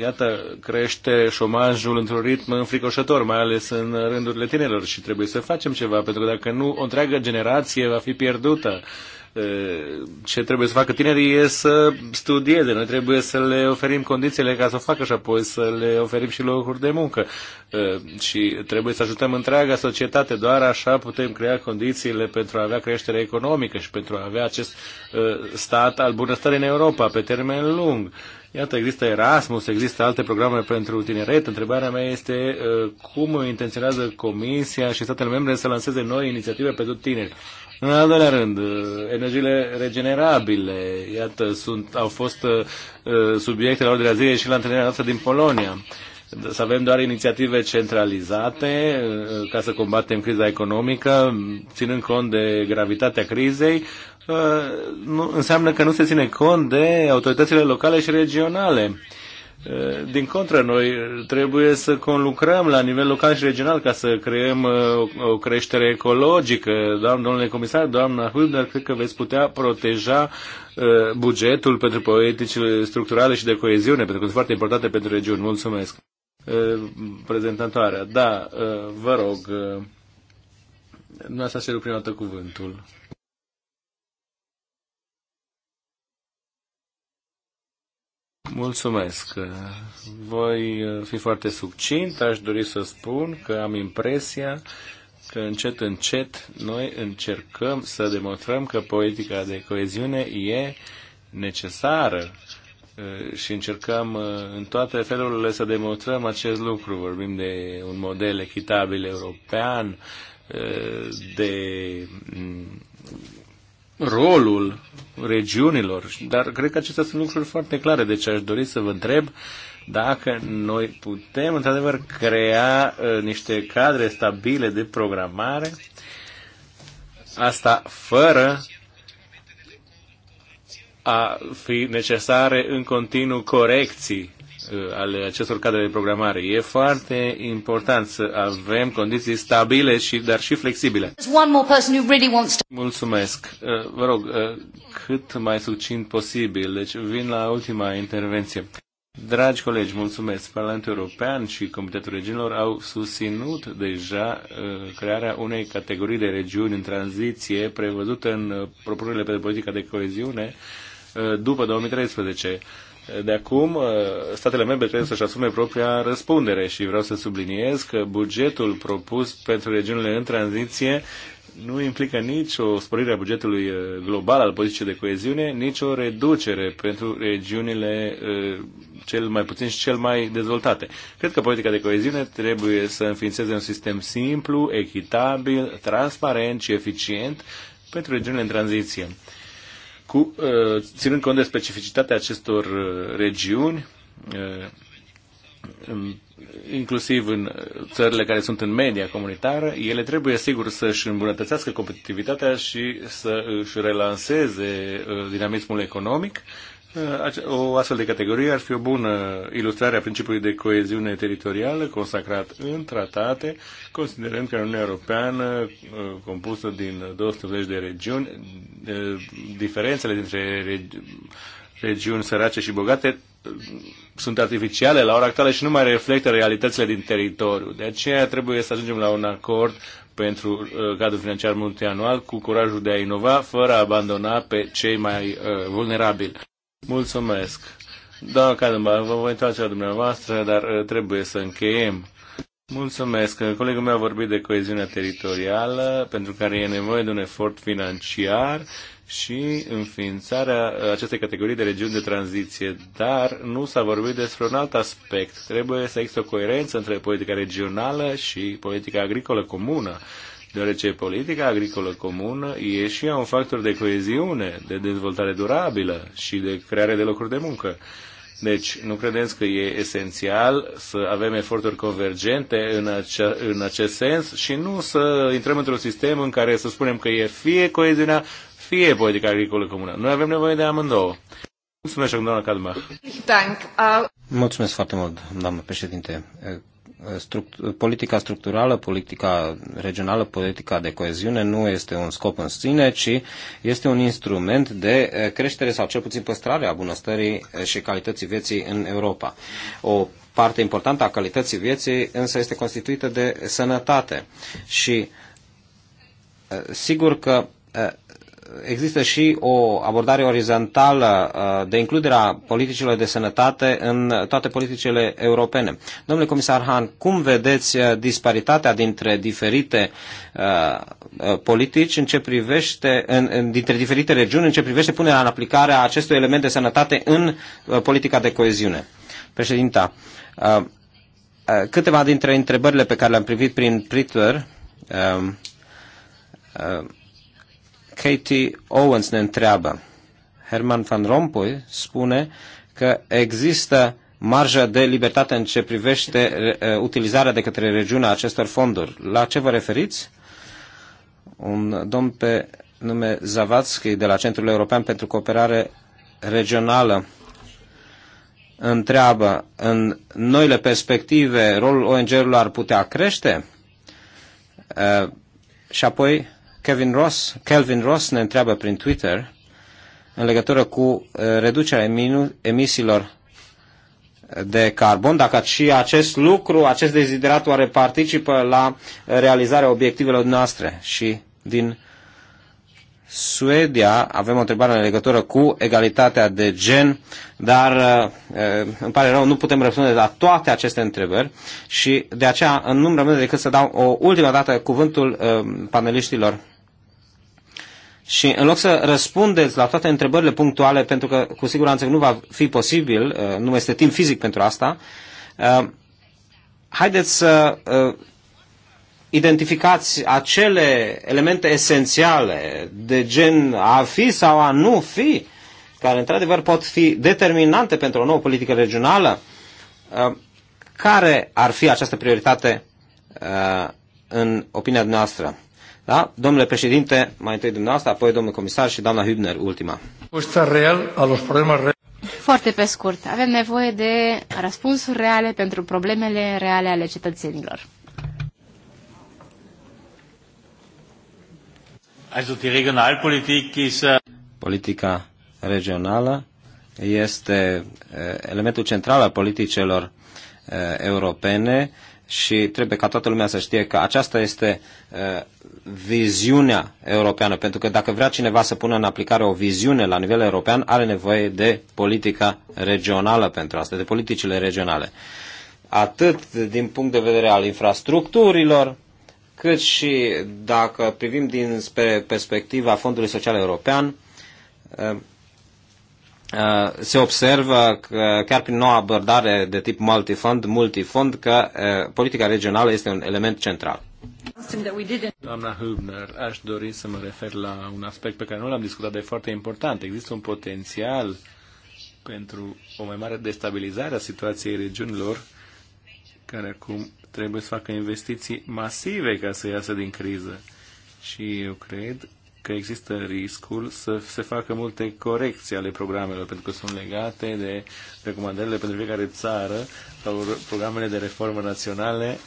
iată, crește șomajul într-un ritm înfricoșător, mai ales în rândurile tinerilor și trebuie să facem ceva, pentru că dacă nu, o întreagă generație va fi pierdută. Ce trebuie să facă tinerii e să studieze, noi trebuie să le oferim condițiile ca să o facă și apoi să le oferim și locuri de muncă. Și trebuie să ajutăm întreaga societate, doar așa putem crea condițiile pentru a avea creștere economică și pentru a avea acest stat al bunăstării în Europa pe termen lung Iată, există Erasmus, există alte programe pentru tineret. Întrebarea mea este uh, cum intenționează Comisia și statele membre să lanseze noi inițiative pentru tineri. În al doilea rând, uh, energiile regenerabile, iată, sunt, au fost subiectele uh, subiecte la ordinea zilei și la întâlnirea noastră din Polonia. Să avem doar inițiative centralizate ca să combatem criza economică, ținând cont de gravitatea crizei, Uh, nu, înseamnă că nu se ține cont de autoritățile locale și regionale. Uh, din contră, noi trebuie să conlucrăm la nivel local și regional ca să creăm uh, o creștere ecologică. Doamne, domnule comisar, doamna Hübner, cred că veți putea proteja bugetul pentru politicile structurale și de coeziune, pentru că sunt foarte importante pentru regiuni. Mulțumesc. Prezentatoarea, da, vă rog, dumneavoastră să prima dată cuvântul. Mulțumesc. Voi fi foarte succint. Aș dori să spun că am impresia că încet, încet noi încercăm să demonstrăm că politica de coeziune e necesară eh, și încercăm eh, în toate felurile să demonstrăm acest lucru. Vorbim de un model echitabil european, eh, de mm, rolul regiunilor, dar cred că acestea sunt lucruri foarte clare, deci aș dori să vă întreb dacă noi putem într-adevăr crea uh, niște cadre stabile de programare, asta fără a fi necesare în continuu corecții Uh, ale acestor cadre de programare. E foarte important să avem condiții stabile, și dar și flexibile. Mulțumesc. Uh, vă rog, uh, cât mai succint posibil. Deci vin la ultima intervenție. Dragi colegi, mulțumesc! Parlamentul European și Comitetul Regiunilor au susținut deja crearea unei categorii de regiuni în tranziție prevăzută în propunerile pe politica de coeziune după 2013. De acum, uh, statele membre trebuie să-și asume propria răspundere și vreau să subliniez că bugetul propus pentru regiunile în tranziție nu implică nici o sporire a bugetului uh, global al politicii de coeziune, nici o reducere pentru regiunile uh, cel mai puțin și cel mai dezvoltate. Cred că politica de coeziune trebuie să înființeze un sistem simplu, echitabil, transparent și eficient pentru regiunile în tranziție cu, uh, ținând cont de specificitatea acestor uh, regiuni, uh, inclusiv în țările care sunt în media comunitară, ele trebuie sigur să-și îmbunătățească competitivitatea și să își relanseze dinamismul economic Uh, o astfel de categorie ar fi o bună ilustrare a principiului de coeziune teritorială consacrat în tratate, considerând că Uniunea Europeană, uh, compusă din 220 de regiuni, uh, diferențele dintre regiuni sărace și bogate sunt artificiale la ora actuală și nu mai reflectă realitățile din teritoriu. De aceea trebuie să ajungem la un acord pentru uh, cadrul financiar multianual cu curajul de a inova fără a abandona pe cei mai uh, vulnerabili. Mulțumesc. Doamna Cadamba, vă voi întoarce la dumneavoastră, dar uh, trebuie să încheiem. Mulțumesc. Colegul meu a vorbit de coeziunea teritorială, pentru care e nevoie de un efort financiar și înființarea uh, acestei categorii de regiuni de tranziție. Dar nu s-a vorbit despre un alt aspect. Trebuie să există o coerență între politica regională și politica agricolă comună deoarece politica agricolă comună e și ea un factor de coeziune, de dezvoltare durabilă și de creare de locuri de muncă. Deci, nu credeți că e esențial să avem eforturi convergente în, acea, în acest sens și nu să intrăm într-un sistem în care să spunem că e fie coeziunea, fie politica agricolă comună. Noi avem nevoie de amândouă. Mulțumesc, doamna Cadmach. Mulțumesc foarte mult, doamnă președinte struct- politica structurală, politica regională, politica de coeziune nu este un scop în sine, ci este un instrument de eh, creștere sau cel puțin păstrare a bunăstării eh, și calității vieții în Europa. O parte importantă a calității vieții însă este constituită de sănătate și eh, sigur că există și o abordare orizontală uh, de includerea politicilor de sănătate în toate politicile europene. Domnule comisar Han, cum vedeți uh, disparitatea dintre diferite uh, politici în ce privește, în, în, dintre diferite regiuni în ce privește punerea în aplicare a acestui element de sănătate în politica de coeziune? Președinta, câteva dintre întrebările pe care le-am privit prin Twitter, Katie Owens ne întreabă. Herman Van Rompuy spune că există marja de libertate în ce privește utilizarea de către regiunea acestor fonduri. La ce vă referiți? Un domn pe nume Zavatski de la Centrul European pentru Cooperare Regională întreabă, în noile perspective, rolul ONG-urilor ar putea crește? Și apoi Kevin Ross, Calvin Ross ne întreabă prin Twitter în legătură cu uh, reducerea emisiilor de carbon, dacă și acest lucru, acest deziderat oare participă la realizarea obiectivelor noastre și din Suedia, avem o întrebare în legătură cu egalitatea de gen, dar uh, uh, îmi pare rău, nu putem răspunde la toate aceste întrebări și de aceea nu-mi rămâne decât să dau o ultimă dată cuvântul paneliștilor și în loc să răspundeți la toate întrebările punctuale, pentru că cu siguranță nu va fi posibil, uh, nu este timp fizic pentru asta, uh, haideți să uh, identificați acele elemente esențiale de gen a fi sau a nu fi, care într-adevăr pot fi determinante pentru o nouă politică regională, care ar fi această prioritate în opinia noastră? Da? Domnule președinte, mai întâi dumneavoastră, apoi domnul comisar și doamna Hübner, ultima. Foarte pe scurt, avem nevoie de răspunsuri reale pentru problemele reale ale cetățenilor. Äh, Politica regională este äh, elementul central al politicilor äh, europene și trebuie ca toată lumea să știe că aceasta este uh, viziunea europeană, pentru că dacă vrea cineva să pună în aplicare o viziune la nivel european, are nevoie de politica regională pentru asta, de politicile regionale. Atât din punct de vedere al infrastructurilor, cât și dacă privim din perspectiva Fondului Social European, uh, Uh, se observă că chiar prin noua abordare de tip multifond, multifond, că uh, politica regională este un element central. Doamna Hübner, aș dori să mă refer la un aspect pe care nu l-am discutat, de foarte important. Există un potențial pentru o mai mare destabilizare a situației regiunilor care acum trebuie să facă investiții masive ca să iasă din criză. Și eu cred că există riscul să se facă multe corecții ale programelor, pentru că sunt legate de recomandările pentru fiecare țară sau programele de reformă naționale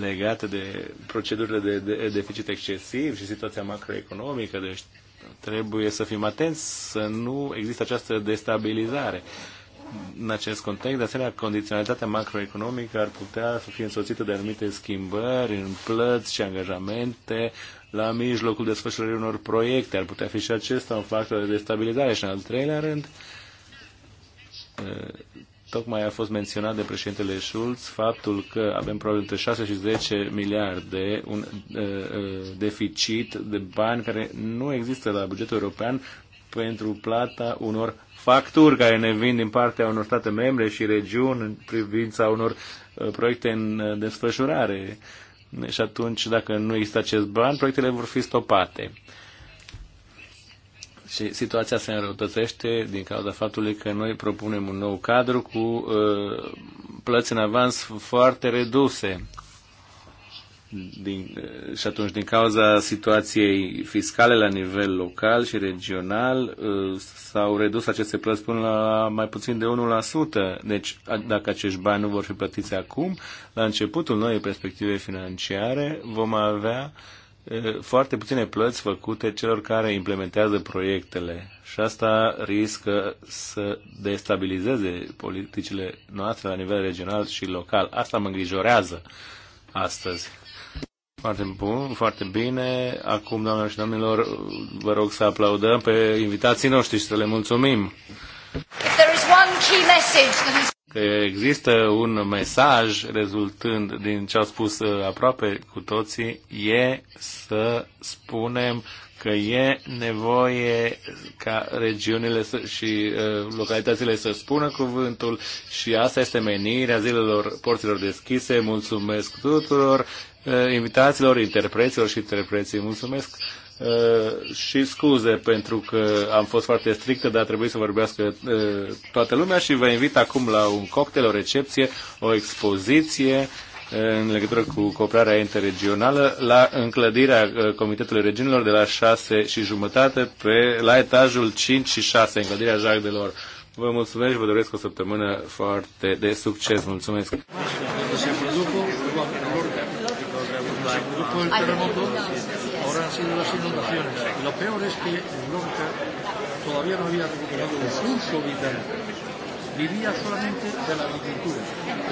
legate de procedurile de, de deficit excesiv și situația macroeconomică, deci trebuie să fim atenți să nu există această destabilizare. În acest context, de asemenea, condiționalitatea macroeconomică ar putea să fie însoțită de anumite schimbări în plăți și angajamente, la mijlocul desfășurării unor proiecte. Ar putea fi și acesta un factor de destabilizare. Și în al treilea rând, tocmai a fost menționat de președintele Schulz faptul că avem probabil între 6 și 10 miliarde un deficit de bani care nu există la bugetul european pentru plata unor facturi care ne vin din partea unor state membre și regiuni în privința unor proiecte în desfășurare. Uh, și atunci, dacă nu există acest ban, proiectele vor fi stopate. Și situația se înrăutățește din cauza faptului că noi propunem un nou cadru cu uh, plăți în avans foarte reduse din, și atunci, din cauza situației fiscale la nivel local și regional, uh, s-au redus aceste plăți până la mai puțin de 1%. Deci, dacă acești bani nu vor fi plătiți acum, la începutul noii perspective financiare vom avea uh, foarte puține plăți făcute celor care implementează proiectele și asta riscă să destabilizeze politicile noastre la nivel regional și local. Asta mă îngrijorează astăzi. Foarte bun, foarte bine. Acum, doamnelor și domnilor, vă rog să aplaudăm pe invitații noștri și să le mulțumim. Că există un mesaj rezultând din ce au spus uh, aproape cu toții, e să spunem că e nevoie ca regiunile și uh, localitățile să spună cuvântul și asta este menirea zilelor porților deschise. Mulțumesc tuturor uh, invitațiilor interpreților și interpreții. Mulțumesc uh, și scuze pentru că am fost foarte strictă, dar trebuie să vorbească toată lumea și vă invit acum la un cocktail, o recepție, o expoziție în legătură cu cooperarea interregională la înclădirea uh, Comitetului Regiunilor de la 6 și jumătate pe, la etajul 5 și 6, înclădirea Jacques lor. Vă mulțumesc și vă doresc o săptămână foarte de succes. Mulțumesc! todavía no había recuperado el vital. Vivía solamente de la agricultura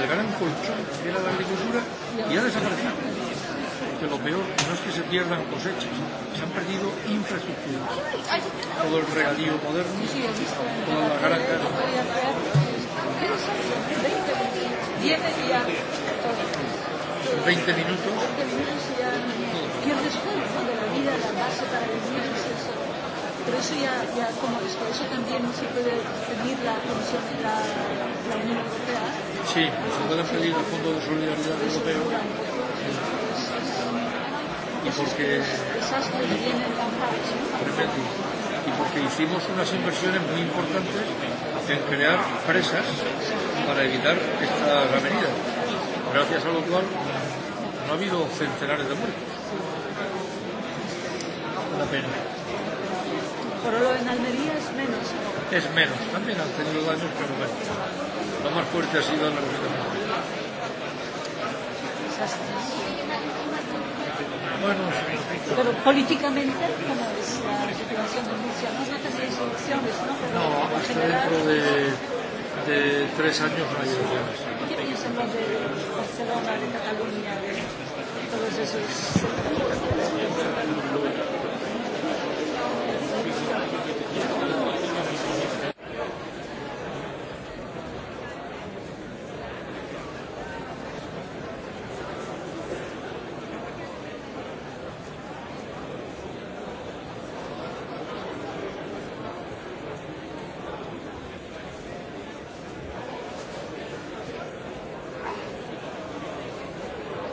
el gran colchón era la agricultura y ha desaparecido. Porque lo peor no es que se pierdan cosechas, se han perdido infraestructuras. Todo el regadío moderno, toda la gran granja. En 20 minutos. Pierdes toda la vida, la base para vivir es eso. Por eso ya, ya como después también se puede pedir la Comisión, la, la Unión Europea Sí, se puede pedir al Fondo de Solidaridad Europeo. Y porque. Repetí. Y porque hicimos unas inversiones muy importantes en crear presas para evitar esta avenida, Gracias a lo cual no ha habido centenares de muertos. Una pena. Por lo en Almería es menos. Es menos, también han tenido daños, pero menos. Lo más fuerte ha sido la Bueno, pero políticamente, como es la situación de Murcia, no, no tenéis elecciones, ¿no? Pero no, hasta general, dentro de, de tres años no hay elecciones. ¿Qué piensan de Barcelona, de Cataluña, de todos esos?